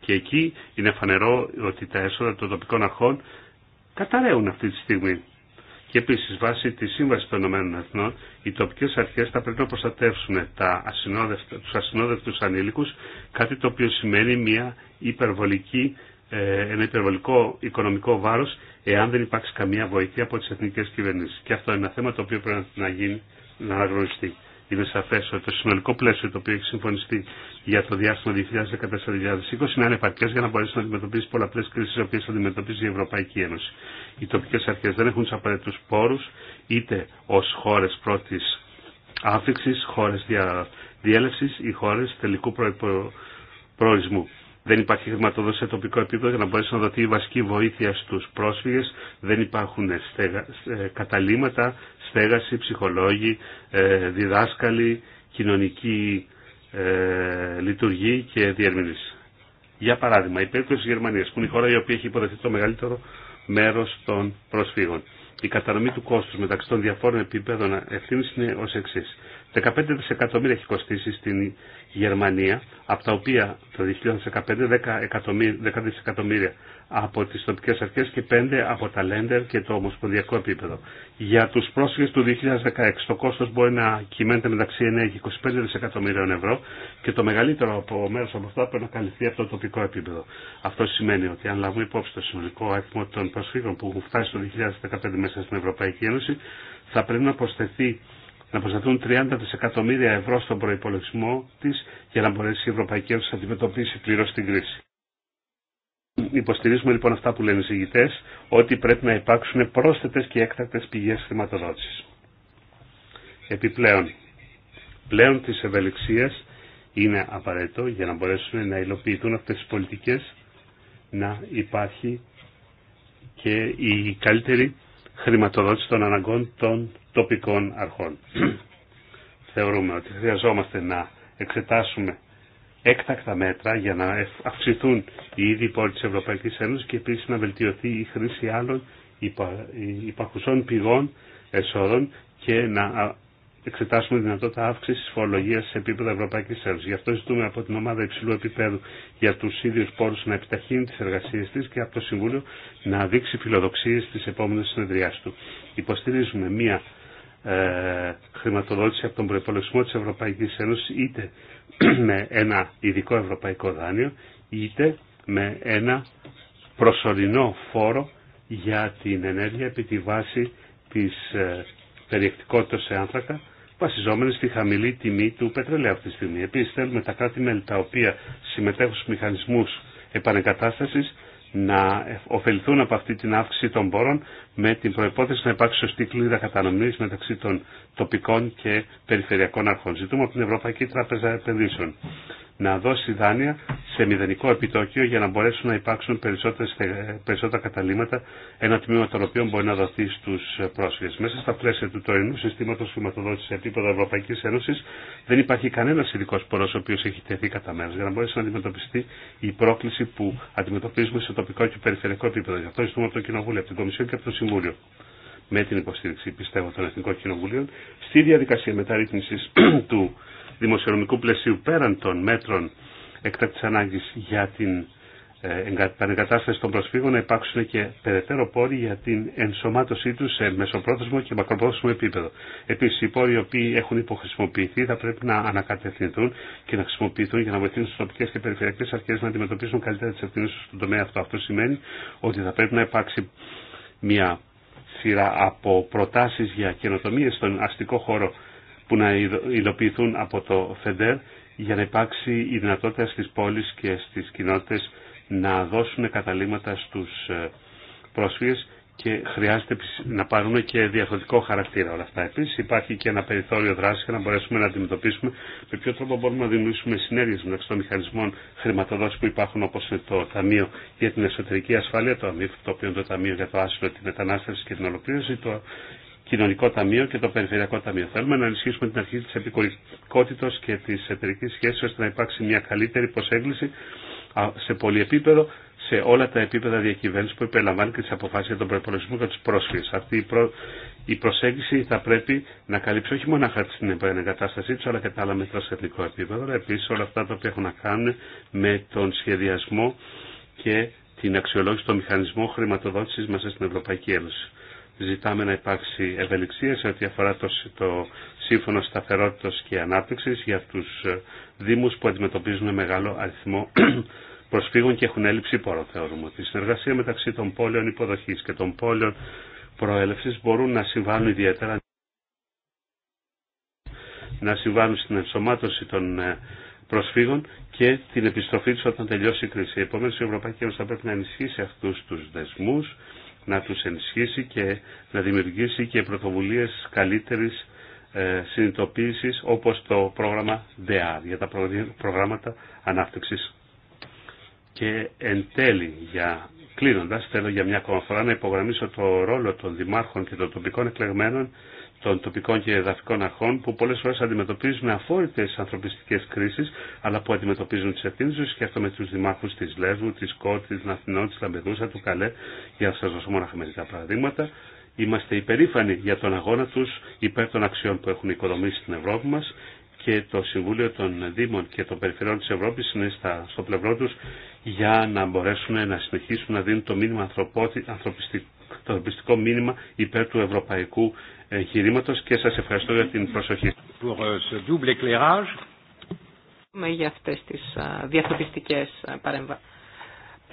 Και εκεί είναι φανερό ότι τα έσοδα των τοπικών αρχών καταραίουν αυτή τη στιγμή. Και επίση, βάσει τη Σύμβαση των Ηνωμένων Εθνών, οι τοπικέ αρχέ θα πρέπει να προστατεύσουν του ασυνόδευτου ανήλικου, κάτι το οποίο σημαίνει μια υπερβολική, ε, ένα υπερβολικό οικονομικό βάρος εάν δεν υπάρξει καμία βοήθεια από τις εθνικές κυβερνήσεις. Και αυτό είναι ένα θέμα το οποίο πρέπει να γίνει να αναγνωριστεί. Είναι σαφέ ότι το συνολικό πλαίσιο το οποίο έχει συμφωνιστεί για το διάστημα 2014-2020 είναι ανεπαρκέ για να μπορέσει να αντιμετωπίσει πολλαπλέ κρίσει τι οποίε αντιμετωπίζει η Ευρωπαϊκή Ένωση. Οι τοπικέ αρχέ δεν έχουν του απαραίτητου πόρου είτε ω χώρε πρώτη άφηξη, χώρε διέλευση ή χώρε τελικού προορισμού δεν υπάρχει χρηματοδότηση σε τοπικό επίπεδο για να μπορέσει να δοθεί η βασική βοήθεια στους πρόσφυγες, δεν υπάρχουν στέγα, ε, καταλήματα, στέγαση, ψυχολόγοι, ε, διδάσκαλοι, κοινωνική ε, λειτουργή και διερμηνής. Για παράδειγμα, η περίπτωση τη Γερμανία που είναι η χώρα η οποία έχει υποδεχθεί το μεγαλύτερο μέρο των προσφύγων. Η κατανομή του κόστου μεταξύ των διαφόρων επίπεδων ευθύνη είναι ω εξή. 15 δισεκατομμύρια έχει κοστίσει στην Γερμανία, από τα οποία το 2015 10 δισεκατομμύρια από τις τοπικές αρχές και 5 από τα Λέντερ και το ομοσπονδιακό επίπεδο. Για τους πρόσφυγες του 2016 το κόστος μπορεί να κυμαίνεται μεταξύ 9 και 25 δισεκατομμυρίων ευρώ και το μεγαλύτερο από μέρος από αυτά πρέπει να καλυφθεί από το τοπικό επίπεδο. Αυτό σημαίνει ότι αν λάβουμε υπόψη το συνολικό αριθμό των προσφύγων που έχουν φτάσει το 2015 μέσα στην Ευρωπαϊκή Ένωση θα πρέπει να προσθεθεί να προσταθούν 30 δισεκατομμύρια ευρώ στον προπολογισμό τη για να μπορέσει η Ευρωπαϊκή Ένωση να αντιμετωπίσει πλήρω την κρίση. Υποστηρίζουμε λοιπόν αυτά που λένε οι συγητέ, ότι πρέπει να υπάρξουν πρόσθετε και έκτακτε πηγέ χρηματοδότηση. Επιπλέον, πλέον τη ευελιξία είναι απαραίτητο για να μπορέσουν να υλοποιηθούν αυτέ τι πολιτικέ να υπάρχει και η καλύτερη χρηματοδότηση των αναγκών των τοπικών αρχών. [clears throat] Θεωρούμε ότι χρειαζόμαστε να εξετάσουμε έκτακτα μέτρα για να αυξηθούν οι ήδη πόροι της Ευρωπαϊκής Ένωσης και επίσης να βελτιωθεί η χρήση άλλων ε, υπαρχουσών πηγών εσόδων και να εξετάσουμε δυνατότητα αύξηση φορολογία σε επίπεδο Ευρωπαϊκή Ένωση. Γι' αυτό ζητούμε από την ομάδα υψηλού επίπεδου για του ίδιου πόρου να επιταχύνει τι εργασίε τη και από το Συμβούλιο να δείξει φιλοδοξίε στι επόμενε συνεδριά του. Υποστηρίζουμε μία ε, χρηματοδότηση από τον προπολογισμό τη Ευρωπαϊκή Ένωση είτε [clears throat] με ένα ειδικό ευρωπαϊκό δάνειο είτε με ένα προσωρινό φόρο για την ενέργεια επί τη βάση της ε, περιεκτικότητας σε άνθρακα βασιζόμενοι στη χαμηλή τιμή του πετρελαίου αυτή τη στιγμή. Επίσης θέλουμε τα κράτη-μέλη τα οποία συμμετέχουν στου μηχανισμού επανεκατάστασης να ωφεληθούν από αυτή την αύξηση των πόρων με την προπόθεση να υπάρξει σωστή κλίδα κατανομή μεταξύ των τοπικών και περιφερειακών αρχών. Ζητούμε από την Ευρωπαϊκή Τράπεζα Επενδύσεων να δώσει δάνεια σε μηδενικό επιτόκιο για να μπορέσουν να υπάρξουν περισσότερα καταλήμματα, ένα τμήμα των οποίων μπορεί να δοθεί στου πρόσφυγε. Μέσα στα πλαίσια του τωρινού συστήματο χρηματοδότηση σε επίπεδο Ευρωπαϊκή Ένωση δεν υπάρχει κανένα ειδικό πόρο ο οποίο έχει τεθεί κατά μέρο για να μπορέσει να αντιμετωπιστεί η πρόκληση που αντιμετωπίζουμε σε τοπικό και περιφερειακό επίπεδο. Γι' αυτό ζητούμε από το Κοινοβούλιο, από την Κομισιόν και από το Συμβούλιο με την υποστήριξη πιστεύω των Εθνικών Κοινοβουλίων στη διαδικασία μεταρρύθμιση [clears throat] του δημοσιονομικού πλαισίου πέραν των μέτρων εκτάκτη ανάγκη για ε, την εγκατάσταση των προσφύγων να υπάρξουν και περαιτέρω πόροι για την ενσωμάτωσή του σε μεσοπρόθεσμο και μακροπρόθεσμο επίπεδο. Επίση, οι πόροι οι οποίοι έχουν υποχρησιμοποιηθεί θα πρέπει να ανακατευθυνθούν και να χρησιμοποιηθούν για να βοηθήσουν τι τοπικέ και περιφερειακέ αρχέ να αντιμετωπίσουν καλύτερα τι ευθύνε του στον τομέα αυτό. Αυτό σημαίνει ότι θα πρέπει να υπάρξει μια σειρά από προτάσεις για καινοτομίε στον αστικό χώρο που να υλοποιηθούν από το ΦΕΝΤΕΡ για να υπάρξει η δυνατότητα στις πόλεις και στις κοινότητες να δώσουν καταλήμματα στους ε, πρόσφυγες και χρειάζεται να πάρουμε και διαφορετικό χαρακτήρα όλα αυτά. Επίση υπάρχει και ένα περιθώριο δράση για να μπορέσουμε να αντιμετωπίσουμε με ποιο τρόπο μπορούμε να δημιουργήσουμε συνέργειε μεταξύ των μηχανισμών χρηματοδότηση που υπάρχουν όπω είναι το Ταμείο για την Εσωτερική Ασφάλεια, το ΑΜΥΦ, το οποίο είναι το Ταμείο για το Άσυλο, τη Μετανάστευση και την Ολοκλήρωση, το Κοινωνικό Ταμείο και το Περιφερειακό Ταμείο. Θέλουμε να ενισχύσουμε την αρχή τη επικουρικότητα και τη εταιρική σχέση ώστε να υπάρξει μια καλύτερη προσέγγιση σε πολυεπίπεδο σε όλα τα επίπεδα διακυβέρνηση που υπερλαμβάνει και τι αποφάσει για τον προπολογισμό και του πρόσφυγε. Αυτή η, η προσέγγιση θα πρέπει να καλύψει όχι μόνο την εγκατάστασή του, αλλά και τα άλλα μέτρα σε εθνικό επίπεδο, αλλά επίση όλα αυτά τα οποία έχουν να κάνουν με τον σχεδιασμό και την αξιολόγηση των μηχανισμών χρηματοδότηση μέσα στην Ευρωπαϊκή Ένωση. Ζητάμε να υπάρξει ευελιξία σε ό,τι αφορά το, το σύμφωνο σταθερότητα και ανάπτυξη για του ε, Δήμου που αντιμετωπίζουν μεγάλο αριθμό προσφύγων και έχουν έλλειψη πόρο Θεωρούμε ότι η συνεργασία μεταξύ των πόλεων υποδοχής και των πόλεων προέλευσης μπορούν να συμβάλλουν ιδιαίτερα να συμβάλλουν στην ενσωμάτωση των ε, προσφύγων και την επιστροφή τους όταν τελειώσει η κρίση. Επομένως η Ευρωπαϊκή Ένωση θα πρέπει να ενισχύσει αυτούς τους δεσμούς, να τους ενισχύσει και να δημιουργήσει και πρωτοβουλίες καλύτερης ε, συνειδητοποίησης όπως το πρόγραμμα DEAR για τα προγράμματα ανάπτυξης. Και εν τέλει, για κλείνοντα θέλω για μια ακόμα φορά να υπογραμμίσω το ρόλο των δημάρχων και των τοπικών εκλεγμένων, των τοπικών και εδαφικών αρχών, που πολλέ φορέ αντιμετωπίζουν αφόρητε ανθρωπιστικέ κρίσει, αλλά που αντιμετωπίζουν τις και αυτό με του Δημάρχου τη Λέσβου, τη Κόρτη, τη Ναθηνών, τη Λαμπεδούσα, του Καλέ, για να σα δώσω μόνο μερικά παραδείγματα. Είμαστε υπερήφανοι για τον αγώνα τους υπέρ των αξιών που έχουν οικοδομήσει στην Ευρώπη μα και το Συμβούλιο των Δήμων και των Περιφερειών της Ευρώπης είναι στο πλευρό τους για να μπορέσουν να συνεχίσουν να δίνουν το μήνυμα ανθρωπιστικό, ανθρωπιστικό μήνυμα υπέρ του ευρωπαϊκού εγχειρήματο και σας ευχαριστώ για την προσοχή. Euh, για αυτές τις διαφορετικές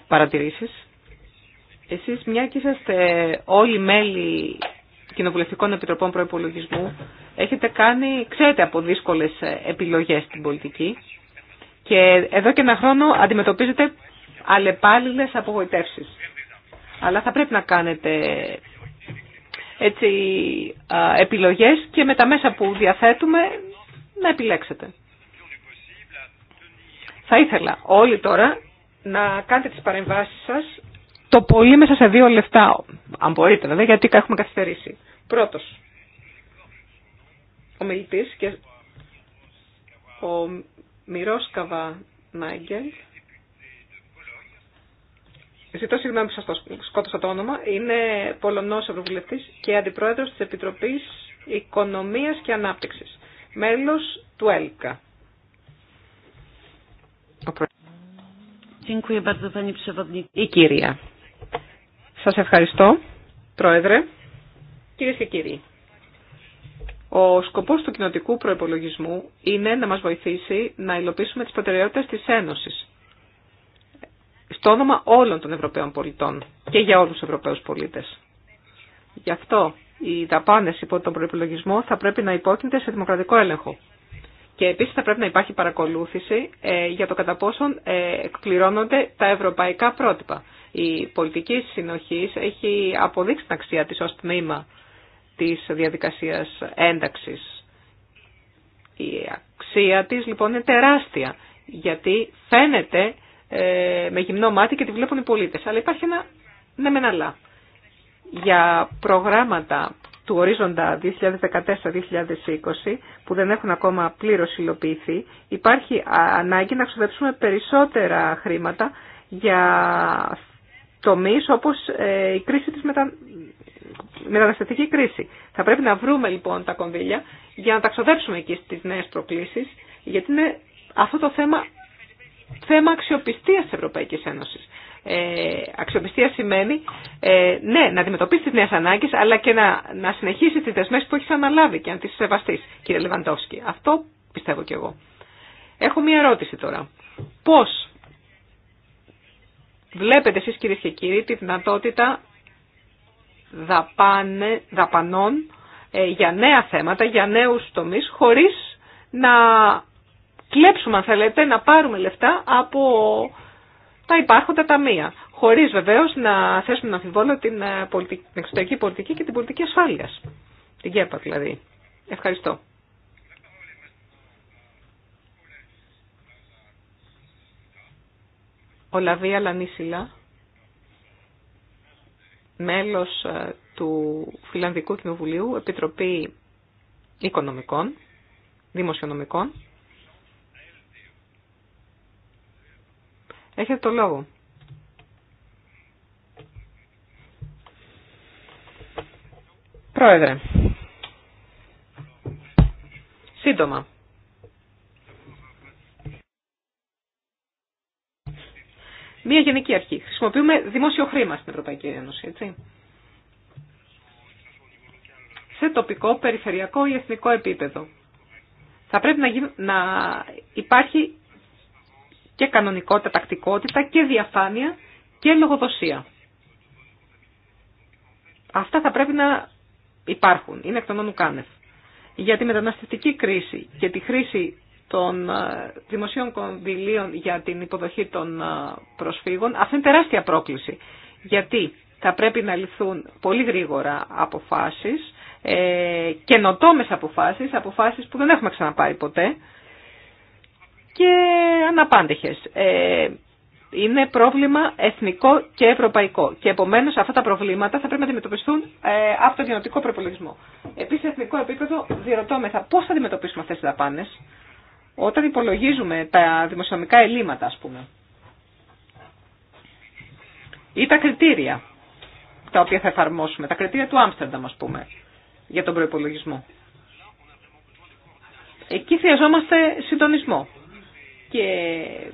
παρατηρήσεις. Εσείς μια και είσαστε όλοι μέλη κοινοβουλευτικών επιτροπών προϋπολογισμού, έχετε κάνει, ξέρετε από δύσκολε ε, επιλογές στην πολιτική. Και εδώ και ένα χρόνο αντιμετωπίζετε αλλεπάλληλες απογοητεύσεις. Αλλά θα πρέπει να κάνετε έτσι, επιλογές και με τα μέσα που διαθέτουμε να επιλέξετε. Θα ήθελα όλοι τώρα να κάνετε τις παρεμβάσεις σας το πολύ μέσα σε δύο λεφτά, αν μπορείτε βέβαια, γιατί έχουμε καθυστερήσει. Πρώτος, ο μιλητής και ο Μυρόσκαβα Νάγκελ. Ζητώ συγγνώμη που σας το σκότωσα το όνομα. Είναι Πολωνός Ευρωβουλευτής και Αντιπρόεδρος της Επιτροπής Οικονομίας και Ανάπτυξης. Μέλος του ΕΛΚΑ. Η κυρία. Σας ευχαριστώ, Πρόεδρε. Κυρίες και κύριοι. Ο σκοπό του κοινοτικού προπολογισμού είναι να μας βοηθήσει να υλοποιήσουμε τι προτεραιότητε τη Ένωση Στο όνομα όλων των Ευρωπαίων πολιτών και για όλου του Ευρωπαίου πολίτε. Γι' αυτό οι δαπάνε υπό τον προπολογισμό θα πρέπει να υπόκεινται σε δημοκρατικό έλεγχο. Και επίση θα πρέπει να υπάρχει παρακολούθηση ε, για το κατά πόσον ε, εκπληρώνονται τα ευρωπαϊκά πρότυπα. Η πολιτική συνοχής έχει αποδείξει την αξία της ω τμήμα της διαδικασίας ένταξης. Η αξία της λοιπόν είναι τεράστια, γιατί φαίνεται ε, με γυμνό μάτι και τη βλέπουν οι πολίτες. Αλλά υπάρχει ένα ναι μεν αλλά. Για προγράμματα του ορίζοντα 2014-2020 που δεν έχουν ακόμα πλήρως υλοποιηθεί, υπάρχει ανάγκη να ξοδέψουμε περισσότερα χρήματα για τομείς όπως ε, η κρίση της μετα μεταναστευτική κρίση. Θα πρέπει να βρούμε λοιπόν τα κονδύλια για να τα ξοδέψουμε εκεί στι νέε προκλήσει γιατί είναι αυτό το θέμα θέμα αξιοπιστίας τη Ευρωπαϊκής Ένωσης. Ε, αξιοπιστία σημαίνει ε, ναι, να αντιμετωπίσει τι νέε ανάγκες, αλλά και να, να συνεχίσει τι δεσμές που έχει αναλάβει και να τι σεβαστεί, κύριε Λεβαντόφσκι. Αυτό πιστεύω κι εγώ. Έχω μία ερώτηση τώρα. Πώ βλέπετε εσείς κυρίε και κύριοι τη δυνατότητα δαπανών ε, για νέα θέματα, για νέους τομείς, χωρίς να κλέψουμε, αν θέλετε, να πάρουμε λεφτά από τα υπάρχοντα ταμεία. Χωρίς βεβαίως να θέσουμε να αμφιβόλω την, ε, την εξωτερική πολιτική και την πολιτική ασφάλειας. Την ΚΕΠΑ δηλαδή. Ευχαριστώ. Ολαβία Λανίσιλα μέλος ε, του Φιλανδικού Κοινοβουλίου, Επιτροπή Οικονομικών, Δημοσιονομικών. Έχετε το λόγο. Πρόεδρε. Σύντομα. Μία γενική αρχή. Χρησιμοποιούμε δημόσιο χρήμα στην Ευρωπαϊκή Ένωση, έτσι. Σε τοπικό, περιφερειακό ή εθνικό επίπεδο. Θα πρέπει να, να υπάρχει και κανονικότητα, τακτικότητα και διαφάνεια και λογοδοσία. Αυτά θα πρέπει να υπάρχουν. Είναι εκ των όνου κάνευ. Για τη μεταναστευτική κρίση και τη χρήση των ε, δημοσίων κονδυλίων για την υποδοχή των ε, προσφύγων, αυτή είναι τεράστια πρόκληση. Γιατί θα πρέπει να ληφθούν πολύ γρήγορα αποφάσεις, ε, καινοτόμες αποφάσεις, αποφάσεις που δεν έχουμε ξαναπάρει ποτέ και αναπάντεχες. Ε, είναι πρόβλημα εθνικό και ευρωπαϊκό και επομένως αυτά τα προβλήματα θα πρέπει να αντιμετωπιστούν ε, από τον κοινοτικό προπολογισμό. Επίσης, σε εθνικό επίπεδο διερωτώμεθα πώς θα αντιμετωπίσουμε αυτές τι δαπάνε όταν υπολογίζουμε τα δημοσιονομικά ελλείμματα, ας πούμε, ή τα κριτήρια τα οποία θα εφαρμόσουμε, τα κριτήρια του Άμστερνταμ, ας πούμε, για τον προϋπολογισμό. Εκεί χρειαζόμαστε συντονισμό. Και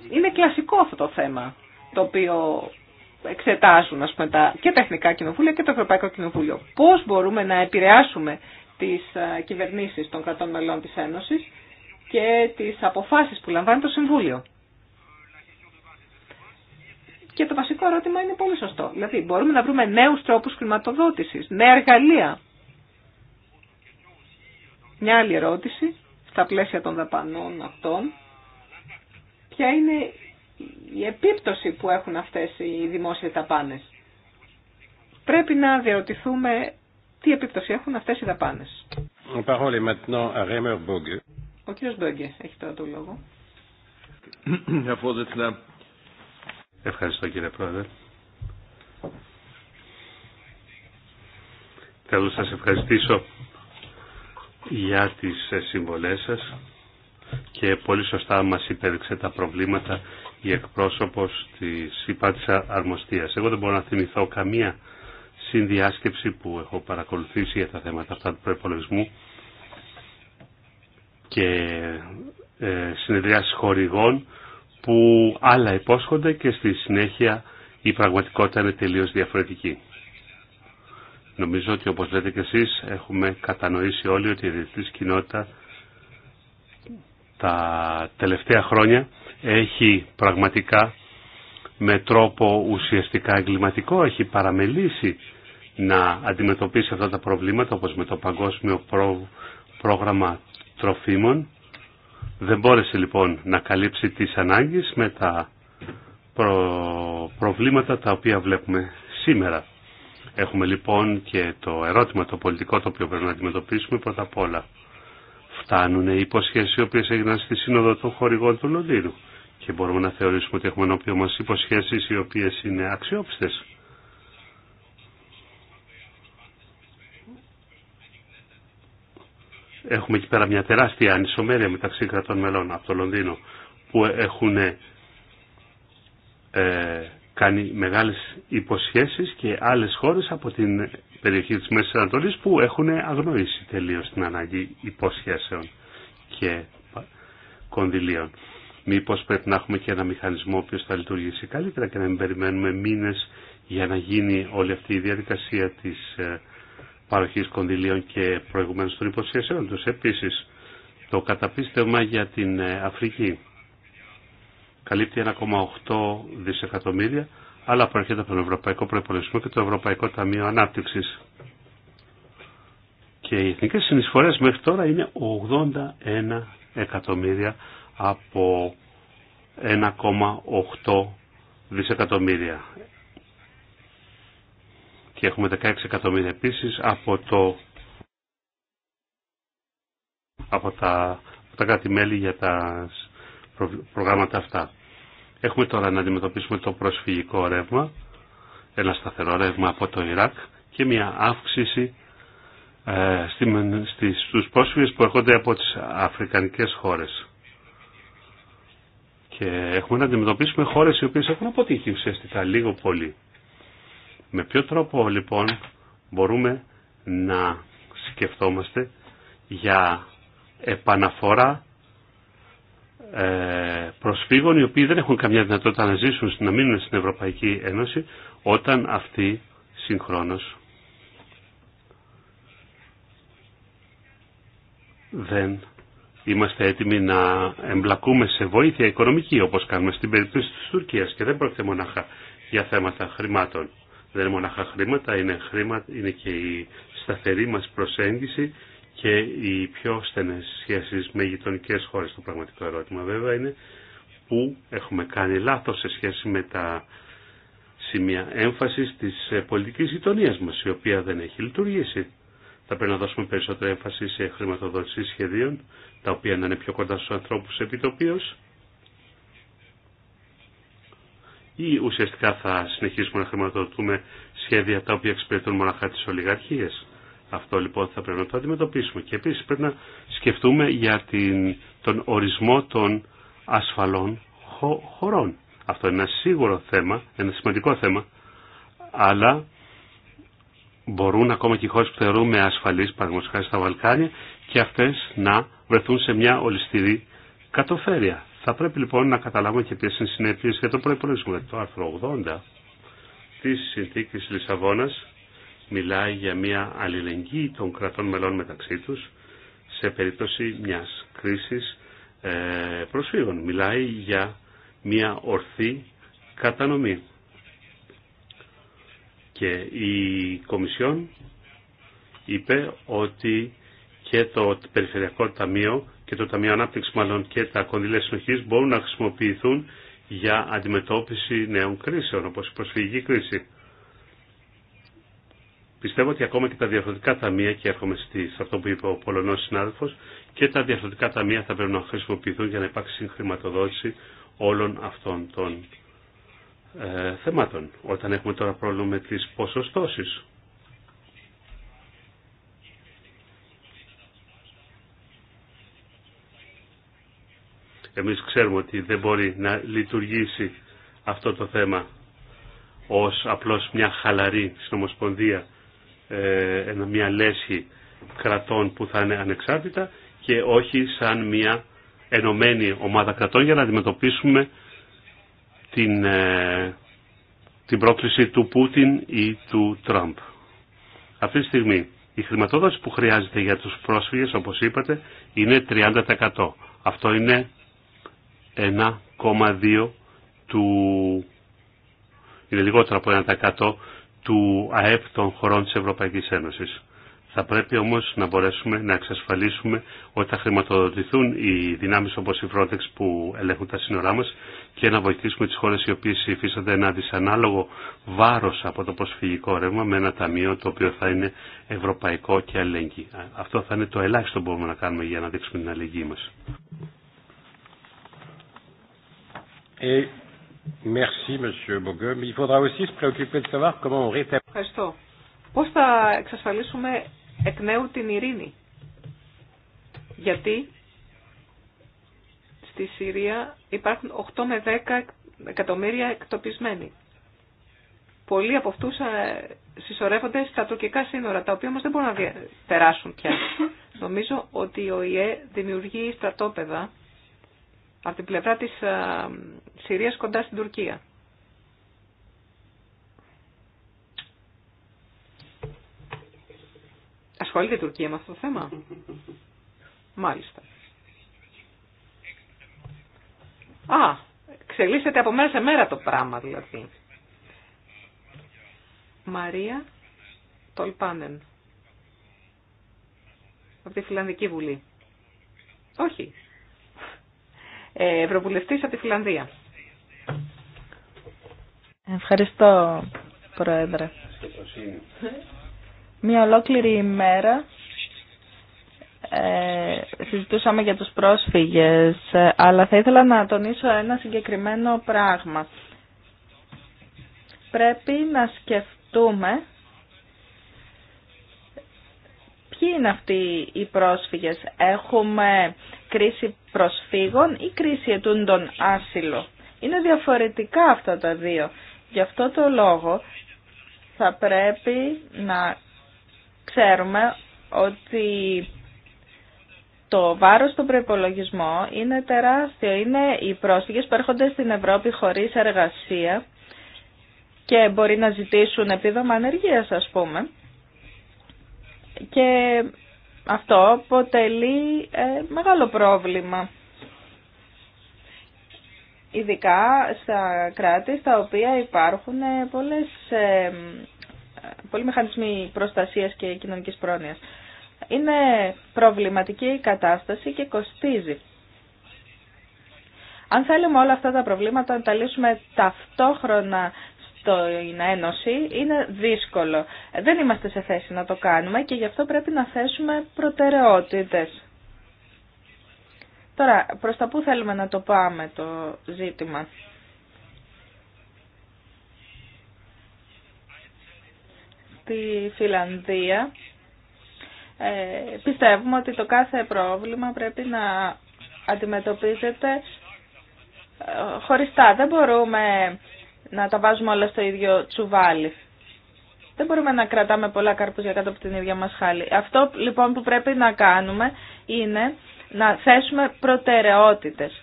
είναι κλασικό αυτό το θέμα, το οποίο εξετάζουν ας πούμε, τα, και τα Εθνικά Κοινοβούλια και το Ευρωπαϊκό Κοινοβούλιο. Πώς μπορούμε να επηρεάσουμε τις ε, κυβερνήσεις των κρατών μελών της Ένωσης και τις αποφάσεις που λαμβάνει το Συμβούλιο. Και το βασικό ερώτημα είναι πολύ σωστό. Δηλαδή, μπορούμε να βρούμε νέους τρόπους χρηματοδότησης, νέα εργαλεία. Μια άλλη ερώτηση, στα πλαίσια των δαπανών αυτών, ποια είναι η επίπτωση που έχουν αυτές οι δημόσιες δαπάνες. Πρέπει να διαρωτηθούμε τι επίπτωση έχουν αυτές οι δαπάνες. Ο κύριος Μπέγκε έχει τώρα το λόγο. Ευχαριστώ κύριε Πρόεδρε. Θέλω να σας ευχαριστήσω για τις συμβολές σας και πολύ σωστά μας υπέδειξε τα προβλήματα η εκπρόσωπος της υπάτησα αρμοστίας. Εγώ δεν μπορώ να θυμηθώ καμία συνδιάσκεψη που έχω παρακολουθήσει για τα θέματα αυτά του προπολογισμού και ε, συνεδριάσεις χορηγών που άλλα υπόσχονται και στη συνέχεια η πραγματικότητα είναι τελείως διαφορετική. Νομίζω ότι όπως λέτε και εσείς έχουμε κατανοήσει όλοι ότι η διευθυντική κοινότητα τα τελευταία χρόνια έχει πραγματικά με τρόπο ουσιαστικά εγκληματικό έχει παραμελήσει να αντιμετωπίσει αυτά τα προβλήματα όπως με το παγκόσμιο πρόγραμμα τροφίμων. Δεν μπόρεσε λοιπόν να καλύψει τις ανάγκες με τα προ... προβλήματα τα οποία βλέπουμε σήμερα. Έχουμε λοιπόν και το ερώτημα το πολιτικό το οποίο πρέπει να αντιμετωπίσουμε πρώτα απ' όλα. Φτάνουν οι υποσχέσεις οι οποίες έγιναν στη Σύνοδο των Χορηγών του Λονδίνου και μπορούμε να θεωρήσουμε ότι έχουμε ενώπιο μας υποσχέσεις οι οποίες είναι αξιόπιστες. Έχουμε εκεί πέρα μια τεράστια ανισομέρεια μεταξύ κρατών μελών από το Λονδίνο που έχουν ε, κάνει μεγάλες υποσχέσεις και άλλες χώρες από την περιοχή της Μέσης Ανατολής που έχουν αγνοήσει τελείως την ανάγκη υποσχέσεων και κονδυλίων. Μήπως πρέπει να έχουμε και ένα μηχανισμό που θα λειτουργήσει καλύτερα και να μην περιμένουμε μήνες για να γίνει όλη αυτή η διαδικασία της ε, παροχή κονδυλίων και προηγουμένω των υποσχέσεων του. Επίση, το καταπίστευμα για την ε, Αφρική καλύπτει 1,8 δισεκατομμύρια, αλλά προέρχεται από τον Ευρωπαϊκό Προπολογισμό και το Ευρωπαϊκό Ταμείο Ανάπτυξη. Και οι εθνικέ συνεισφορέ μέχρι τώρα είναι 81 εκατομμύρια από 1,8 δισεκατομμύρια και έχουμε 16 εκατομμύρια επίσης από, το, από τα, από τα κράτη-μέλη για τα προγράμματα αυτά. Έχουμε τώρα να αντιμετωπίσουμε το προσφυγικό ρεύμα, ένα σταθερό ρεύμα από το Ιράκ και μια αύξηση ε, στους πρόσφυγες που έρχονται από τις αφρικανικές χώρες. Και έχουμε να αντιμετωπίσουμε χώρες οι οποίες έχουν αποτύχει ουσιαστικά λίγο πολύ. Με ποιο τρόπο λοιπόν μπορούμε να σκεφτόμαστε για επαναφορά ε, προσφύγων οι οποίοι δεν έχουν καμιά δυνατότητα να ζήσουν, να μείνουν στην Ευρωπαϊκή Ένωση όταν αυτοί συγχρόνως δεν είμαστε έτοιμοι να εμπλακούμε σε βοήθεια οικονομική όπως κάνουμε στην περίπτωση της Τουρκίας και δεν πρόκειται μονάχα για θέματα χρημάτων. Δεν είναι μονάχα χρήματα, είναι, είναι και η σταθερή μας προσέγγιση και οι πιο στενές σχέσεις με γειτονικέ χώρες. Το πραγματικό ερώτημα βέβαια είναι που έχουμε κάνει λάθος σε σχέση με τα σημεία έμφασης της ε, πολιτικής γειτονία μας, η οποία δεν έχει λειτουργήσει. Θα πρέπει να δώσουμε περισσότερη έμφαση σε χρηματοδότηση σχεδίων, τα οποία να είναι πιο κοντά στους ανθρώπους επιτοπίως, ή ουσιαστικά θα συνεχίσουμε να χρηματοδοτούμε σχέδια τα οποία εξυπηρετούν μοναχά τι ολιγαρχίε. Αυτό λοιπόν θα πρέπει να το αντιμετωπίσουμε. Και επίσης πρέπει να σκεφτούμε για την, τον ορισμό των ασφαλών χωρών. Αυτό είναι ένα σίγουρο θέμα, ένα σημαντικό θέμα, αλλά μπορούν ακόμα και οι χώρε που θεωρούμε ασφαλεί, παραδείγματο χάρη στα Βαλκάνια, και αυτέ να βρεθούν σε μια ολιστηρή κατοφέρεια. Θα πρέπει λοιπόν να καταλάβουμε και ποιε είναι οι συνέπειε για το προπολογισμό. Το άρθρο 80 τη συνθήκη Λισαβόνα μιλάει για μια αλληλεγγύη των κρατών μελών μεταξύ του σε περίπτωση μια κρίση ε, προσφύγων. Μιλάει για μια ορθή κατανομή. Και η Κομισιόν είπε ότι και το Περιφερειακό Ταμείο και το Ταμείο Ανάπτυξη μάλλον και τα κονδύλια συνοχή μπορούν να χρησιμοποιηθούν για αντιμετώπιση νέων κρίσεων, όπω η προσφυγική κρίση. Πιστεύω ότι ακόμα και τα διαφορετικά ταμεία, και έρχομαι σε αυτό που είπε ο Πολωνό συνάδελφο, και τα διαφορετικά ταμεία θα πρέπει να χρησιμοποιηθούν για να υπάρξει συγχρηματοδότηση όλων αυτών των ε, θεμάτων. Όταν έχουμε τώρα πρόβλημα με τι ποσοστώσει, Εμείς ξέρουμε ότι δεν μπορεί να λειτουργήσει αυτό το θέμα ως απλώς μια χαλαρή συνομοσπονδία, ε, μια λέσχη κρατών που θα είναι ανεξάρτητα και όχι σαν μια ενωμένη ομάδα κρατών για να αντιμετωπίσουμε την, ε, την πρόκληση του Πούτιν ή του Τραμπ. Αυτή τη στιγμή η χρηματοδότηση που χρειάζεται για τους πρόσφυγες, όπως είπατε, είναι 30%. Αυτό είναι 1,2 του είναι λιγότερο από 1% του ΑΕΠ των χωρών της Ευρωπαϊκής Ένωσης. Θα πρέπει όμως να μπορέσουμε να εξασφαλίσουμε ότι θα χρηματοδοτηθούν οι δυνάμεις όπως η Frontex που ελέγχουν τα σύνορά μας και να βοηθήσουμε τις χώρες οι οποίες υφίστανται ένα δυσανάλογο βάρος από το προσφυγικό ρεύμα με ένα ταμείο το οποίο θα είναι ευρωπαϊκό και αλληλεγγύη. Αυτό θα είναι το ελάχιστο που μπορούμε να κάνουμε για να δείξουμε την αλληλεγγύη μας. Ευχαριστώ. Πώς θα εξασφαλίσουμε εκ νέου την ειρήνη. Γιατί στη Συρία υπάρχουν 8 με 10 εκατομμύρια εκτοπισμένοι. Πολλοί από αυτού ε, συσσωρεύονται στα τουρκικά σύνορα, τα οποία όμω δεν μπορούν να περάσουν πια. [laughs] Νομίζω ότι ο ΙΕ δημιουργεί στρατόπεδα από την πλευρά της ε, Συρίας κοντά στην Τουρκία. Ασχολείται η Τουρκία με αυτό το θέμα. Μάλιστα. Α, εξελίσσεται από μέρα σε μέρα το πράγμα δηλαδή. Μαρία Τολπάνεν. Από τη Φιλανδική Βουλή. Όχι, ε, Ευρωβουλευτή από τη Φιλανδία. Ευχαριστώ, Πρόεδρε. Μία ολόκληρη ημέρα ε, συζητούσαμε για τους πρόσφυγες, ε, αλλά θα ήθελα να τονίσω ένα συγκεκριμένο πράγμα. Πρέπει να σκεφτούμε ποιοι είναι αυτοί οι πρόσφυγες. Έχουμε κρίση προσφύγων ή κρίση ετούντων άσυλο. Είναι διαφορετικά αυτά τα δύο. Γι' αυτό το λόγο θα πρέπει να ξέρουμε ότι το βάρος του προπολογισμό είναι τεράστιο. Είναι οι πρόσφυγες που έρχονται στην Ευρώπη χωρίς εργασία και μπορεί να ζητήσουν επίδομα ανεργίας ας πούμε. Και αυτό αποτελεί ε, μεγάλο πρόβλημα. Ειδικά στα κράτη στα οποία υπάρχουν ε, πολλές, ε, πολλοί μηχανισμοί προστασίας και κοινωνικής πρόνοιας. Είναι προβληματική η κατάσταση και κοστίζει. Αν θέλουμε όλα αυτά τα προβλήματα να τα λύσουμε ταυτόχρονα να Ένωση είναι δύσκολο. Δεν είμαστε σε θέση να το κάνουμε και γι' αυτό πρέπει να θέσουμε προτεραιότητες. Τώρα, προς τα πού θέλουμε να το πάμε το ζήτημα. Στη Φιλανδία ε, πιστεύουμε ότι το κάθε πρόβλημα πρέπει να αντιμετωπίζεται ε, χωριστά. Δεν μπορούμε να τα βάζουμε όλα στο ίδιο τσουβάλι. Δεν μπορούμε να κρατάμε πολλά καρπούζια κάτω από την ίδια μας χάλη. Αυτό λοιπόν που πρέπει να κάνουμε είναι να θέσουμε προτεραιότητες.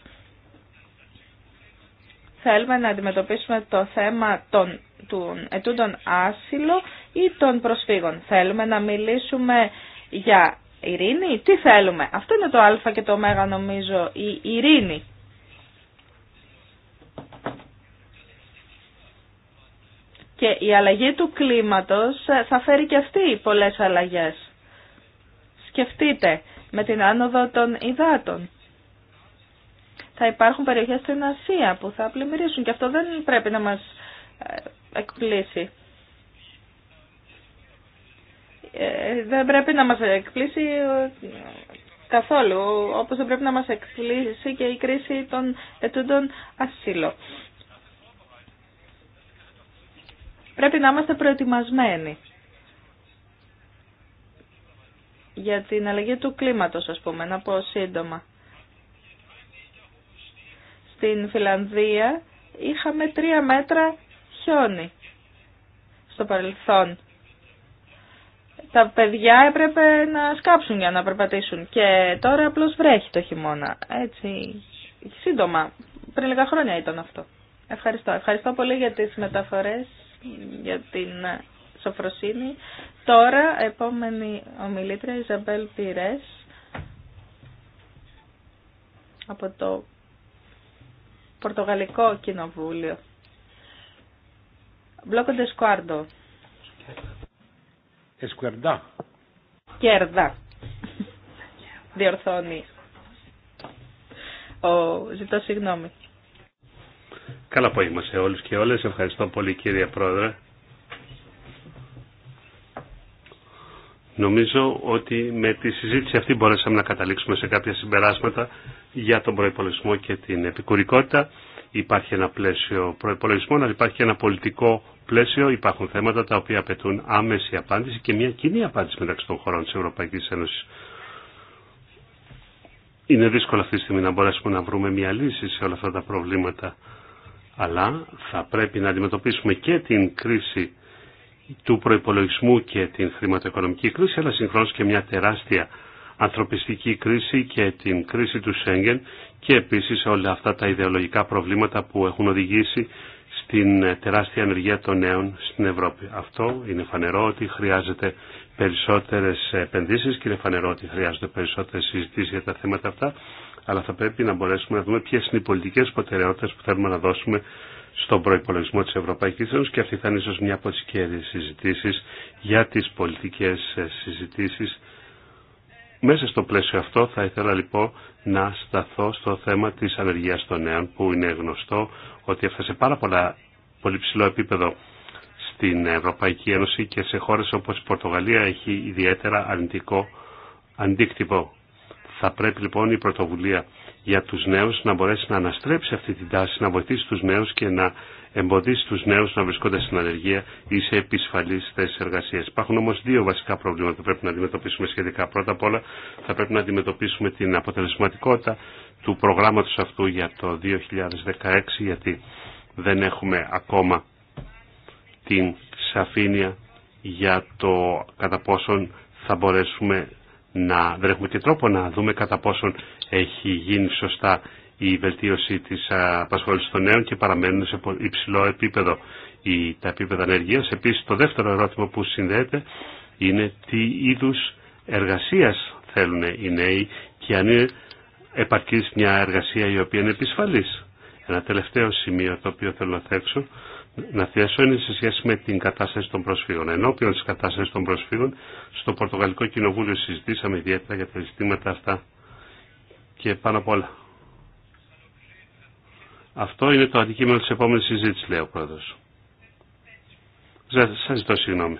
Θέλουμε να αντιμετωπίσουμε το θέμα των, των ετούντων άσυλο ή των προσφύγων. Θέλουμε να μιλήσουμε για ειρήνη. Τι θέλουμε. Αυτό είναι το α και το ω νομίζω η ειρήνη. Και η αλλαγή του κλίματος ε, θα φέρει και αυτή πολλές αλλαγές. Σκεφτείτε, με την άνοδο των υδάτων. Θα υπάρχουν περιοχές στην Ασία που θα πλημμυρίσουν και αυτό δεν πρέπει να μας ε, εκπλήσει. Ε, δεν πρέπει να μας εκπλήσει καθόλου, όπως δεν πρέπει να μας εκπλήσει και η κρίση των ετούντων ασύλων. Πρέπει να είμαστε προετοιμασμένοι για την αλλαγή του κλίματος, ας πούμε, να πω σύντομα. Στην Φιλανδία είχαμε τρία μέτρα χιόνι στο παρελθόν. Τα παιδιά έπρεπε να σκάψουν για να περπατήσουν και τώρα απλώς βρέχει το χειμώνα. Έτσι, σύντομα, πριν λίγα χρόνια ήταν αυτό. Ευχαριστώ. Ευχαριστώ πολύ για τις μεταφορές για την σοφροσύνη. Τώρα, επόμενη ομιλήτρια, Ιζαμπέλ Πυρές, από το Πορτογαλικό Κοινοβούλιο. Μπλόκο Ντεσκουάρντο. Εσκουερντά. Κέρδα. Διορθώνει. ζητώ συγγνώμη. Καλό απόγευμα σε όλους και όλες. Ευχαριστώ πολύ κύριε Πρόεδρε. Νομίζω ότι με τη συζήτηση αυτή μπορέσαμε να καταλήξουμε σε κάποια συμπεράσματα για τον προϋπολογισμό και την επικουρικότητα. Υπάρχει ένα πλαίσιο προϋπολογισμών, αλλά υπάρχει και ένα πολιτικό πλαίσιο. Υπάρχουν θέματα τα οποία απαιτούν άμεση απάντηση και μια κοινή απάντηση μεταξύ των χωρών της Ευρωπαϊκής Ένωσης. Είναι δύσκολο αυτή τη στιγμή να μπορέσουμε να βρούμε μια λύση σε όλα αυτά τα προβλήματα αλλά θα πρέπει να αντιμετωπίσουμε και την κρίση του προϋπολογισμού και την χρηματοοικονομική κρίση, αλλά συγχρόνως και μια τεράστια ανθρωπιστική κρίση και την κρίση του Σέγγεν και επίσης όλα αυτά τα ιδεολογικά προβλήματα που έχουν οδηγήσει στην τεράστια ανεργία των νέων στην Ευρώπη. Αυτό είναι φανερό ότι χρειάζεται περισσότερες επενδύσεις και είναι φανερό ότι χρειάζονται περισσότερες συζητήσεις για τα θέματα αυτά αλλά θα πρέπει να μπορέσουμε να δούμε ποιε είναι οι πολιτικέ προτεραιότητε που θέλουμε να δώσουμε στον προπολογισμό τη Ευρωπαϊκή Ένωση και αυτή θα είναι ίσω μια από τι κέρδε συζητήσει για τι πολιτικέ ε, συζητήσει. Μέσα στο πλαίσιο αυτό θα ήθελα λοιπόν να σταθώ στο θέμα τη ανεργία των νέων που είναι γνωστό ότι έφτασε πάρα πολλά, πολύ ψηλό επίπεδο στην Ευρωπαϊκή Ένωση και σε χώρες όπως η Πορτογαλία έχει ιδιαίτερα αρνητικό αντίκτυπο. Θα πρέπει λοιπόν η πρωτοβουλία για τους νέους να μπορέσει να αναστρέψει αυτή την τάση, να βοηθήσει τους νέους και να εμποδίσει τους νέους να βρισκόνται στην ανεργία ή σε επισφαλείς θέσεις εργασίας. Υπάρχουν όμως δύο βασικά προβλήματα που πρέπει να αντιμετωπίσουμε σχετικά. Πρώτα απ' όλα θα πρέπει να αντιμετωπίσουμε την αποτελεσματικότητα του προγράμματος αυτού για το 2016 γιατί δεν έχουμε ακόμα την σαφήνεια για το κατά πόσον θα μπορέσουμε να, δεν έχουμε και τρόπο να δούμε κατά πόσον έχει γίνει σωστά η βελτίωση της απασχόλησης των νέων και παραμένουν σε υψηλό επίπεδο η, τα επίπεδα Επίσης το δεύτερο ερώτημα που συνδέεται είναι τι είδους εργασίας θέλουν οι νέοι και αν είναι επαρκής μια εργασία η οποία είναι επισφαλής. Ένα τελευταίο σημείο το οποίο θέλω να θέξω να θέσω είναι σε σχέση με την κατάσταση των προσφύγων. Ενώπιον τη κατάσταση των προσφύγων, στο Πορτογαλικό Κοινοβούλιο συζητήσαμε ιδιαίτερα για τα ζητήματα αυτά και πάνω απ' όλα. Αυτό είναι το αντικείμενο τη επόμενη συζήτηση, λέει ο πρόεδρο. Σα ζητώ συγγνώμη.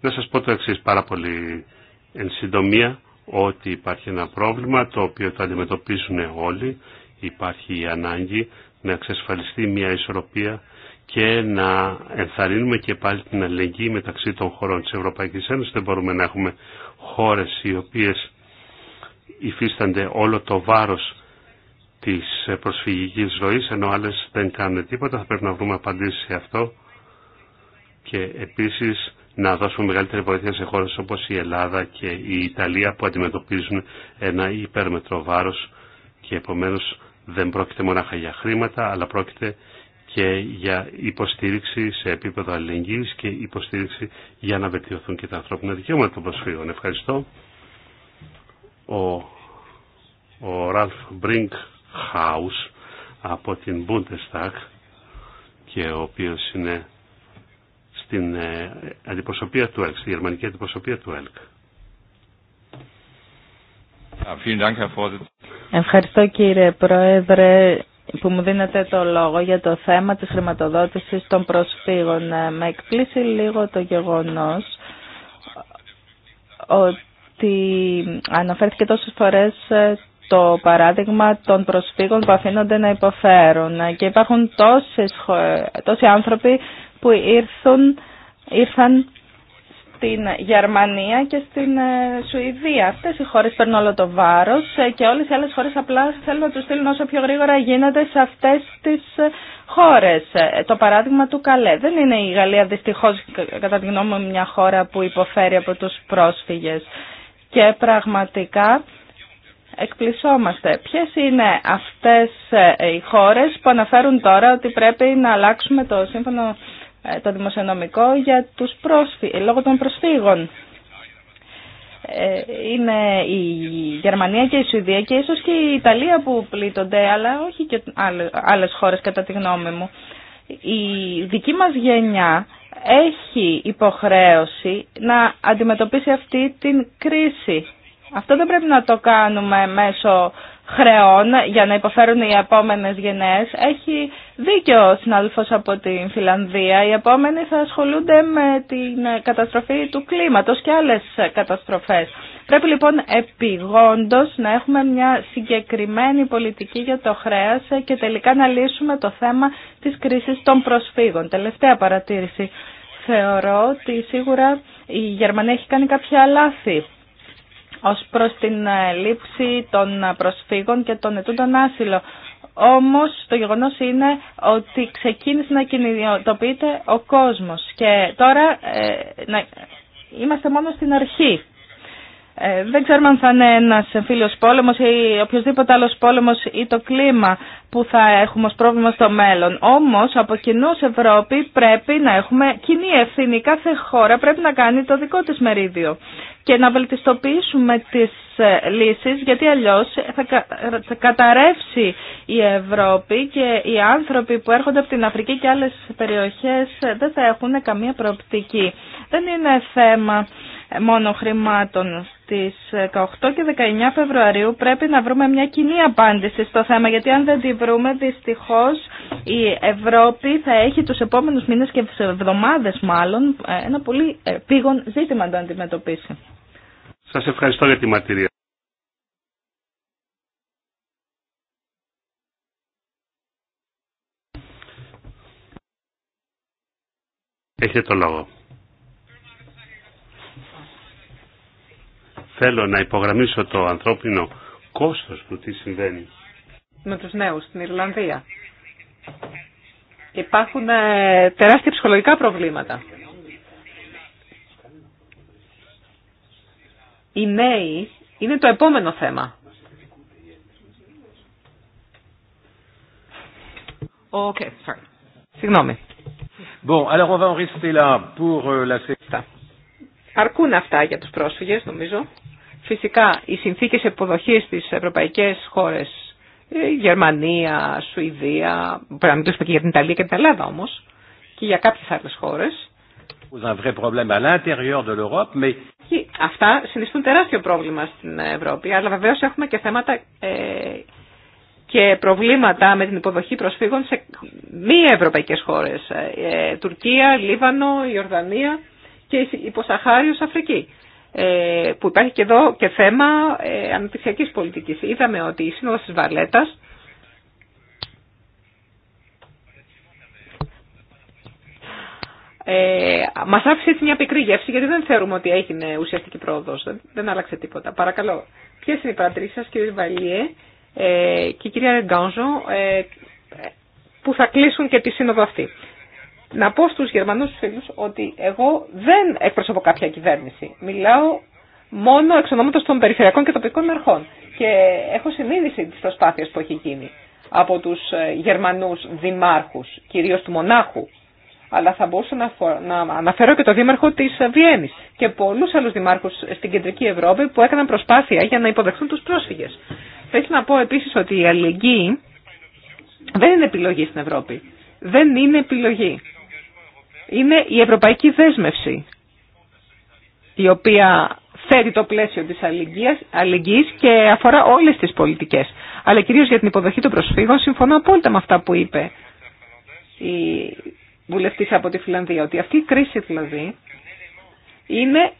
Να σα πω το εξή πάρα πολύ εν συντομία ότι υπάρχει ένα πρόβλημα το οποίο το αντιμετωπίζουν όλοι. Υπάρχει η ανάγκη να εξασφαλιστεί μια ισορροπία και να ενθαρρύνουμε και πάλι την αλληλεγγύη μεταξύ των χωρών της Ευρωπαϊκής Ένωσης. Δεν μπορούμε να έχουμε χώρες οι οποίες υφίστανται όλο το βάρος της προσφυγικής ζωής, ενώ άλλες δεν κάνουν τίποτα. Θα πρέπει να βρούμε απαντήσεις σε αυτό και επίσης να δώσουμε μεγαλύτερη βοήθεια σε χώρες όπως η Ελλάδα και η Ιταλία που αντιμετωπίζουν ένα υπέρμετρο βάρος και επομένως δεν πρόκειται μονάχα για χρήματα, αλλά πρόκειται και για υποστήριξη σε επίπεδο αλληλεγγύης και υποστήριξη για να βελτιωθούν και τα ανθρώπινα δικαιώματα των προσφύγων. Ευχαριστώ. Ο, Ραλφ Μπριγκ Χάους από την Bundestag και ο οποίος είναι στην ε, αντιπροσωπεία του ΕΛΚ, στη γερμανική αντιπροσωπεία του ΕΛΚ. Ευχαριστώ κύριε Πρόεδρε που μου δίνετε το λόγο για το θέμα της χρηματοδότησης των προσφύγων. Ε, με εκπλήσει λίγο το γεγονός ότι αναφέρθηκε τόσες φορές ε, το παράδειγμα των προσφύγων που αφήνονται να υποφέρουν ε, και υπάρχουν τόσοι άνθρωποι που ήρθαν στην Γερμανία και στην ε, Σουηδία. Αυτέ οι χώρε παίρνουν όλο το βάρο. Ε, και όλε οι άλλε χώρε απλά θέλουν να του στείλουν όσο πιο γρήγορα γίνεται σε αυτέ τι ε, χώρε. Το παράδειγμα του Καλέ. Δεν είναι η Γαλλία δυστυχώ κατά τη γνώμη μου μια χώρα που υποφέρει από του πρόσφυγες. Και πραγματικά εκπλησόμαστε. Ποιε είναι αυτέ οι χώρε που αναφέρουν τώρα ότι πρέπει να αλλάξουμε το σύμφωνο ε, το δημοσιονομικό για τους λόγω των προσφύγων. Ε, είναι η Γερμανία και η Σουηδία και ίσως και η Ιταλία που πλήττονται, αλλά όχι και άλλες χώρες κατά τη γνώμη μου. Η δική μας γενιά έχει υποχρέωση να αντιμετωπίσει αυτή την κρίση. Αυτό δεν πρέπει να το κάνουμε μέσω χρεών για να υποφέρουν οι επόμενες γενναίες. Έχει δίκιο ο συνάδελφος από την Φιλανδία. Οι επόμενοι θα ασχολούνται με την καταστροφή του κλίματος και άλλες καταστροφές. Πρέπει λοιπόν επιγόντως να έχουμε μια συγκεκριμένη πολιτική για το χρέας και τελικά να λύσουμε το θέμα της κρίσης των προσφύγων. Τελευταία παρατήρηση. Θεωρώ ότι σίγουρα η Γερμανία έχει κάνει κάποια λάθη ως προς την ε, λήψη των ε, προσφύγων και των ετούντων άσυλο. Όμως το γεγονός είναι ότι ξεκίνησε να κινητοποιείται ο κόσμος και τώρα ε, είμαστε μόνο στην αρχή. Ε, δεν ξέρουμε αν θα είναι ένας φίλος πόλεμος ή οποιοδήποτε άλλος πόλεμος ή το κλίμα που θα έχουμε ως πρόβλημα στο μέλλον. Όμως από κοινού Ευρώπη πρέπει να έχουμε κοινή ευθύνη. Κάθε χώρα πρέπει να κάνει το δικό της μερίδιο και να βελτιστοποιήσουμε τις ε, λύσεις γιατί αλλιώς θα καταρρεύσει η Ευρώπη και οι άνθρωποι που έρχονται από την Αφρική και άλλες περιοχές ε, δεν θα έχουν καμία προοπτική. Δεν είναι θέμα μόνο χρημάτων. Στις 18 και 19 Φεβρουαρίου πρέπει να βρούμε μια κοινή απάντηση στο θέμα, γιατί αν δεν τη βρούμε δυστυχώς η Ευρώπη θα έχει τους επόμενους μήνες και τις εβδομάδες μάλλον ε, ένα πολύ ε, πήγον ζήτημα να αντιμετωπίσει. Σας ευχαριστώ για τη μαρτυρία. Έχετε το λόγο. θέλω να υπογραμμίσω το ανθρώπινο κόστος του τι συμβαίνει. Με τους νέους στην Ιρλανδία. Υπάρχουν ε, τεράστια ψυχολογικά προβλήματα. Οι νέοι είναι το επόμενο θέμα. Okay, sorry. Συγγνώμη. Bon, alors on va en rester euh, Αρκούν αυτά για τους πρόσφυγες, νομίζω. Φυσικά, οι συνθήκες υποδοχής στις ευρωπαϊκές χώρες, ε, η Γερμανία, Σουηδία, πρέπει να μιλήσουμε και για την Ιταλία και την Ελλάδα όμως, και για κάποιες άλλες χώρες. Αυτά συνιστούν τεράστιο πρόβλημα στην Ευρώπη, αλλά βεβαίως έχουμε και θέματα ε, και προβλήματα με την υποδοχή προσφύγων σε μη ευρωπαϊκές χώρες. Ε, Τουρκία, Λίβανο, Ιορδανία και η υποσαχάριος Αφρική. Ε, που υπάρχει και εδώ και θέμα ε, αναπτυξιακής πολιτικής. Είδαμε ότι η Σύνοδος της Βαλέτας Ε, Μα άφησε έτσι μια πικρή γεύση γιατί δεν θεωρούμε ότι έγινε ουσιαστική πρόοδος. Δεν, άλλαξε τίποτα. Παρακαλώ. ποιες είναι οι παρατηρήσει σας, κύριε Βαλιέ ε, και κυρία Ρεγκάνζο, ε, που θα κλείσουν και τη σύνοδο αυτή να πω στους Γερμανούς φίλους ότι εγώ δεν εκπροσωπώ κάποια κυβέρνηση. Μιλάω μόνο εξ ονόματος των περιφερειακών και τοπικών αρχών. Και έχω συνείδηση της προσπάθειας που έχει γίνει από τους ε, Γερμανούς δημάρχους, κυρίως του Μονάχου, αλλά θα μπορούσα να αναφέρω και το δήμαρχο της Βιέννης και πολλούς άλλους δημάρχους στην κεντρική Ευρώπη που έκαναν προσπάθεια για να υποδεχθούν τους πρόσφυγες. Θα ήθελα να πω επίσης ότι η αλληλεγγύη δεν είναι επιλογή στην Ευρώπη. Δεν είναι επιλογή είναι η ευρωπαϊκή δέσμευση, η οποία φέρει το πλαίσιο της αλληλεγγύης και αφορά όλες τις πολιτικές. Αλλά κυρίως για την υποδοχή των προσφύγων συμφωνώ απόλυτα με αυτά που είπε η βουλευτής από τη Φιλανδία, ότι αυτή η κρίση δηλαδή είναι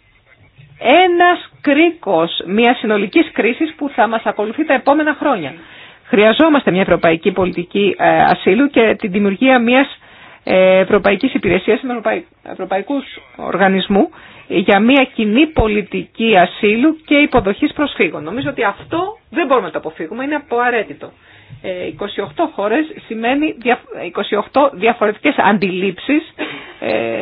ένας κρίκος μια συνολικής κρίσης που θα μας ακολουθεί τα επόμενα χρόνια. Χρειαζόμαστε μια ευρωπαϊκή πολιτική ε, ασύλου και την δημιουργία μιας Ευρωπαϊκής Υπηρεσίας, Ευρωπαϊκούς Οργανισμού για μια κοινή πολιτική ασύλου και υποδοχής προσφύγων. Νομίζω ότι αυτό δεν μπορούμε να το αποφύγουμε, είναι απαραίτητο. 28 ε, χώρες σημαίνει 28 διαφορετικές αντιλήψεις ε,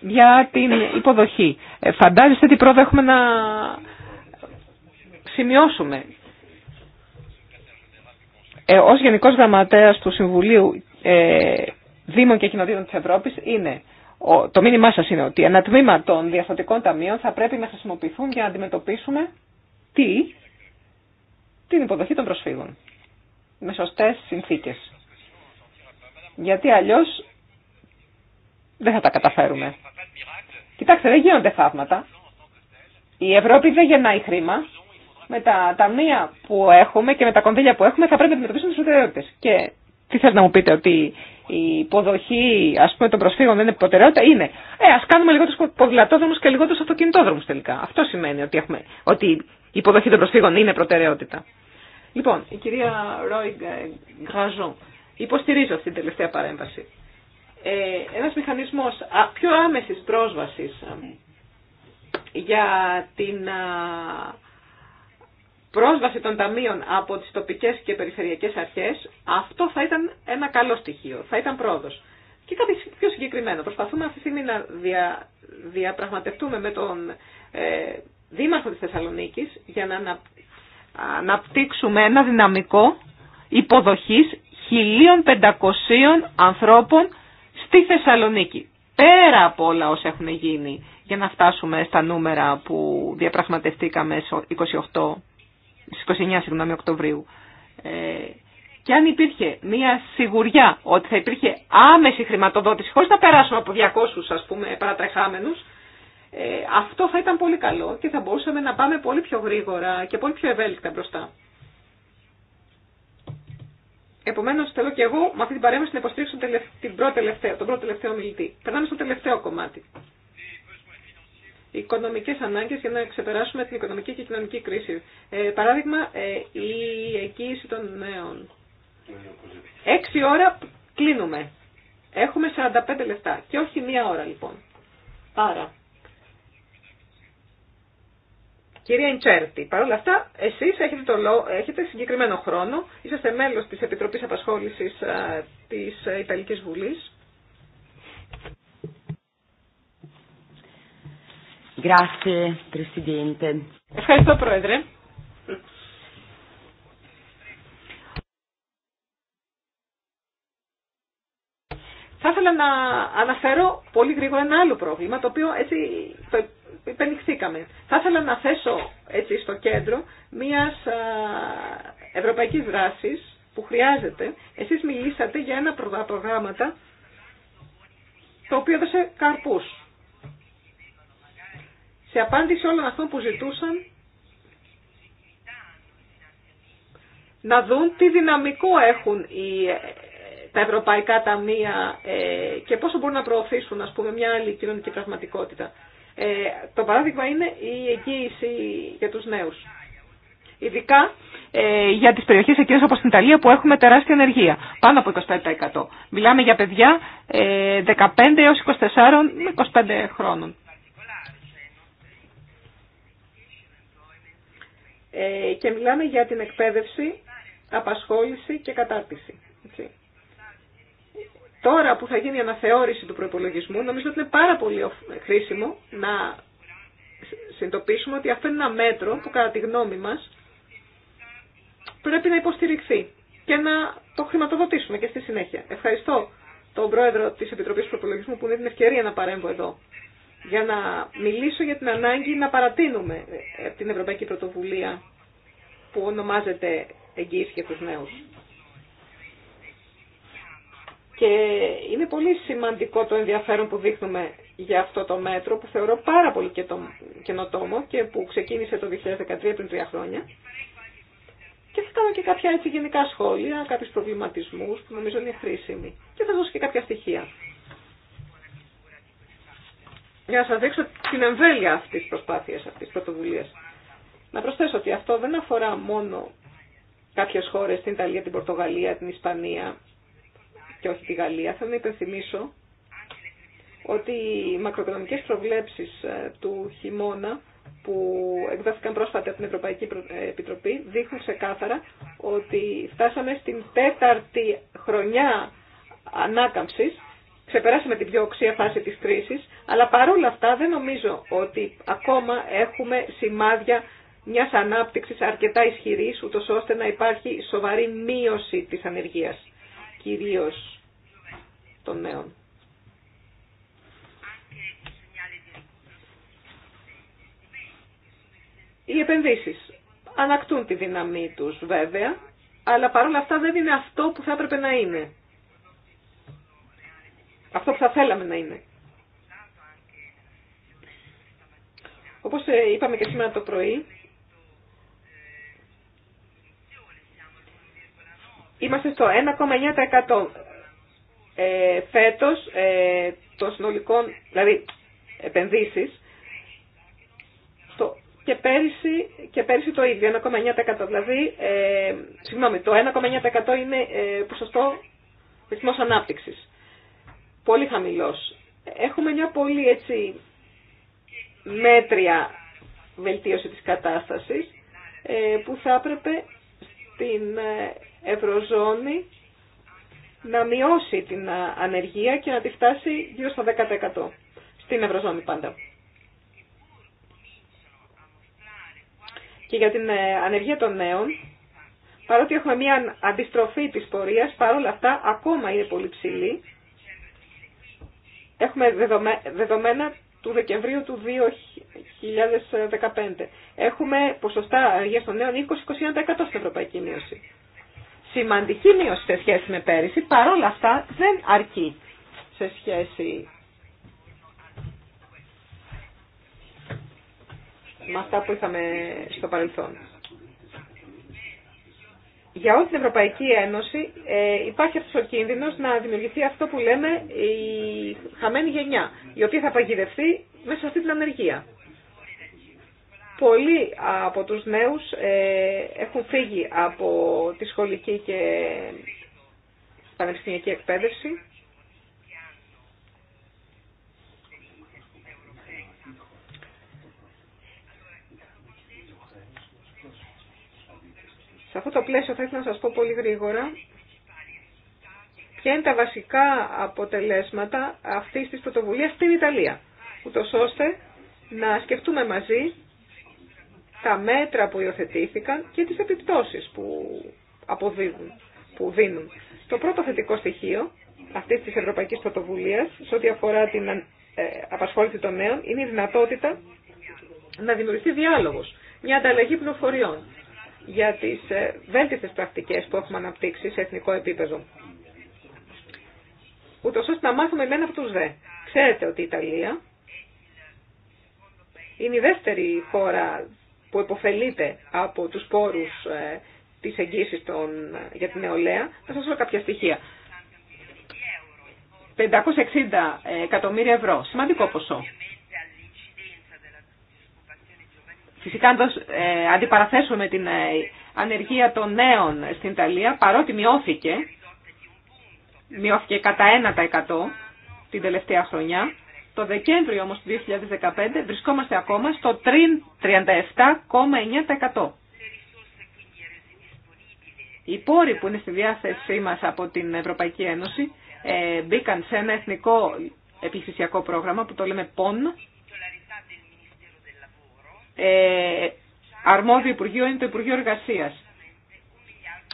για την υποδοχή. Ε, φαντάζεστε τι πρόοδο έχουμε να σημειώσουμε. Ε, ως Γενικός Γραμματέας του Συμβουλίου ε, Δήμων και Κοινοτήτων της Ευρώπης είναι, το μήνυμά σας είναι ότι ένα τμήμα των διαστατικών ταμείων θα πρέπει να χρησιμοποιηθούν για να αντιμετωπίσουμε τι, την υποδοχή των προσφύγων με σωστές συνθήκες. Γιατί αλλιώς δεν θα τα καταφέρουμε. Κοιτάξτε, δεν γίνονται θαύματα. Η Ευρώπη δεν γεννάει χρήμα. Με τα ταμεία που έχουμε και με τα κονδύλια που έχουμε θα πρέπει να αντιμετωπίσουμε τι προτεραιότητε. Και τι θέλετε να μου πείτε ότι η υποδοχή ας πούμε, των προσφύγων δεν είναι προτεραιότητα, είναι ε, ας κάνουμε λιγότερου ποδηλατόδρομου και λιγότερου αυτοκινητόδρομου τελικά. Αυτό σημαίνει ότι, έχουμε, ότι η υποδοχή των προσφύγων είναι προτεραιότητα. Λοιπόν, η κυρία Ρόι Γκραζό υποστηρίζω αυτή την τελευταία παρέμβαση. Ε, ένας μηχανισμός πιο άμεσης πρόσβασης ε, για την πρόσβαση των ταμείων από τις τοπικές και περιφερειακές αρχές, αυτό θα ήταν ένα καλό στοιχείο, θα ήταν πρόοδος. Και κάτι πιο συγκεκριμένο. Προσπαθούμε αυτή τη στιγμή να δια, διαπραγματευτούμε με τον ε, Δήμαρχο της Θεσσαλονίκης για να αναπτύξουμε ένα δυναμικό υποδοχής 1.500 ανθρώπων στη Θεσσαλονίκη. Πέρα από όλα όσα έχουν γίνει για να φτάσουμε στα νούμερα που διαπραγματευτήκαμε στο 28 στις 29 συγγνώμη, Οκτωβρίου. Ε, και αν υπήρχε μια σιγουριά ότι θα υπήρχε άμεση χρηματοδότηση, χωρίς να περάσουμε από 200 ας πούμε παρατρεχάμενους, ε, αυτό θα ήταν πολύ καλό και θα μπορούσαμε να πάμε πολύ πιο γρήγορα και πολύ πιο ευέλικτα μπροστά. Επομένω, θέλω και εγώ με αυτή την παρέμβαση να υποστηρίξω τον, τον πρώτο τελευταίο μιλητή. Περνάμε στο τελευταίο κομμάτι οικονομικέ ανάγκε για να ξεπεράσουμε την οικονομική και κοινωνική κρίση. Ε, παράδειγμα, ε, η εγγύηση των νέων. Έξι ώρα κλείνουμε. Έχουμε 45 λεπτά και όχι μία ώρα λοιπόν. Άρα, Κυρία Ιντσέρτη, παρόλα αυτά, εσεί έχετε, έχετε συγκεκριμένο χρόνο. Είσαστε μέλο τη Επιτροπή Απασχόληση ε, τη Ιταλική Βουλή. Ευχαριστώ, Πρόεδρε. Θα ήθελα να αναφέρω πολύ γρήγορα ένα άλλο πρόβλημα, το οποίο έτσι το υπενηχθήκαμε. Θα ήθελα να θέσω έτσι στο κέντρο μιας ευρωπαϊκής δράσης που χρειάζεται. Εσείς μιλήσατε για ένα προγράμματα το οποίο έδωσε καρπούς σε απάντηση όλων αυτών που ζητούσαν να δουν τι δυναμικό έχουν οι, ε, τα ευρωπαϊκά ταμεία ε, και πόσο μπορούν να προωθήσουν ας πούμε, μια άλλη κοινωνική πραγματικότητα. Ε, το παράδειγμα είναι η εγγύηση για τους νέους. Ειδικά ε, για τις περιοχές εκείνες όπως την Ιταλία που έχουμε τεράστια ενεργεία, πάνω από 25%. Μιλάμε για παιδιά 15 ε, έως 24 με 25 χρόνων. Ε, και μιλάμε για την εκπαίδευση, απασχόληση και κατάρτιση. Έτσι. Τώρα που θα γίνει η αναθεώρηση του προπολογισμού, νομίζω ότι είναι πάρα πολύ χρήσιμο να συνειδητοποιήσουμε ότι αυτό είναι ένα μέτρο που κατά τη γνώμη μας πρέπει να υποστηριχθεί και να το χρηματοδοτήσουμε και στη συνέχεια. Ευχαριστώ τον πρόεδρο της Επιτροπής Προπολογισμού που είναι την ευκαιρία να παρέμβω εδώ για να μιλήσω για την ανάγκη να παρατείνουμε ε, την Ευρωπαϊκή Πρωτοβουλία που ονομάζεται εγγύηση για τους νέους. Και είναι πολύ σημαντικό το ενδιαφέρον που δείχνουμε για αυτό το μέτρο που θεωρώ πάρα πολύ καινοτόμο και που ξεκίνησε το 2013 πριν τρία χρόνια. Και θα κάνω και κάποια έτσι γενικά σχόλια, κάποιους προβληματισμούς που νομίζω είναι χρήσιμοι. Και θα δώσω και κάποια στοιχεία για να σας δείξω την εμβέλεια αυτής της προσπάθειας, αυτής της πρωτοβουλίας. Να προσθέσω ότι αυτό δεν αφορά μόνο κάποιες χώρες, την Ιταλία, την Πορτογαλία, την Ισπανία και όχι τη Γαλλία. Θέλω να υπενθυμίσω ότι οι μακροοικονομικές προβλέψεις ε, του χειμώνα που εκδόθηκαν πρόσφατα από την Ευρωπαϊκή ε, Επιτροπή δείχνουν ξεκάθαρα ότι φτάσαμε στην τέταρτη χρονιά ανάκαμψης ξεπεράσαμε την πιο οξία φάση της κρίσης, αλλά παρόλα αυτά δεν νομίζω ότι ακόμα έχουμε σημάδια μιας ανάπτυξης αρκετά ισχυρής, ούτως ώστε να υπάρχει σοβαρή μείωση της ανεργίας, κυρίως των νέων. Οι επενδύσεις ανακτούν τη δύναμή τους βέβαια, αλλά παρόλα αυτά δεν είναι αυτό που θα έπρεπε να είναι αυτό που θα θέλαμε να είναι. Όπως ε, είπαμε και σήμερα το πρωί, είμαστε στο 1,9% ε, φέτος ε, των συνολικών, δηλαδή επενδύσεις, στο, και, πέρυσι, και πέρυσι το ίδιο, 1,9%. Δηλαδή, ε, συγγνώμη, το 1,9% είναι ε, ποσοστό ρυθμός ανάπτυξης πολύ χαμηλός. Έχουμε μια πολύ έτσι μέτρια βελτίωση της κατάστασης ε, που θα έπρεπε στην ε, Ευρωζώνη να μειώσει την ε, ανεργία και να τη φτάσει γύρω στα 10%. Στην Ευρωζώνη πάντα. Και για την ανεργία των νέων, παρότι έχουμε μια αντιστροφή της πορείας, παρόλα αυτά ακόμα είναι πολύ ψηλή Έχουμε δεδομένα του Δεκεμβρίου του 2015. Έχουμε ποσοστά αργίας των νέων 20-21% στην Ευρωπαϊκή Μείωση. Σημαντική μείωση σε σχέση με πέρυσι, παρόλα αυτά δεν αρκεί σε σχέση με αυτά που είχαμε στο παρελθόν για όλη την Ευρωπαϊκή Ένωση ε, υπάρχει αυτός ο κίνδυνος να δημιουργηθεί αυτό που λέμε η χαμένη γενιά, η οποία θα παγιδευτεί μέσα σε αυτή την ανεργία. Πολλοί από τους νέους ε, έχουν φύγει από τη σχολική και πανεπιστημιακή εκπαίδευση Σε αυτό το πλαίσιο θα ήθελα να σας πω πολύ γρήγορα ποια είναι τα βασικά αποτελέσματα αυτής της πρωτοβουλίας στην Ιταλία, ούτως ώστε να σκεφτούμε μαζί τα μέτρα που υιοθετήθηκαν και τις επιπτώσεις που αποδίδουν, που δίνουν. Το πρώτο θετικό στοιχείο αυτή της Ευρωπαϊκής Πρωτοβουλίας, σε ό,τι αφορά την ε, απασχόληση των νέων, είναι η δυνατότητα να δημιουργηθεί διάλογος, μια ανταλλαγή πληροφοριών για τις ε, βέλτιστες πρακτικές που έχουμε αναπτύξει σε εθνικό επίπεδο. Ούτως ώστε να μάθουμε μένα από τους δε. Ξέρετε ότι η Ιταλία είναι η δεύτερη χώρα που υποφελείται από τους πόρους ε, της εγγύησης ε, για την νεολαία. Θα σας δώσω κάποια στοιχεία. 560 ε, εκατομμύρια ευρώ. Σημαντικό ποσό. Φυσικά, αν ε, αντιπαραθέσουμε την ε, ανεργία των νέων στην Ιταλία, παρότι μειώθηκε, μειώθηκε κατά 1% την τελευταία χρονιά, το Δεκέμβριο όμως του 2015 βρισκόμαστε ακόμα στο 37,9%. Οι πόροι που είναι στη διάθεσή μας από την Ευρωπαϊκή Ένωση ε, μπήκαν σε ένα εθνικό επιχειρησιακό πρόγραμμα που το λέμε PON, ε, αρμόδιο Υπουργείο είναι το Υπουργείο Εργασίας,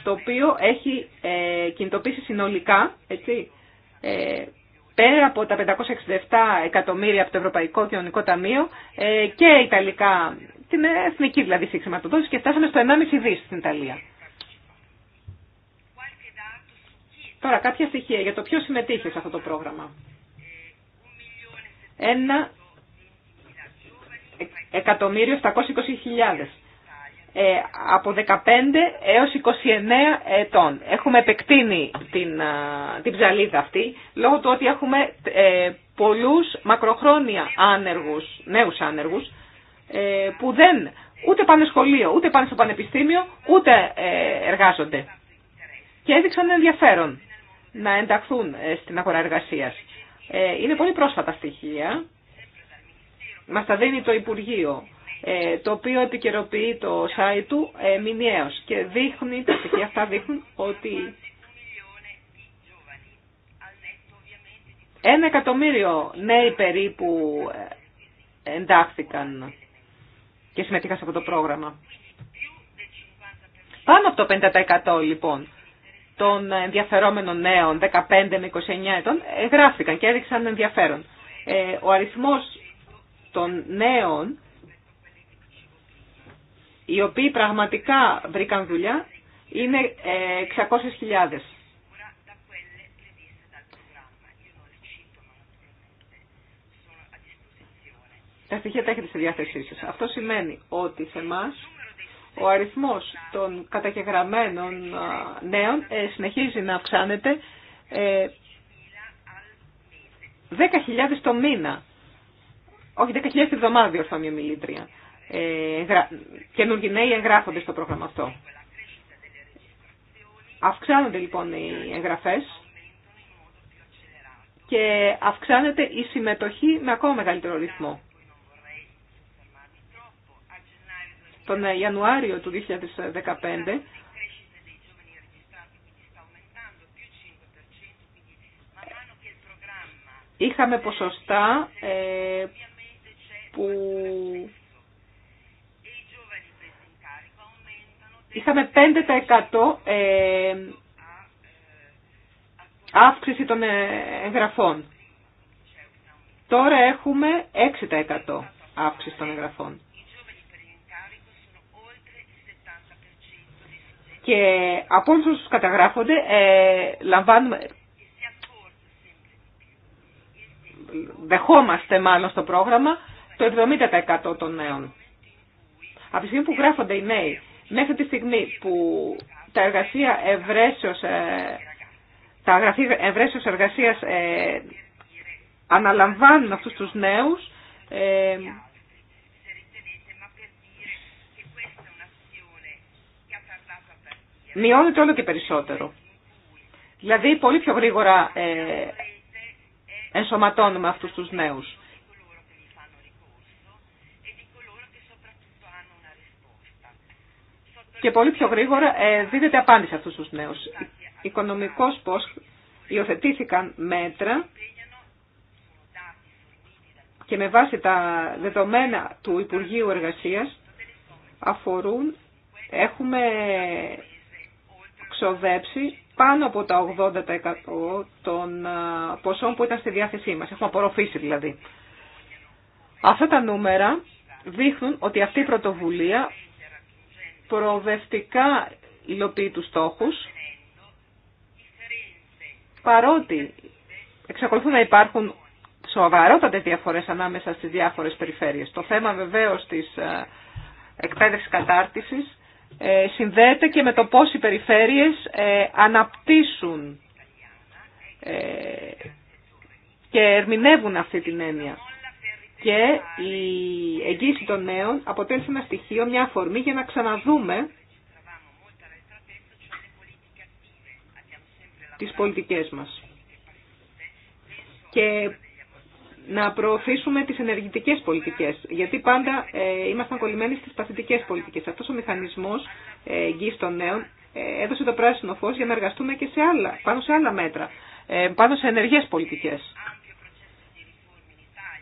το οποίο έχει ε, κινητοποιήσει συνολικά, έτσι, ε, πέρα από τα 567 εκατομμύρια από το Ευρωπαϊκό Κοινωνικό Ταμείο ε, και Ιταλικά, την εθνική δηλαδή συγχρηματοδότηση και φτάσαμε στο 1,5 δις στην Ιταλία. Τώρα κάποια στοιχεία για το ποιο συμμετείχε σε αυτό το πρόγραμμα. Ένα 1.720.000 ε, από 15 έως 29 ετών. Έχουμε επεκτείνει την, την ψαλίδα αυτή λόγω του ότι έχουμε ε, πολλούς μακροχρόνια άνεργους, νέους άνεργους ε, που δεν ούτε πάνε σχολείο, ούτε πάνε στο πανεπιστήμιο, ούτε ε, εργάζονται. Και έδειξαν ενδιαφέρον να ενταχθούν στην αγορά εργασίας. είναι πολύ πρόσφατα στοιχεία μας τα δίνει το Υπουργείο, ε, το οποίο επικαιροποιεί το site του ε, μηνιαίως και δείχνει, τα στοιχεία αυτά δείχνουν ότι ένα εκατομμύριο νέοι περίπου ε, εντάχθηκαν και συμμετείχαν σε αυτό το πρόγραμμα. Πάνω από το 50% λοιπόν των ενδιαφερόμενων νέων 15 με 29 ετών γράφτηκαν και έδειξαν ενδιαφέρον. Ε, ο αριθμός των νέων οι οποίοι πραγματικά βρήκαν δουλειά είναι 600.000. Ε, τα στοιχεία τα έχετε στη διάθεσή σας. Αυτό σημαίνει ότι σε εμά ο αριθμός των καταγεγραμμένων νέων ε, συνεχίζει να αυξάνεται 10.000 ε, το μήνα όχι 10.000 τη βδομάδα μιλήτρια. Ε, Καινούργοι νέοι εγγράφονται στο πρόγραμμα αυτό. Αυξάνονται λοιπόν οι εγγραφές και αυξάνεται η συμμετοχή με ακόμα μεγαλύτερο ρυθμό. Τον Ιανουάριο του 2015 είχαμε ποσοστά ε, που είχαμε 5% ε, αύξηση των ε, εγγραφών. Τώρα έχουμε 6% αύξηση των εγγραφών. Και από όλους όσους καταγράφονται, ε, λαμβάνουμε, δεχόμαστε μάλλον στο πρόγραμμα το 70% των νέων. Από τη στιγμή που γράφονται οι νέοι, μέχρι τη στιγμή που τα εργασία ευρέσεως, ε, τα ευρέσεως εργασίας ε, αναλαμβάνουν αυτούς τους νέους, ε, μειώνεται όλο και περισσότερο. Δηλαδή πολύ πιο γρήγορα ε, ενσωματώνουμε αυτούς τους νέους. και πολύ πιο γρήγορα ε, δίδεται απάντηση σε αυτούς τους νέους. Οικονομικός πώς υιοθετήθηκαν μέτρα και με βάση τα δεδομένα του Υπουργείου Εργασίας αφορούν, έχουμε ξοδέψει πάνω από τα 80% των ε, ποσών που ήταν στη διάθεσή μας. Έχουμε απορροφήσει δηλαδή. Αυτά τα νούμερα δείχνουν ότι αυτή η πρωτοβουλία προοδευτικά υλοποιεί τους στόχους, παρότι εξακολουθούν να υπάρχουν σοβαρότατε διαφορές ανάμεσα στις διάφορες περιφέρειες. Το θέμα βεβαίως της ε, εκπαίδευσης κατάρτισης ε, συνδέεται και με το πώς οι περιφέρειες ε, αναπτύσσουν και ερμηνεύουν αυτή την έννοια και η εγγύηση των νέων αποτέλεσε ένα στοιχείο, μια αφορμή για να ξαναδούμε τις πολιτικές μας και να προωθήσουμε τις ενεργητικές πολιτικές, γιατί πάντα ε, ήμασταν κολλημένοι στις παθητικές πολιτικές. Αυτός ο μηχανισμός ε, των νέων ε, έδωσε το πράσινο φως για να εργαστούμε και σε άλλα, πάνω σε άλλα μέτρα, ε, πάνω σε ενεργές πολιτικές.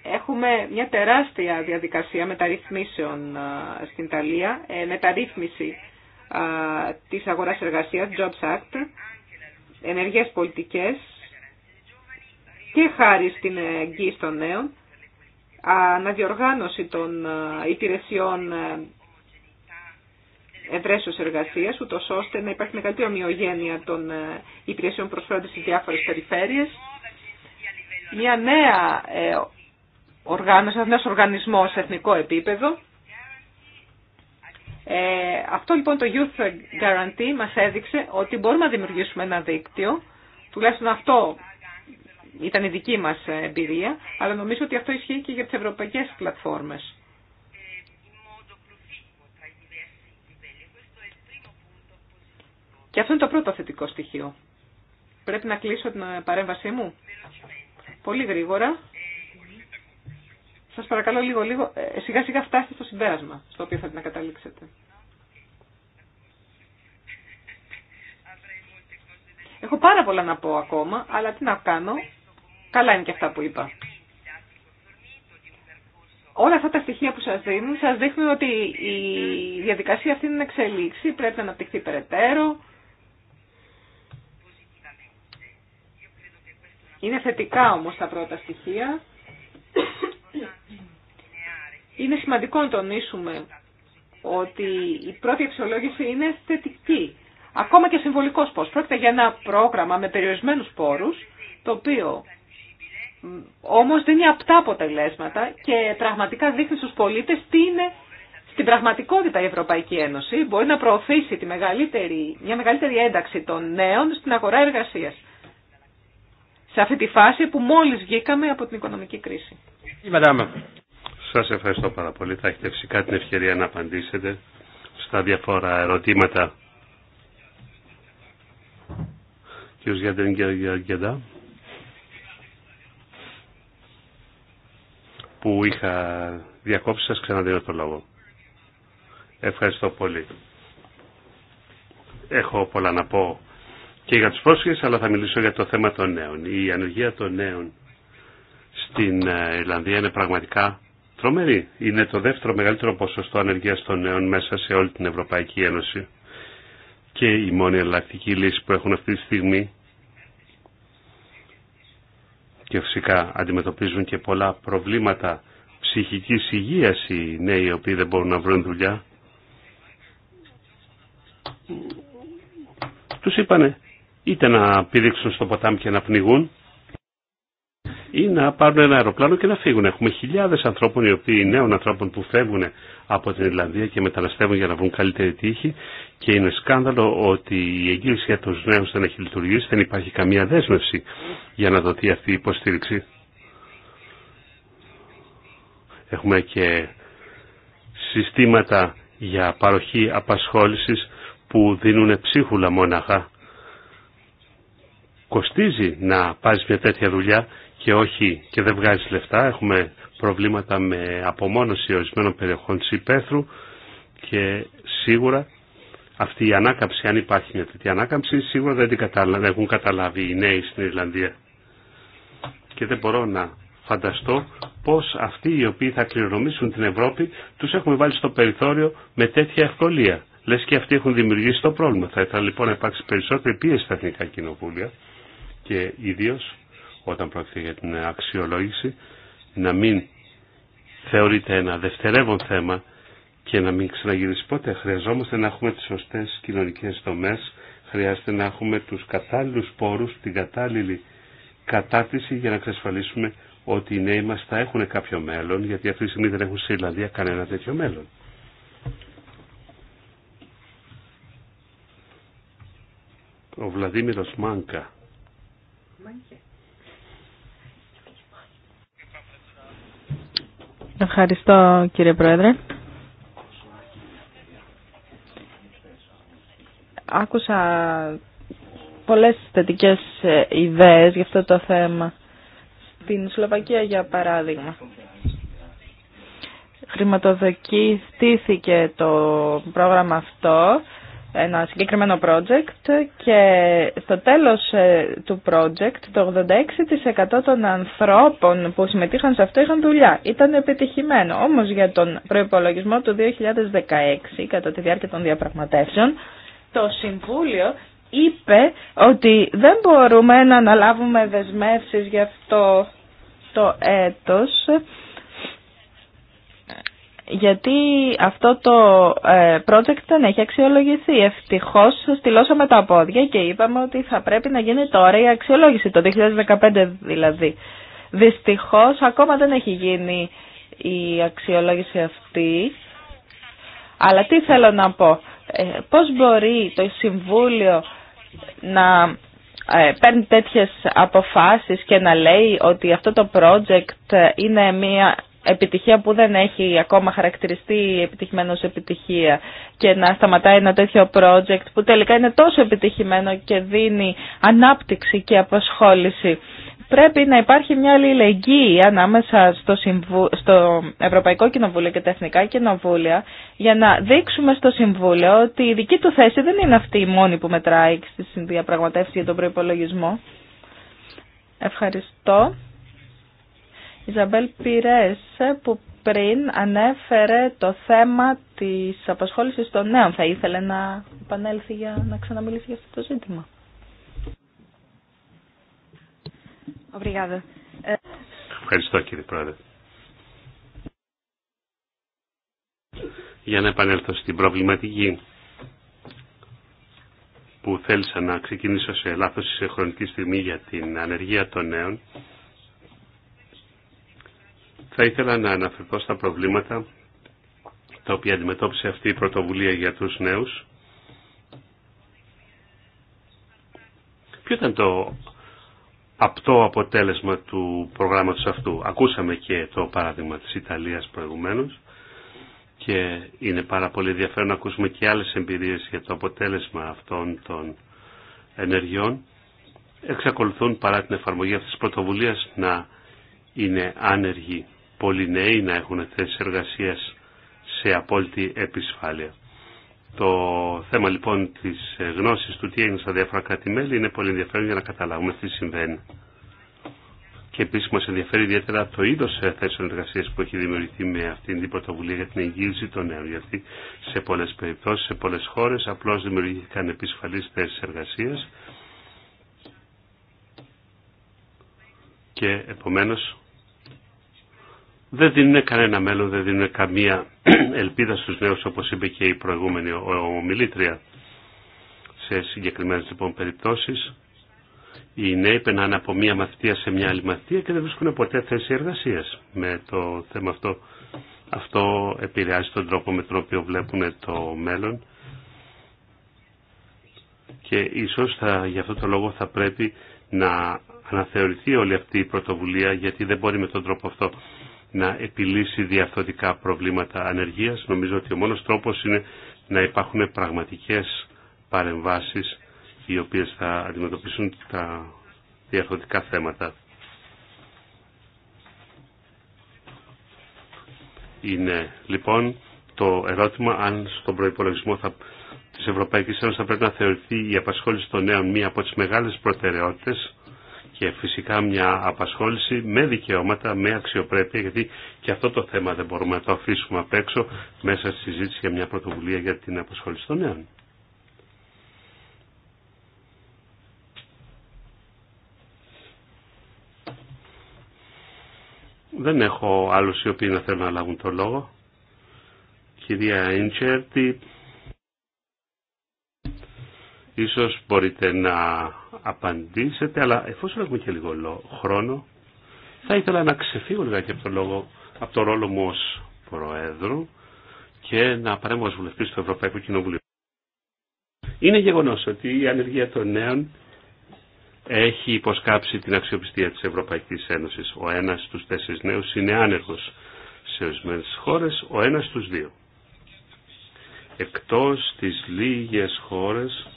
Έχουμε μια τεράστια διαδικασία μεταρρυθμίσεων στην Ιταλία, ε, μεταρρύθμιση της αγοράς εργασίας, Jobs Act, ενεργές πολιτικές και χάρη στην εγγύηση των νέων, αναδιοργάνωση των υπηρεσιών ευρέσεως εργασίας, ούτως ώστε να υπάρχει μεγαλύτερη ομοιογένεια των υπηρεσιών προσφέροντας σε διάφορες περιφέρειες, μια νέα ε, οργάνωση, ένα οργανισμό σε εθνικό επίπεδο. Ε, αυτό λοιπόν το Youth Guarantee μας έδειξε ότι μπορούμε να δημιουργήσουμε ένα δίκτυο, τουλάχιστον αυτό ήταν η δική μας εμπειρία, αλλά νομίζω ότι αυτό ισχύει και για τις ευρωπαϊκές πλατφόρμες. Και αυτό είναι το πρώτο θετικό στοιχείο. Πρέπει να κλείσω την παρέμβασή μου. Πολύ γρήγορα. Σα παρακαλώ λίγο λίγο, ε, σιγά σιγά φτάστε στο συμπέρασμα στο οποίο θα την καταλήξετε. Έχω πάρα πολλά να πω ακόμα, αλλά τι να κάνω. Καλά είναι και αυτά που είπα. Όλα αυτά τα στοιχεία που σας δίνουν, σας δείχνουν ότι η διαδικασία αυτή είναι εξελίξη, πρέπει να αναπτυχθεί περαιτέρω. Είναι θετικά όμως τα πρώτα στοιχεία είναι σημαντικό να τονίσουμε ότι η πρώτη αξιολόγηση είναι θετική. Ακόμα και συμβολικός πώς. Πρόκειται για ένα πρόγραμμα με περιορισμένους πόρους, το οποίο όμως δίνει απτά αποτελέσματα και πραγματικά δείχνει στους πολίτες τι είναι στην πραγματικότητα η Ευρωπαϊκή Ένωση. Μπορεί να προωθήσει τη μεγαλύτερη, μια μεγαλύτερη ένταξη των νέων στην αγορά εργασίας. Σε αυτή τη φάση που μόλις βγήκαμε από την οικονομική κρίση. Σας ευχαριστώ πάρα πολύ. Θα έχετε φυσικά την ευκαιρία να απαντήσετε στα διαφορά ερωτήματα. Κύριος που είχα διακόψει σας ξαναδίνω το λόγο. Ευχαριστώ πολύ. Έχω πολλά να πω και για τους πρόσφυγες, αλλά θα μιλήσω για το θέμα των νέων. Η ανεργία των νέων στην ε, Ιρλανδία είναι πραγματικά τρομερή. Είναι το δεύτερο μεγαλύτερο ποσοστό ανεργίας των νέων μέσα σε όλη την Ευρωπαϊκή Ένωση. Και η μόνη ελλακτική λύση που έχουν αυτή τη στιγμή και φυσικά αντιμετωπίζουν και πολλά προβλήματα ψυχικής υγείας οι νέοι οι οποίοι δεν μπορούν να βρουν δουλειά. Τους είπανε είτε να πηδήξουν στο ποτάμι και να πνιγούν ή να πάρουν ένα αεροπλάνο και να φύγουν. Έχουμε χιλιάδε ανθρώπων, οι οποίοι νέων ανθρώπων που φεύγουν από την Ιρλανδία και μεταναστεύουν για να βρουν καλύτερη τύχη και είναι σκάνδαλο ότι η εγγύηση για του νέου δεν έχει λειτουργήσει, δεν υπάρχει καμία δέσμευση για να δοθεί αυτή η υποστήριξη. Έχουμε και συστήματα για παροχή απασχόληση που δίνουν ψίχουλα μόναχα. Κοστίζει να πάρεις μια τέτοια δουλειά και όχι και δεν βγάζει λεφτά. Έχουμε προβλήματα με απομόνωση ορισμένων περιοχών της υπαίθρου και σίγουρα αυτή η ανάκαμψη, αν υπάρχει μια τέτοια ανάκαμψη, σίγουρα δεν την έχουν καταλάβει οι νέοι στην Ιρλανδία. Και δεν μπορώ να φανταστώ πώς αυτοί οι οποίοι θα κληρονομήσουν την Ευρώπη τους έχουμε βάλει στο περιθώριο με τέτοια ευκολία. Λες και αυτοί έχουν δημιουργήσει το πρόβλημα. Θα ήθελα λοιπόν να υπάρξει περισσότερη πίεση στα εθνικά κοινοβούλια και ιδίως όταν πρόκειται για την αξιολόγηση, να μην θεωρείται ένα δευτερεύον θέμα και να μην ξαναγυρίσει ποτέ. Χρειαζόμαστε να έχουμε τις σωστές κοινωνικές δομές, χρειάζεται να έχουμε τους κατάλληλους πόρους, την κατάλληλη κατάρτιση για να εξασφαλίσουμε ότι οι νέοι μας θα έχουν κάποιο μέλλον, γιατί αυτή τη στιγμή δεν έχουν στη Ιρλανδία κανένα τέτοιο μέλλον. Ο Βλαδίμηρος Μάνκα. Ευχαριστώ κύριε Πρόεδρε. Άκουσα πολλές θετικές ε, ιδέες για αυτό το θέμα. Στην Σλοβακία για παράδειγμα χρηματοδοτήθηκε το πρόγραμμα αυτό ένα συγκεκριμένο project και στο τέλος ε, του project το 86% των ανθρώπων που συμμετείχαν σε αυτό είχαν δουλειά. Ήταν επιτυχημένο. Όμως για τον προϋπολογισμό του 2016 κατά τη διάρκεια των διαπραγματεύσεων το Συμβούλιο είπε ότι δεν μπορούμε να αναλάβουμε δεσμεύσεις για αυτό το έτος γιατί αυτό το ε, project δεν έχει αξιολογηθεί. Ευτυχώς στυλώσαμε τα πόδια και είπαμε ότι θα πρέπει να γίνει τώρα η αξιολόγηση, το 2015 δηλαδή. Δυστυχώς ακόμα δεν έχει γίνει η αξιολόγηση αυτή. Αλλά τι θέλω να πω. Ε, πώς μπορεί το Συμβούλιο να ε, παίρνει τέτοιες αποφάσεις και να λέει ότι αυτό το project είναι μια επιτυχία που δεν έχει ακόμα χαρακτηριστεί επιτυχημένος επιτυχία και να σταματάει ένα τέτοιο project που τελικά είναι τόσο επιτυχημένο και δίνει ανάπτυξη και απασχόληση. Πρέπει να υπάρχει μια αλληλεγγύη ανάμεσα στο, στο Ευρωπαϊκό Κοινοβούλιο και τα Εθνικά Κοινοβούλια για να δείξουμε στο Συμβούλιο ότι η δική του θέση δεν είναι αυτή η μόνη που μετράει στη διαπραγματεύσεις για τον προϋπολογισμό. Ευχαριστώ. Ιζαμπέλ Πυρές που πριν ανέφερε το θέμα της απασχόλησης των νέων. Θα ήθελε να επανέλθει για να ξαναμιλήσει για αυτό το ζήτημα. Ευχαριστώ κύριε Πρόεδρε. Για να επανέλθω στην προβληματική που θέλησα να ξεκινήσω σε λάθος σε χρονική στιγμή για την ανεργία των νέων θα ήθελα να αναφερθώ στα προβλήματα τα οποία αντιμετώπισε αυτή η πρωτοβουλία για τους νέους. Ποιο ήταν το απτό αποτέλεσμα του προγράμματος αυτού. Ακούσαμε και το παράδειγμα της Ιταλίας προηγουμένως και είναι πάρα πολύ ενδιαφέρον να ακούσουμε και άλλες εμπειρίες για το αποτέλεσμα αυτών των ενεργειών. Εξακολουθούν παρά την εφαρμογή αυτής της πρωτοβουλίας να είναι άνεργοι πολλοί νέοι να έχουν θέσει εργασία σε απόλυτη επισφάλεια. Το θέμα λοιπόν της ε, γνώσης του τι έγινε στα διάφορα κράτη-μέλη είναι πολύ ενδιαφέρον για να καταλάβουμε τι συμβαίνει. Και επίση μα ενδιαφέρει ιδιαίτερα το είδο ε, θέσεων εργασία που έχει δημιουργηθεί με αυτήν την πρωτοβουλία για την εγγύηση των νέων. Γιατί σε πολλέ περιπτώσει, σε πολλέ χώρε, απλώ δημιουργήθηκαν επισφαλεί θέσει εργασία και επομένως δεν δίνουν κανένα μέλλον, δεν δίνουν καμία [clears throat] ελπίδα στους νέους όπως είπε και η προηγούμενη ομιλήτρια. Σε συγκεκριμένες λοιπόν περιπτώσεις οι νέοι περνάνε από μία μαθητεία σε μία άλλη μαθητεία και δεν βρίσκουν ποτέ θέση εργασίας με το θέμα αυτό. Αυτό επηρεάζει τον τρόπο με τον οποίο βλέπουν το μέλλον και ίσως θα, γι' αυτό το λόγο θα πρέπει να αναθεωρηθεί όλη αυτή η πρωτοβουλία γιατί δεν μπορεί με τον τρόπο αυτό να επιλύσει διαφθορτικά προβλήματα ανεργίας. Νομίζω ότι ο μόνος τρόπος είναι να υπάρχουν πραγματικές παρεμβάσεις οι οποίες θα αντιμετωπίσουν τα διαφορετικά θέματα. Είναι λοιπόν το ερώτημα αν στον προϋπολογισμό θα, της Ευρωπαϊκής Ένωσης θα πρέπει να θεωρηθεί η απασχόληση των νέων μία από τις μεγάλες προτεραιότητες και φυσικά μια απασχόληση με δικαιώματα, με αξιοπρέπεια, γιατί και αυτό το θέμα δεν μπορούμε να το αφήσουμε απ' έξω μέσα στη συζήτηση για μια πρωτοβουλία για την απασχόληση των νέων. Δεν έχω άλλους οι οποίοι να θέλουν να λάβουν το λόγο. Κυρία Ιντσέρτη, Ίσως μπορείτε να απαντήσετε, αλλά εφόσον έχουμε και λίγο χρόνο, θα ήθελα να ξεφύγω λίγα από λόγο, από το ρόλο μου ως Προέδρου και να παρέμβω ως βουλευτής του Ευρωπαϊκού Κοινοβουλίου. Είναι γεγονός ότι η ανεργία των νέων έχει υποσκάψει την αξιοπιστία της Ευρωπαϊκής Ένωσης. Ο ένας στους τέσσερις νέους είναι άνεργος σε ορισμένε χώρες, ο ένας στους δύο. Εκτός τις λίγες χώρες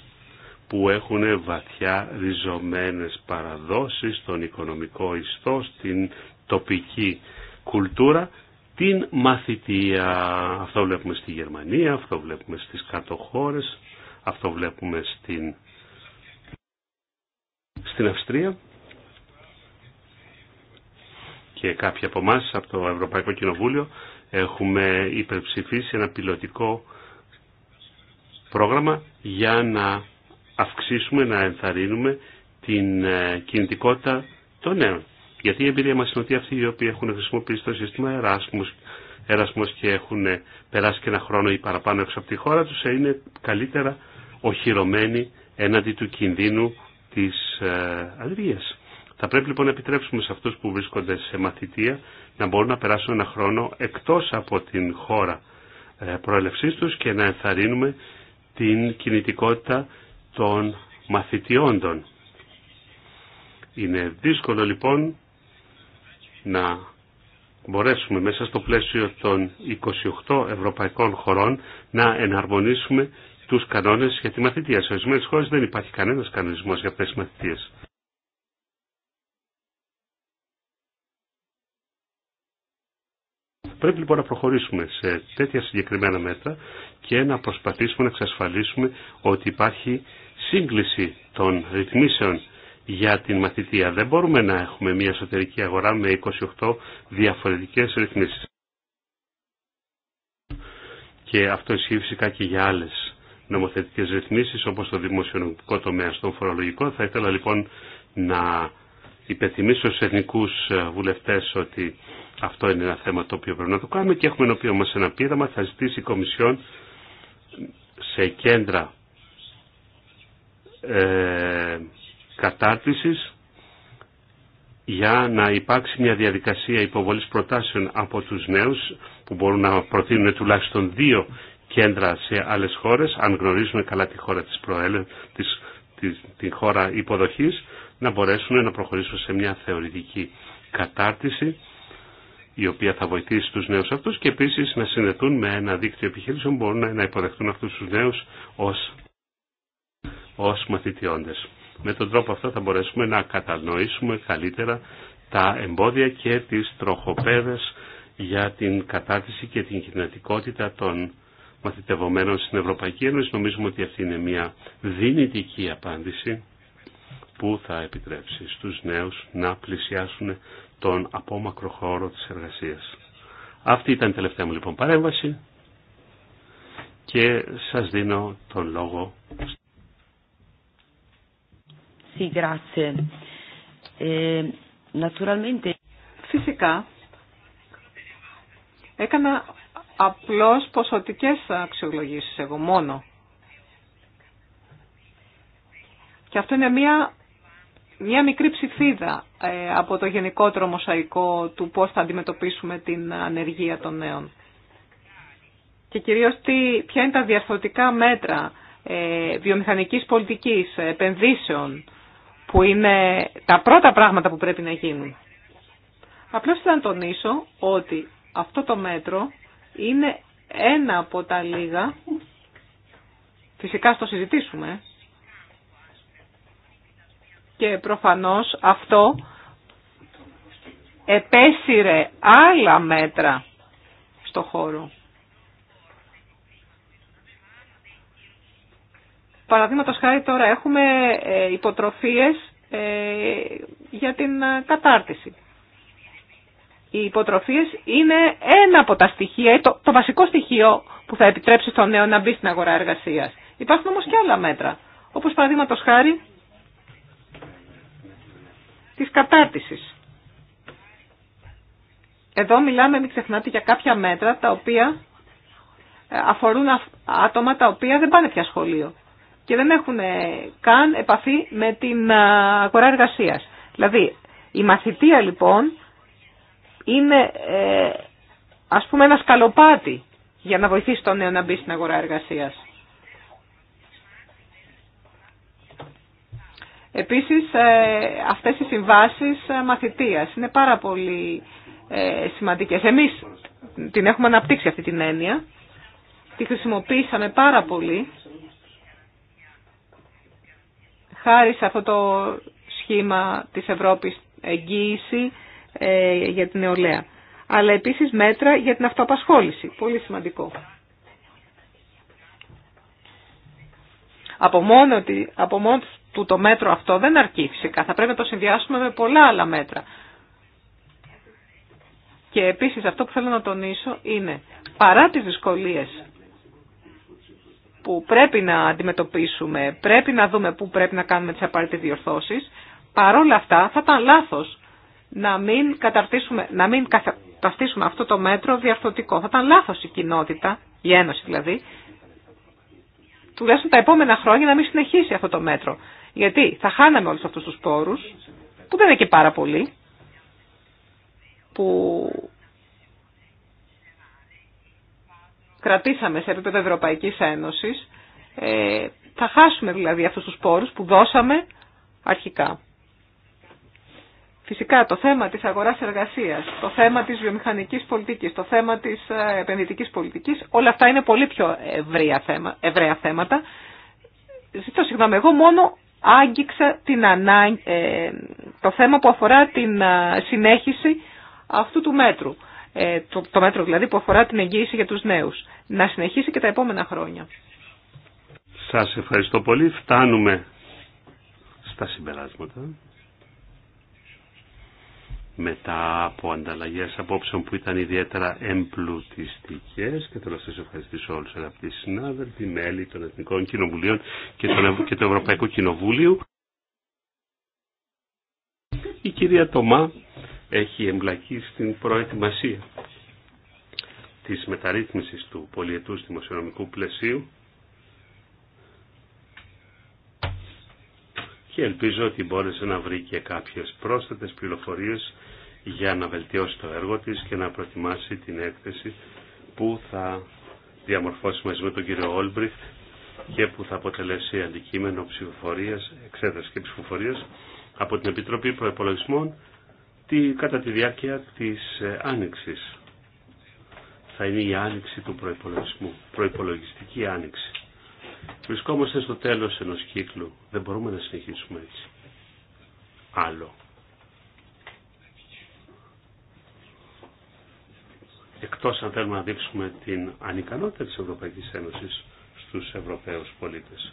που έχουν βαθιά ριζωμένες παραδόσεις στον οικονομικό ιστό, στην τοπική κουλτούρα, την μαθητεία. Αυτό βλέπουμε στη Γερμανία, αυτό βλέπουμε στις κάτω χώρες, αυτό βλέπουμε στην, στην Αυστρία. Και κάποιοι από εμά από το Ευρωπαϊκό Κοινοβούλιο έχουμε υπερψηφίσει ένα πιλωτικό πρόγραμμα για να αυξήσουμε, να ενθαρρύνουμε την ε, κινητικότητα των νέων. Γιατί η εμπειρία μας είναι ότι αυτοί οι οποίοι έχουν χρησιμοποιήσει το σύστημα Εράσμους, και έχουν ε, περάσει και ένα χρόνο ή παραπάνω έξω από τη χώρα τους ε, είναι καλύτερα οχυρωμένοι έναντι του κινδύνου της αδρίας. Θα πρέπει λοιπόν να επιτρέψουμε σε αυτούς που βρίσκονται σε μαθητεία να μπορούν να περάσουν ένα χρόνο εκτός από την χώρα προέλευσής τους και να ενθαρρύνουμε την κινητικότητα των των. Είναι δύσκολο λοιπόν να μπορέσουμε μέσα στο πλαίσιο των 28 ευρωπαϊκών χωρών να εναρμονίσουμε τους κανόνες για τη μαθητεία. Σε ορισμένε χώρες δεν υπάρχει κανένας κανονισμός για αυτές τις μαθητείες. Πρέπει λοιπόν να προχωρήσουμε σε τέτοια συγκεκριμένα μέτρα και να προσπαθήσουμε να εξασφαλίσουμε ότι υπάρχει σύγκληση των ρυθμίσεων για την μαθητεία. Δεν μπορούμε να έχουμε μια εσωτερική αγορά με 28 διαφορετικές ρυθμίσεις. Και αυτό ισχύει φυσικά και για άλλες νομοθετικές ρυθμίσεις όπως το δημοσιονομικό τομέα στον φορολογικό. Θα ήθελα λοιπόν να υπενθυμίσω στους εθνικούς ε, βουλευτές ότι αυτό είναι ένα θέμα το οποίο πρέπει να το κάνουμε και έχουμε ενώπιον μας ένα πείραμα. Θα ζητήσει η Κομισιόν σε κέντρα ε, κατάρτισης για να υπάρξει μια διαδικασία υποβολής προτάσεων από τους νέους που μπορούν να προτείνουν τουλάχιστον δύο κέντρα σε άλλες χώρες αν γνωρίζουν καλά τη χώρα της προέλε, της, της, την χώρα υποδοχής να μπορέσουν να προχωρήσουν σε μια θεωρητική κατάρτιση η οποία θα βοηθήσει τους νέους αυτούς και επίσης να συνδεθούν με ένα δίκτυο επιχείρησεων που μπορούν να υποδεχτούν αυτούς τους νέους ως ως μαθητιώντες. Με τον τρόπο αυτό θα μπορέσουμε να κατανοήσουμε καλύτερα τα εμπόδια και τις τροχοπέδες για την κατάρτιση και την κινητικότητα των μαθητευομένων στην Ευρωπαϊκή Ένωση. Νομίζουμε ότι αυτή είναι μια δυνητική απάντηση που θα επιτρέψει στους νέους να πλησιάσουν τον απόμακρο χώρο της εργασίας. Αυτή ήταν η τελευταία μου λοιπόν παρέμβαση και σας δίνω τον λόγο. Sì, e, Φυσικά, έκανα απλώς ποσοτικές αξιολογήσεις εγώ μόνο. Και αυτό είναι μια, μια μικρή ψηφίδα ε, από το γενικότερο μοσαϊκό του πώς θα αντιμετωπίσουμε την ανεργία των νέων. Και κυρίως τι, ποια είναι τα διαφορετικά μέτρα ε, βιομηχανικής πολιτικής, επενδύσεων, που είναι τα πρώτα πράγματα που πρέπει να γίνουν. Απλώς θα τονίσω ότι αυτό το μέτρο είναι ένα από τα λίγα, φυσικά στο συζητήσουμε, και προφανώς αυτό επέσυρε άλλα μέτρα στο χώρο. Παραδείγματο χάρη τώρα έχουμε ε, υποτροφίες ε, για την ε, κατάρτιση. Οι υποτροφίες είναι ένα από τα στοιχεία, το, το βασικό στοιχείο που θα επιτρέψει στον νέο να μπει στην αγορά εργασίας. Υπάρχουν όμως και άλλα μέτρα, όπως παραδείγματο χάρη της κατάρτισης. Εδώ μιλάμε, μην ξεχνάτε, για κάποια μέτρα τα οποία αφορούν άτομα τα οποία δεν πάνε πια σχολείο και δεν έχουν ε, καν επαφή με την αγορά εργασία. Δηλαδή, η μαθητεία λοιπόν είναι ε, ας πούμε ένα σκαλοπάτι για να βοηθήσει τον νέο να μπει στην αγορά εργασία. Επίσης, ε, αυτές οι συμβάσεις ε, μαθητείας είναι πάρα πολύ σημαντικές. Εμείς την έχουμε αναπτύξει αυτή την έννοια, τη χρησιμοποίησαμε πάρα πολύ χάρη σε αυτό το σχήμα της Ευρώπης εγγύηση ε, για την νεολαία. Αλλά επίσης μέτρα για την αυτοαπασχόληση. Πολύ σημαντικό. Από μόνο, από του το μέτρο αυτό δεν αρκεί φυσικά. Θα πρέπει να το συνδυάσουμε με πολλά άλλα μέτρα. Και επίσης αυτό που θέλω να τονίσω είναι παρά τις δυσκολίες που πρέπει να αντιμετωπίσουμε, πρέπει να δούμε πού πρέπει να κάνουμε τις απαραίτητες διορθώσεις. Παρόλα αυτά θα ήταν λάθος να μην, καταρτήσουμε, να μην καταστήσουμε αυτό το μέτρο διαρθωτικό. Θα ήταν λάθος η κοινότητα, η Ένωση δηλαδή, τουλάχιστον τα επόμενα χρόνια να μην συνεχίσει αυτό το μέτρο. Γιατί θα χάναμε όλους αυτούς τους πόρους, που δεν είναι και πάρα πολλοί, που κρατήσαμε σε επίπεδο Ευρωπαϊκής Ένωσης, ε, θα χάσουμε δηλαδή αυτού τους πόρους που δώσαμε αρχικά. Φυσικά το θέμα της αγοράς εργασίας, το θέμα της βιομηχανικής πολιτικής, το θέμα της ε, επενδυτικής πολιτικής, όλα αυτά είναι πολύ πιο θέμα, ευραία θέματα. Ζητώ συγγνώμη, εγώ μόνο άγγιξα την ε, το θέμα που αφορά την συνέχιση αυτού του μέτρου. Ε, το, το μέτρο δηλαδή που αφορά την εγγύηση για τους νέους. Να συνεχίσει και τα επόμενα χρόνια. Σας ευχαριστώ πολύ. Φτάνουμε στα συμπεράσματα. Μετά από ανταλλαγές απόψεων που ήταν ιδιαίτερα εμπλουτιστικές και θέλω να σας ευχαριστήσω όλους αγαπητοί συνάδελφοι, μέλη των Εθνικών Κοινοβουλίων και, και του Ευρωπαϊκού Κοινοβούλιου. Η κυρία Τομά έχει εμπλακεί στην προετοιμασία της μεταρρύθμισης του πολιετούς δημοσιονομικού πλαισίου και ελπίζω ότι μπόρεσε να βρει και κάποιες πρόσθετες πληροφορίες για να βελτιώσει το έργο της και να προετοιμάσει την έκθεση που θα διαμορφώσει μαζί με τον κύριο Όλμπριχτ και που θα αποτελέσει αντικείμενο ψηφοφορίας, εξέταση και ψηφοφορίας από την Επιτροπή Προεπολογισμών τη, κατά τη διάρκεια της ε, άνοιξης. Θα είναι η άνοιξη του προϋπολογισμού, προϋπολογιστική άνοιξη. Βρισκόμαστε στο τέλος ενός κύκλου. Δεν μπορούμε να συνεχίσουμε έτσι. Άλλο. Εκτός αν θέλουμε να δείξουμε την ανικανότητα της Ευρωπαϊκής Ένωσης στους Ευρωπαίους πολίτες.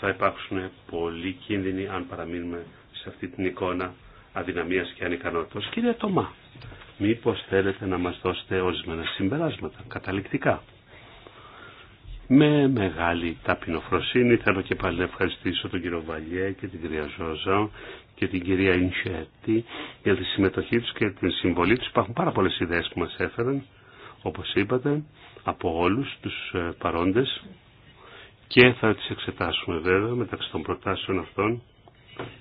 Θα υπάρξουν πολλοί κίνδυνοι αν παραμείνουμε σε αυτή την εικόνα αδυναμίας και ανικανότητας. Κύριε Τωμά, μήπως θέλετε να μας δώσετε ορισμένα συμπεράσματα, καταληκτικά. Με μεγάλη ταπεινοφροσύνη θέλω και πάλι να ευχαριστήσω τον κύριο Βαλιέ και την κυρία Ζώζα και την κυρία Ινσέτη για τη συμμετοχή τους και την συμβολή τους. Υπάρχουν πάρα πολλές ιδέες που μας έφεραν, όπως είπατε, από όλους τους ε, παρόντες και θα τις εξετάσουμε βέβαια μεταξύ των προτάσεων αυτών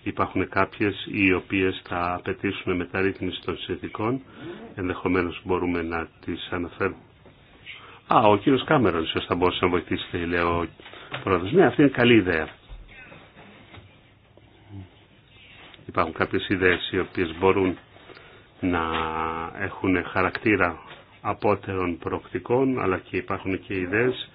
Υπάρχουν κάποιες οι οποίες θα απαιτήσουν μεταρρύθμιση των συνθηκών. Ενδεχομένως μπορούμε να τις αναφέρουμε. Α, ο κύριος Κάμερον ίσως θα μπορούσε να βοηθήσει, λέω ο πρόεδρος. Ναι, αυτή είναι καλή ιδέα. Υπάρχουν κάποιες ιδέες οι οποίες μπορούν να έχουν χαρακτήρα απότερων προοπτικών, αλλά και υπάρχουν και ιδέες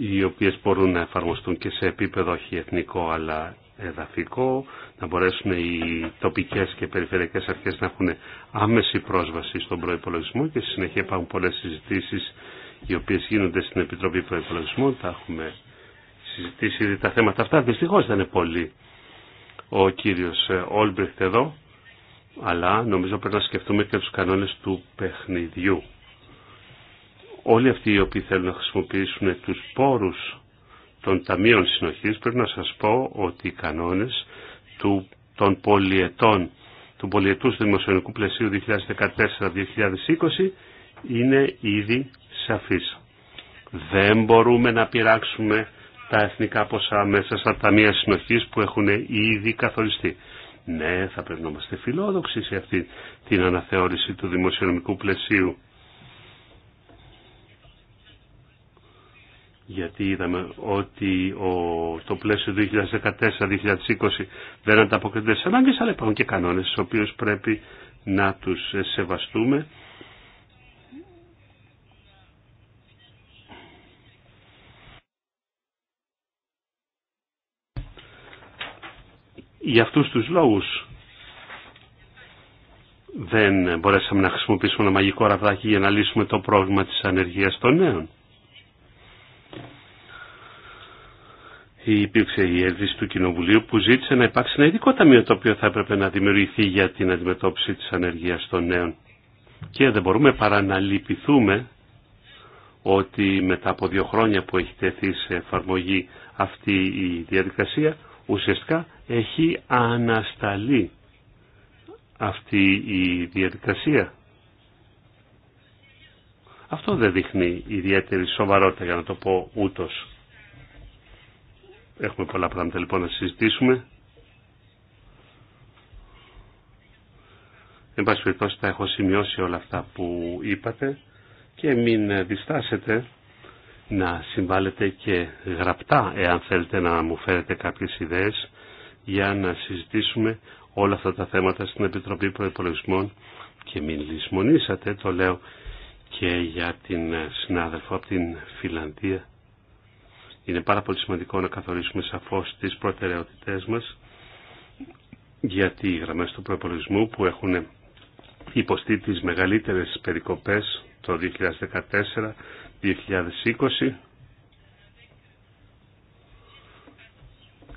οι οποίες μπορούν να εφαρμοστούν και σε επίπεδο όχι εθνικό αλλά εδαφικό, να μπορέσουν οι τοπικές και περιφερειακές αρχές να έχουν άμεση πρόσβαση στον προϋπολογισμό και στη συνέχεια υπάρχουν πολλές συζητήσεις οι οποίες γίνονται στην Επιτροπή Προϋπολογισμού. Τα έχουμε συζητήσει ήδη τα θέματα αυτά. Δυστυχώς δεν είναι πολύ ο κύριος Όλμπριχτ εδώ, αλλά νομίζω πρέπει να σκεφτούμε και τους κανόνες του παιχνιδιού. Όλοι αυτοί οι οποίοι θέλουν να χρησιμοποιήσουν τους πόρους των Ταμείων Συνοχής πρέπει να σας πω ότι οι κανόνες του, των πολιετών, του πολιετούς δημοσιονομικού πλαισίου 2014-2020 είναι ήδη σαφής. Δεν μπορούμε να πειράξουμε τα εθνικά ποσά μέσα στα ταμεία συνοχής που έχουν ήδη καθοριστεί. Ναι, θα πρέπει να είμαστε φιλόδοξοι σε αυτή την αναθεώρηση του δημοσιονομικού πλαισίου γιατί είδαμε ότι ο, το πλαίσιο 2014-2020 δεν ανταποκρίνεται στις ανάγκες, αλλά υπάρχουν και κανόνες στους οποίους πρέπει να τους σεβαστούμε. Για αυτούς τους λόγους δεν μπορέσαμε να χρησιμοποιήσουμε ένα μαγικό ραβδάκι για να λύσουμε το πρόβλημα της ανεργίας των νέων. υπήρξε η έλβηση του Κοινοβουλίου που ζήτησε να υπάρξει ένα ειδικό ταμείο το οποίο θα έπρεπε να δημιουργηθεί για την αντιμετώπιση της ανεργίας των νέων. Και δεν μπορούμε παρά να λυπηθούμε ότι μετά από δύο χρόνια που έχει τέθει σε εφαρμογή αυτή η διαδικασία ουσιαστικά έχει ανασταλεί αυτή η διαδικασία. Αυτό δεν δείχνει ιδιαίτερη σοβαρότητα για να το πω ούτως. Έχουμε πολλά πράγματα λοιπόν να συζητήσουμε. Εν πάση περιπτώσει τα έχω σημειώσει όλα αυτά που είπατε και μην διστάσετε να συμβάλλετε και γραπτά εάν θέλετε να μου φέρετε κάποιες ιδέες για να συζητήσουμε όλα αυτά τα θέματα στην Επιτροπή Προϋπολογισμών και μην λησμονήσατε, το λέω και για την συνάδελφο από την Φιλανδία είναι πάρα πολύ σημαντικό να καθορίσουμε σαφώς τις προτεραιότητές μας γιατί οι γραμμές του προπολογισμού που έχουν υποστεί τις μεγαλύτερες περικοπές το 2014-2020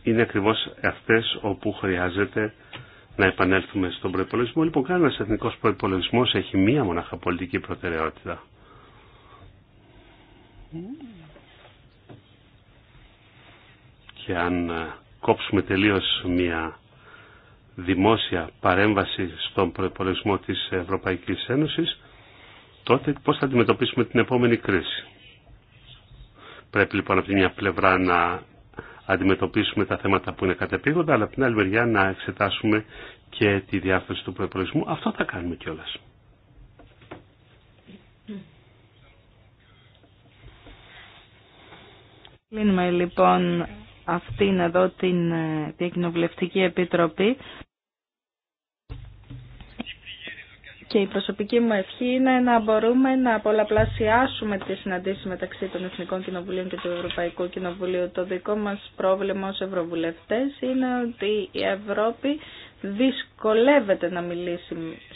είναι ακριβώς αυτές όπου χρειάζεται να επανέλθουμε στον προπολογισμό. Λοιπόν, κανένα εθνικό προπολογισμό έχει μία μοναχα πολιτική προτεραιότητα. και αν ε, κόψουμε τελείως μια δημόσια παρέμβαση στον προπολογισμό της Ευρωπαϊκής Ένωσης, τότε πώς θα αντιμετωπίσουμε την επόμενη κρίση. Πρέπει λοιπόν από τη μια πλευρά να αντιμετωπίσουμε τα θέματα που είναι κατεπίγοντα, αλλά από την άλλη μεριά να εξετάσουμε και τη διάθεση του προπολογισμού. Αυτό θα κάνουμε κιόλα. Κλείνουμε λοιπόν αυτήν εδώ την Διακοινοβουλευτική ε, Επιτροπή. Και η προσωπική μου ευχή είναι να μπορούμε να πολλαπλασιάσουμε τις συναντήσεις μεταξύ των Εθνικών Κοινοβουλίων και του Ευρωπαϊκού Κοινοβουλίου. Το δικό μας πρόβλημα ως Ευρωβουλευτές είναι ότι η Ευρώπη δυσκολεύεται να μιλήσει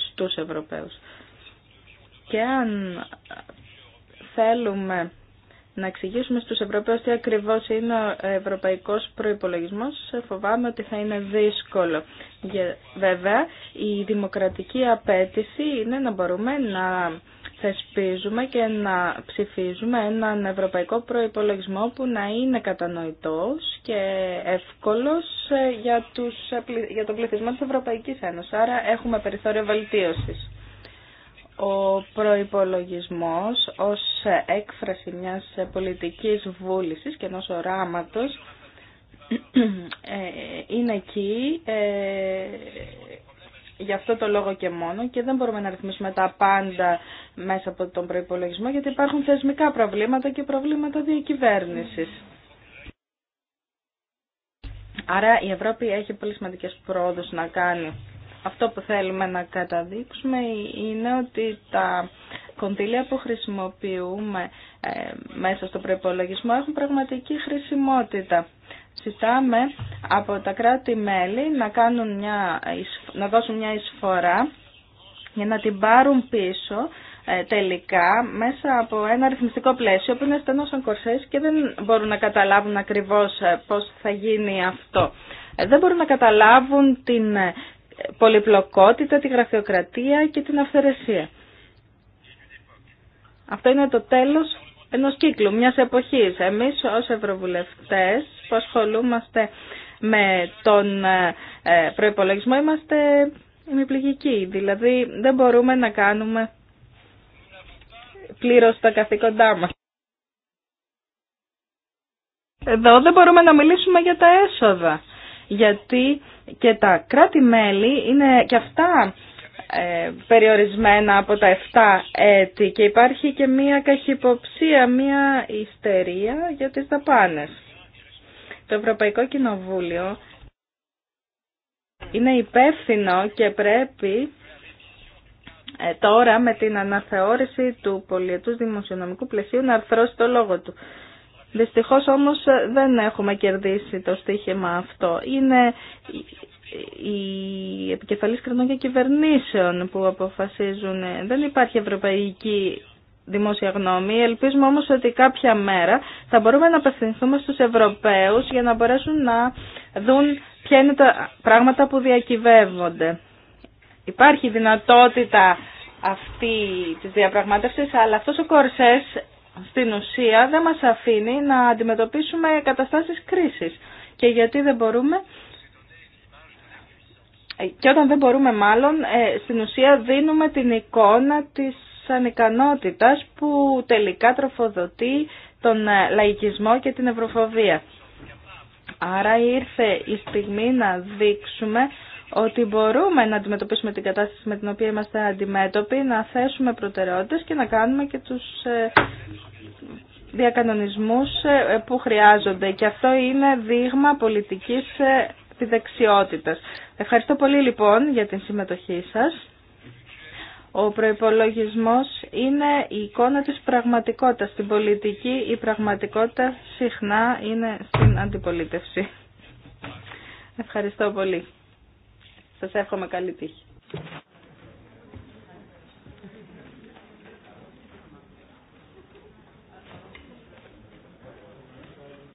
στους Ευρωπαίους. Και αν θέλουμε να εξηγήσουμε στους Ευρωπαίους τι ακριβώς είναι ο ευρωπαϊκός προϋπολογισμός, φοβάμαι ότι θα είναι δύσκολο. Βέβαια, η δημοκρατική απέτηση είναι να μπορούμε να θεσπίζουμε και να ψηφίζουμε έναν ευρωπαϊκό προϋπολογισμό που να είναι κατανοητός και εύκολος ε, για, τους, ε, για τον πληθυσμό της Ευρωπαϊκής Ένωσης. Άρα έχουμε περιθώριο βελτίωσης ο προϋπολογισμός ως έκφραση μιας πολιτικής βούλησης και ενός οράματος ε, είναι εκεί ε, για αυτό το λόγο και μόνο και δεν μπορούμε να ρυθμίσουμε τα πάντα μέσα από τον προϋπολογισμό γιατί υπάρχουν θεσμικά προβλήματα και προβλήματα διακυβέρνησης. Άρα η Ευρώπη έχει πολύ σημαντικές πρόοδους να κάνει. Αυτό που θέλουμε να καταδείξουμε είναι ότι τα κονδύλια που χρησιμοποιούμε ε, μέσα στο προπολογισμό έχουν πραγματική χρησιμότητα. Ζητάμε από τα κράτη-μέλη να, να δώσουν μια εισφορά για να την πάρουν πίσω ε, τελικά μέσα από ένα αριθμιστικό πλαίσιο που είναι στενό σαν κορσές και δεν μπορούν να καταλάβουν ακριβώς ε, πώς θα γίνει αυτό. Δεν μπορούν να καταλάβουν την πολυπλοκότητα, τη γραφειοκρατία και την αυθαιρεσία. Αυτό είναι το τέλος ενός κύκλου, μιας εποχής. Εμείς ως Ευρωβουλευτές που ασχολούμαστε με τον ε, προϋπολογισμό είμαστε ημιπληγικοί. Δηλαδή δεν μπορούμε να κάνουμε πλήρως τα καθήκοντά μας. Εδώ δεν μπορούμε να μιλήσουμε για τα έσοδα, γιατί και τα κράτη-μέλη είναι και αυτά ε, περιορισμένα από τα 7 έτη και υπάρχει και μία καχυποψία, μία ιστερία για τις δαπάνες. Το Ευρωπαϊκό Κοινοβούλιο είναι υπεύθυνο και πρέπει ε, τώρα με την αναθεώρηση του πολιετούς δημοσιονομικού πλαισίου να αρθρώσει το λόγο του. Δυστυχώς όμως ε, δεν έχουμε κερδίσει το στοίχημα αυτό. Είναι οι επικεφαλής κρατών και κυβερνήσεων που αποφασίζουν. Δεν υπάρχει ευρωπαϊκή δημόσια γνώμη. Ελπίζουμε όμως ότι κάποια μέρα θα μπορούμε να απευθυνθούμε στους Ευρωπαίους για να μπορέσουν να δουν ποια είναι τα πράγματα που διακυβεύονται. Υπάρχει δυνατότητα αυτή της διαπραγμάτευσης, αλλά αυτός ο κορσές στην ουσία δεν μας αφήνει να αντιμετωπίσουμε καταστάσεις κρίσης. Και γιατί δεν μπορούμε... Και όταν δεν μπορούμε μάλλον, ε, στην ουσία δίνουμε την εικόνα της ανικανότητας που τελικά τροφοδοτεί τον ε, λαϊκισμό και την ευρωφοβία. Άρα ήρθε η στιγμή να δείξουμε ότι μπορούμε να αντιμετωπίσουμε την κατάσταση με την οποία είμαστε αντιμέτωποι, να θέσουμε προτεραιότητες και να κάνουμε και τους ε, διακανονισμούς ε, που χρειάζονται. Και αυτό είναι δείγμα πολιτικής επιδεξιότητας. Ευχαριστώ πολύ λοιπόν για την συμμετοχή σας. Ο προϋπολογισμός είναι η εικόνα της πραγματικότητας. Στην πολιτική η πραγματικότητα συχνά είναι στην αντιπολίτευση. Ευχαριστώ πολύ. Σας εύχομαι καλή τύχη.